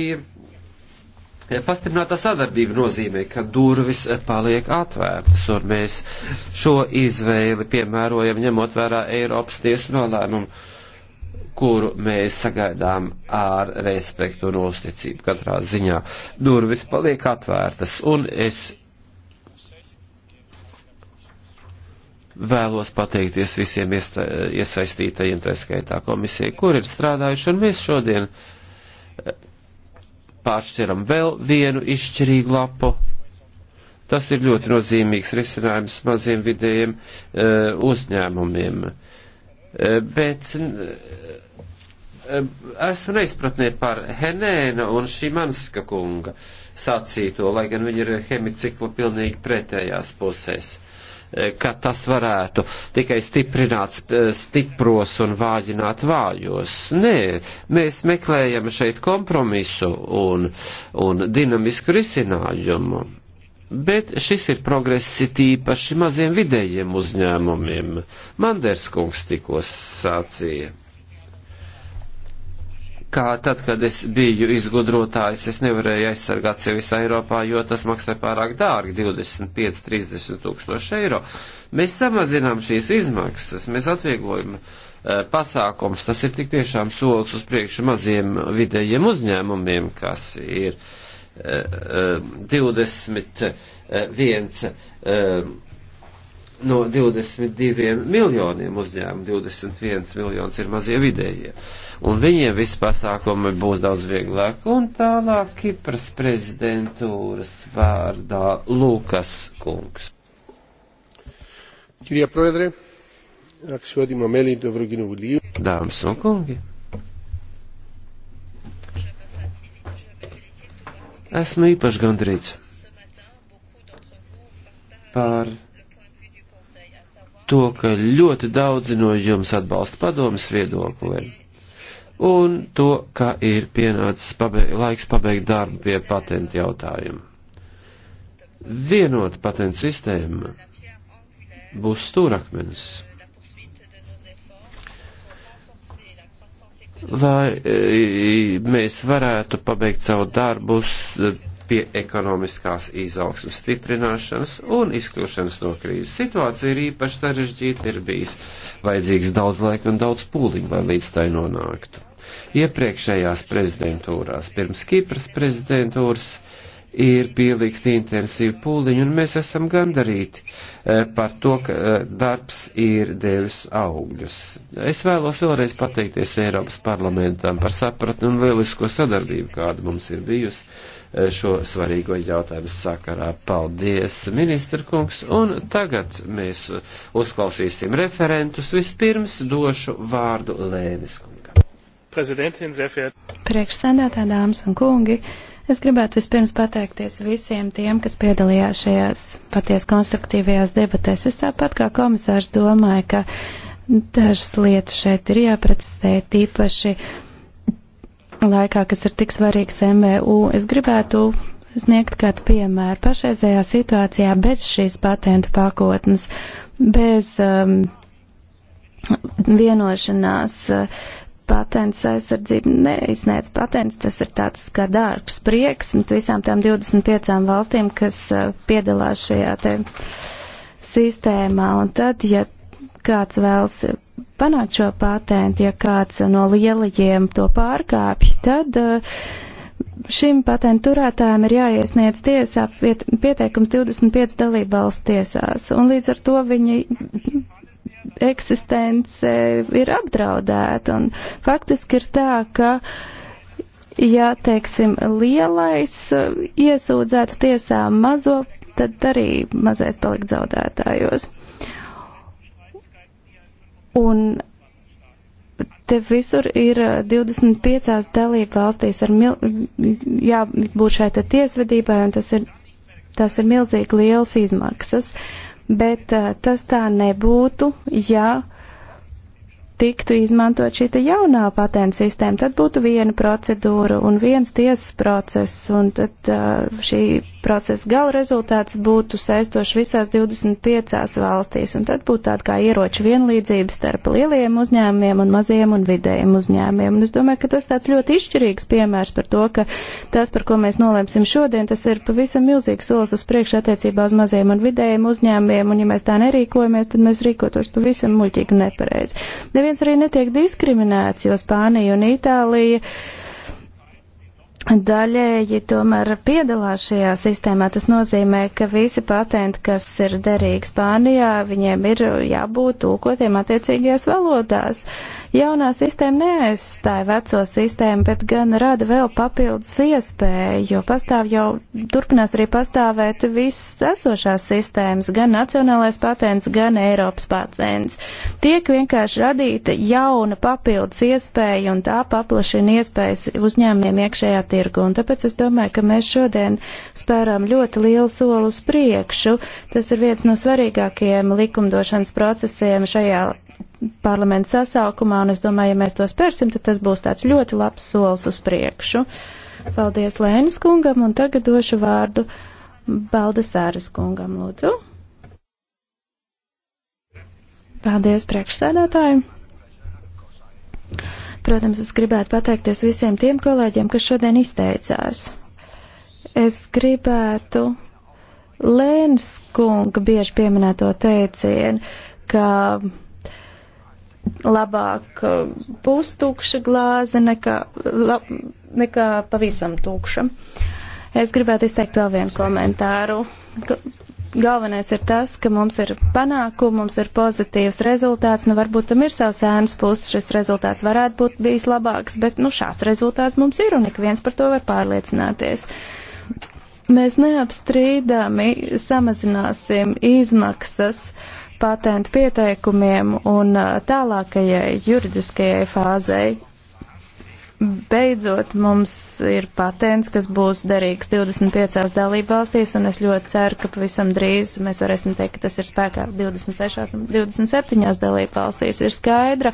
Pastiprinātā sadarbība nozīmē, ka durvis paliek atvērtas, un mēs šo izvēli piemērojam ņemot vērā Eiropas tiesu nolēmumu, kuru mēs sagaidām ar respektu un uzticību. Katrā ziņā durvis paliek atvērtas, un es vēlos pateikties visiem iesaistītajiem, tā skaitā komisijai, kur ir strādājuši, un mēs šodien. Uh, pāršķiram vēl vienu izšķirīgu lapu. Tas ir ļoti nozīmīgs risinājums maziem vidējiem e, uzņēmumiem. E, bet e, esmu neizpratnē par Henēna un Šimanska kunga sacīto, lai gan viņi ir hemicikla pilnīgi pretējās pusēs. Eh, ka tas varētu tikai stiprināt eh, stipros un vāģināt vājos. Nē, mēs meklējam šeit kompromisu un, un dinamisku risinājumu. Bet šis ir progress it īpaši maziem vidējiem uzņēmumiem. Manders kungs tikko sācīja kā tad, kad es biju izgudrotājs, es nevarēju aizsargāt sevi visā Eiropā, jo tas maksā pārāk dārgi - 25-30 tūkstoši eiro. Mēs samazinām šīs izmaksas, mēs atvieglojam eh, pasākums. Tas ir tik tiešām solis uz priekšu maziem vidējiem uzņēmumiem, kas ir 21 eh, eh, no 22 miljoniem uzņēmumu 21 miljons ir mazie vidējie. Un viņiem visi pasākumi būs daudz vieglāk. Un tālāk Kipras prezidentūras vārdā Lūkas kungs. Kirjā proedre, aksjodīma Melīdu Evroginuvuliju. Dāmas un kungi. Esmu īpaši gandrīz par to, ka ļoti daudzi no jums atbalsta padomas viedokli un to, ka ir pienācis pabeig laiks pabeigt darbu pie patentu jautājumu. Vienot patentu sistēma būs stūrakmenis. lai e, mēs varētu pabeigt savu darbus, pie ekonomiskās izaugsmas stiprināšanas un izkļūšanas no krīzes. Situācija ir īpaši sarežģīta, ir bijis vajadzīgs daudz laika un daudz pūliņu, lai līdz tai nonāktu. Iepriekšējās prezidentūrās, pirms Kipras prezidentūras, ir pielikt intensīvu pūliņu, un mēs esam gandarīti eh, par to, ka eh, darbs ir devis augļus. Es vēlos vēlreiz pateikties Eiropas parlamentam par sapratni un lielisko sadarbību, kāda mums ir bijusi Eh, šo svarīgo jautājumu sakarā. Paldies, ministra kungs, un tagad mēs uzklausīsim referentus. Vispirms došu vārdu Lēnis kungam. Priekšsēdētā dāmas un kungi, es gribētu vispirms pateikties visiem tiem, kas piedalījās šajās paties konstruktīvajās debatēs. Es tāpat kā komisārs domāju, ka dažas lietas šeit ir jāprecizē, tīpaši laikā, kas ir tik svarīgs MVU. Es gribētu sniegt kādu piemēru. Pašreizējā situācijā bez šīs patentu pakotnes, bez um, vienošanās uh, patents aizsardzība neizsniedz patents, tas ir tāds kā darbs, prieks, un visām tām 25 valstīm, kas uh, piedalās šajā te sistēmā. Un tad, ja kāds vēlas panākt šo patentu, ja kāds no lielajiem to pārkāpj, tad eh, šim patentu turētājiem ir jāiesniedz tiesā pieteikums 25 dalību valsts tiesās, un līdz ar to viņi eksistence ir apdraudēta, un faktiski ir tā, ka ja, teiksim, lielais eh, iesūdzētu tiesā mazo, tad arī mazais palikt zaudētājos. Un te visur ir 25 dalība valstīs ar mil, jābūt šai te tiesvedībai, un tas ir, tas ir milzīgi liels izmaksas. Bet eh, tas tā nebūtu, ja tiktu izmantot šī jaunā patenta sistēma, tad būtu viena procedūra un viens tiesas process, un tad eh, šī procesa gala rezultāts būtu saistošs visās 25 valstīs, un tad būtu tāda kā ieroča vienlīdzība starp lielajiem uzņēmumiem un mazajiem un vidējiem uzņēmumiem. Un es domāju, ka tas tāds ļoti izšķirīgs piemērs par to, ka tas, par ko mēs nolēmsim šodien, tas ir pavisam milzīgs solis uz priekšu attiecībā uz mazajiem un vidējiem uzņēmumiem, un ja mēs tā nerīkojamies, tad mēs rīkotos pavisam muļķīgi un nepareizi. Neviens arī netiek diskriminēts, jo Spānija un Itālija. Uh, daļēji tomēr piedalās šajā sistēmā. Tas nozīmē, ka visi patenti, kas ir derīgi Spānijā, viņiem ir jābūt tūkotiem attiecīgajās valodās. Uh, Jaunā sistēma neaizstāja veco sistēmu, bet gan rada vēl papildus iespēju, jo pastāv jau turpinās arī pastāvēt visas esošās sistēmas, gan nacionālais patents, gan Eiropas patents. Tiek vienkārši radīta jauna papildus iespēja un tā paplašina iespējas uzņēmiem iekšējā tirgu. Un tāpēc es domāju, ka mēs šodien spērām ļoti lielu soli uz priekšu. Tas ir viens no svarīgākajiem likumdošanas procesiem šajā parlamenta sasaukumā, un es domāju, ja mēs to spērsim, tad tas būs tāds ļoti labs solis uz priekšu. Paldies Lēnas kungam, un tagad došu vārdu Baldasāras kungam, lūdzu. Paldies priekšsēdētājiem. Protams, es gribētu pateikties visiem tiem kolēģiem, kas šodien izteicās. Es gribētu Lēnas kunga bieži pieminēto teicienu, ka labāk pustukša glāze nekā, lab, nekā pavisam tukša. Es gribētu izteikt vēl vienu komentāru. Galvenais ir tas, ka mums ir panākumi, mums ir pozitīvs rezultāts, nu varbūt tam ir savs ēnas puses, šis rezultāts varētu būt bijis labāks, bet nu šāds rezultāts mums ir un ik viens par to var pārliecināties. Mēs neapstrīdami samazināsim izmaksas uh, patentu pieteikumiem un uh, tālākajai juridiskajai fāzei. Beidzot, mums ir patents, kas būs derīgs 25 dalību valstīs, un es ļoti ceru, ka pavisam drīz mēs varēsim teikt, ka tas ir spēkā 26 un 27 dalību valstīs. Ir skaidra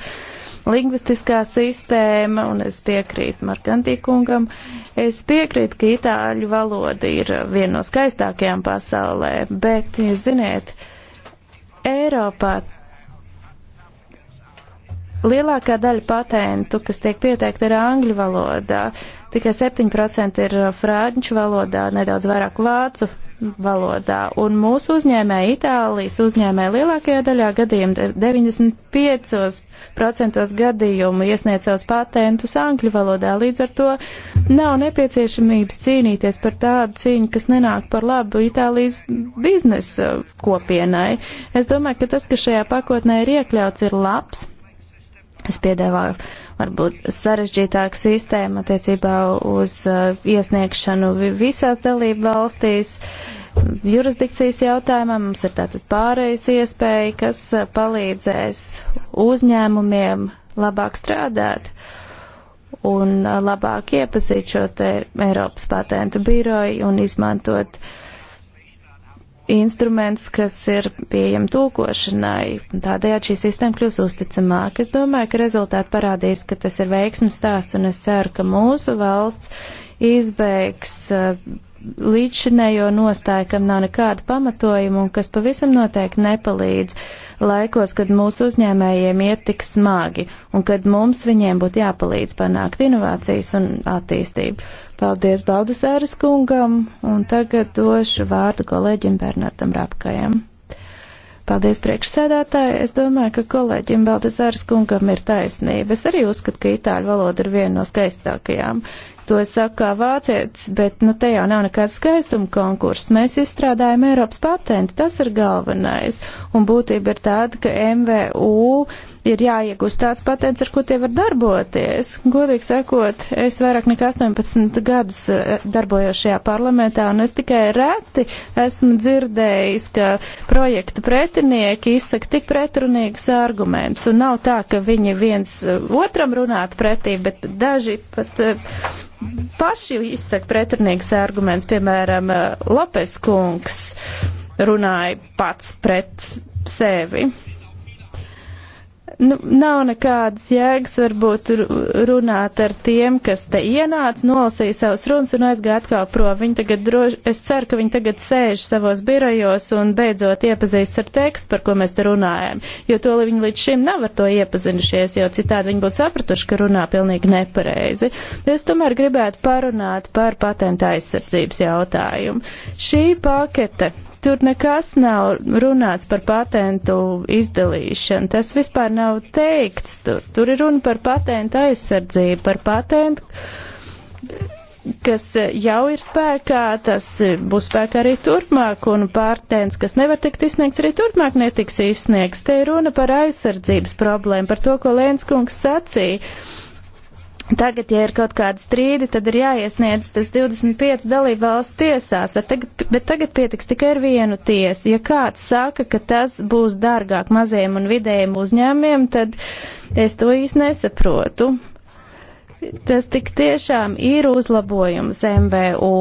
lingvistiskā sistēma, un es piekrītu Markantī kungam. Es piekrītu, ka itāļu valoda ir viena no skaistākajām pasaulē, bet, ja ziniet, uh, Eiropā lielākā daļa patentu, kas tiek pieteikti, ir angļu valodā, tikai 7% ir uh, franču valodā, nedaudz vairāk vācu valodā. Un mūsu uzņēmē, Itālijas uzņēmē, lielākajā daļā gadījumu, 95% gadījumu iesniedz savus patentus angļu valodā. Līdz ar to nav nepieciešamības cīnīties par tādu cīņu, kas nenāk par labu Itālijas biznesa kopienai. Es domāju, ka tas, kas šajā pakotnē ir iekļauts, ir labs. Es piedāvāju varbūt sarežģītāka sistēma attiecībā uz uh, iesniegšanu visās dalību valstīs. Jurisdikcijas jautājumā mums ir tātad pārējais iespēja, kas uh, palīdzēs uzņēmumiem labāk strādāt un uh, labāk iepazīt šo te Eiropas patentu biroju un izmantot uh, instruments, kas ir pieejams tūkošanai. Tādējādi šī sistēma kļūs uzticamāka. Es domāju, ka rezultāti parādīs, ka tas ir veiksmes stāsts, un es ceru, ka mūsu valsts izbeigs uh, līdzšinējo nostāju, kam nav nekāda pamatojuma un kas pavisam noteikti nepalīdz uh, laikos, kad mūsu uzņēmējiem iet tik smagi un kad mums viņiem būtu jāpalīdz panākt inovācijas un attīstību. Paldies Baldasāras kungam un tagad došu vārdu kolēģim Bernardam Rapkajam. Paldies priekšsēdētāji. Es domāju, ka kolēģim Baldezāras kungam ir taisnība. Es arī uzskatu, ka itāļu valoda ir viena no skaistākajām, To es saku kā vācietis, bet nu te jau nav nekāds skaistuma konkurss. Mēs izstrādājam Eiropas patentu, tas ir galvenais. Un būtība ir tāda, ka MVU ir jāiegūst tāds patents, ar ko tie var darboties. Godīgi sakot, es vairāk nekā 18 gadus eh, darbojos šajā parlamentā, un es tikai reti esmu dzirdējis, ka projekta pretinieki izsaka tik pretrunīgus argumentus, un nav tā, ka viņi viens eh, otram runātu pretī, bet daži pat eh, paši izsaka pretrunīgus argumentus, piemēram, Lopes kungs runāja pats pret sevi nu, nav nekādas jēgas varbūt runāt ar tiem, kas te ienāca, nolasīja savus runas un aizgāja atkal prom. Viņi tagad droši, es ceru, ka viņi tagad sēž savos birojos un beidzot iepazīsts ar tekstu, par ko mēs te runājam, jo to viņi līdz šim nav ar to iepazinušies, jo citādi viņi būtu sapratuši, ka runā pilnīgi nepareizi. Es tomēr gribētu parunāt par patenta aizsardzības jautājumu. Šī pakete Tur nekas nav runāts par patentu izdalīšanu. Tas vispār nav teikts. Tur, tur ir runa par patentu aizsardzību, par patentu, kas jau ir spēkā, tas būs spēkā arī turpmāk, un patents, kas nevar tikt izsniegts, arī turpmāk netiks izsniegts. Te ir runa par aizsardzības problēmu, par to, ko Lēnskungs sacīja Tagad, ja ir kaut kāda strīda, tad ir jāiesniedz tas 25 dalību valsts tiesās, tagad, bet tagad pietiks tikai ar vienu tiesu. Ja kāds saka, ka tas būs dārgāk mazajiem un vidējiem uzņēmiem, tad es to īsti nesaprotu. Tas tik tiešām ir uzlabojums MVU,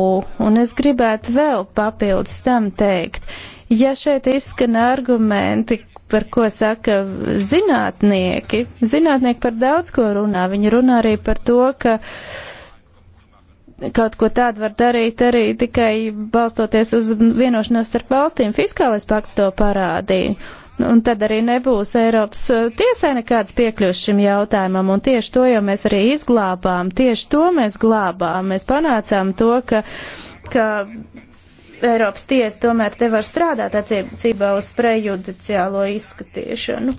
un es gribētu vēl papildus tam teikt, ja šeit izskan argumenti, par ko saka zinātnieki. Zinātnieki par daudz ko runā. Viņi runā arī par to, ka kaut ko tādu var darīt arī tikai balstoties uz vienošanos starp valstīm. Fiskālais pakts to parādīja. Nu, un tad arī nebūs Eiropas uh, tiesai nekāds piekļuvis šim jautājumam, un tieši to jau mēs arī izglābām, tieši to mēs glābām, mēs panācām to, ka, ka Eiropas tiesa tomēr te var strādāt attiecībā uz prejudiciālo izskatīšanu.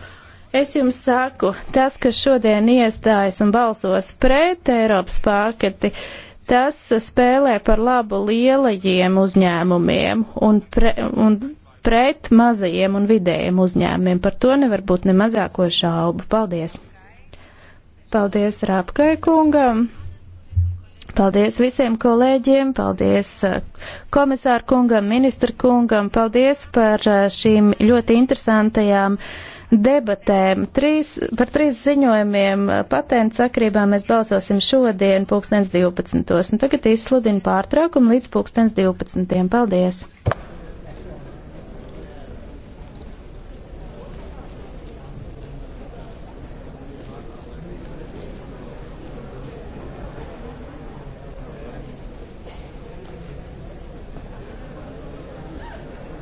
Es jums saku, tas, kas šodien iestājas un balsos pret Eiropas paketi, tas spēlē par labu lielajiem uzņēmumiem un, pre, un pret mazajiem un vidējiem uzņēmumiem. Par to nevar būt ne mazāko šaubu. Paldies! Paldies Rāpkai kungam! Paldies visiem kolēģiem, paldies eh, komisāru kungam, ministra kungam, paldies par eh, šīm ļoti interesantajām debatēm. Trīs, par trīs ziņojumiem eh, patentu sakrībā mēs balsosim šodien pulkstens 12. Un tagad izsludinu pārtraukumu līdz pulkstens 12. Paldies!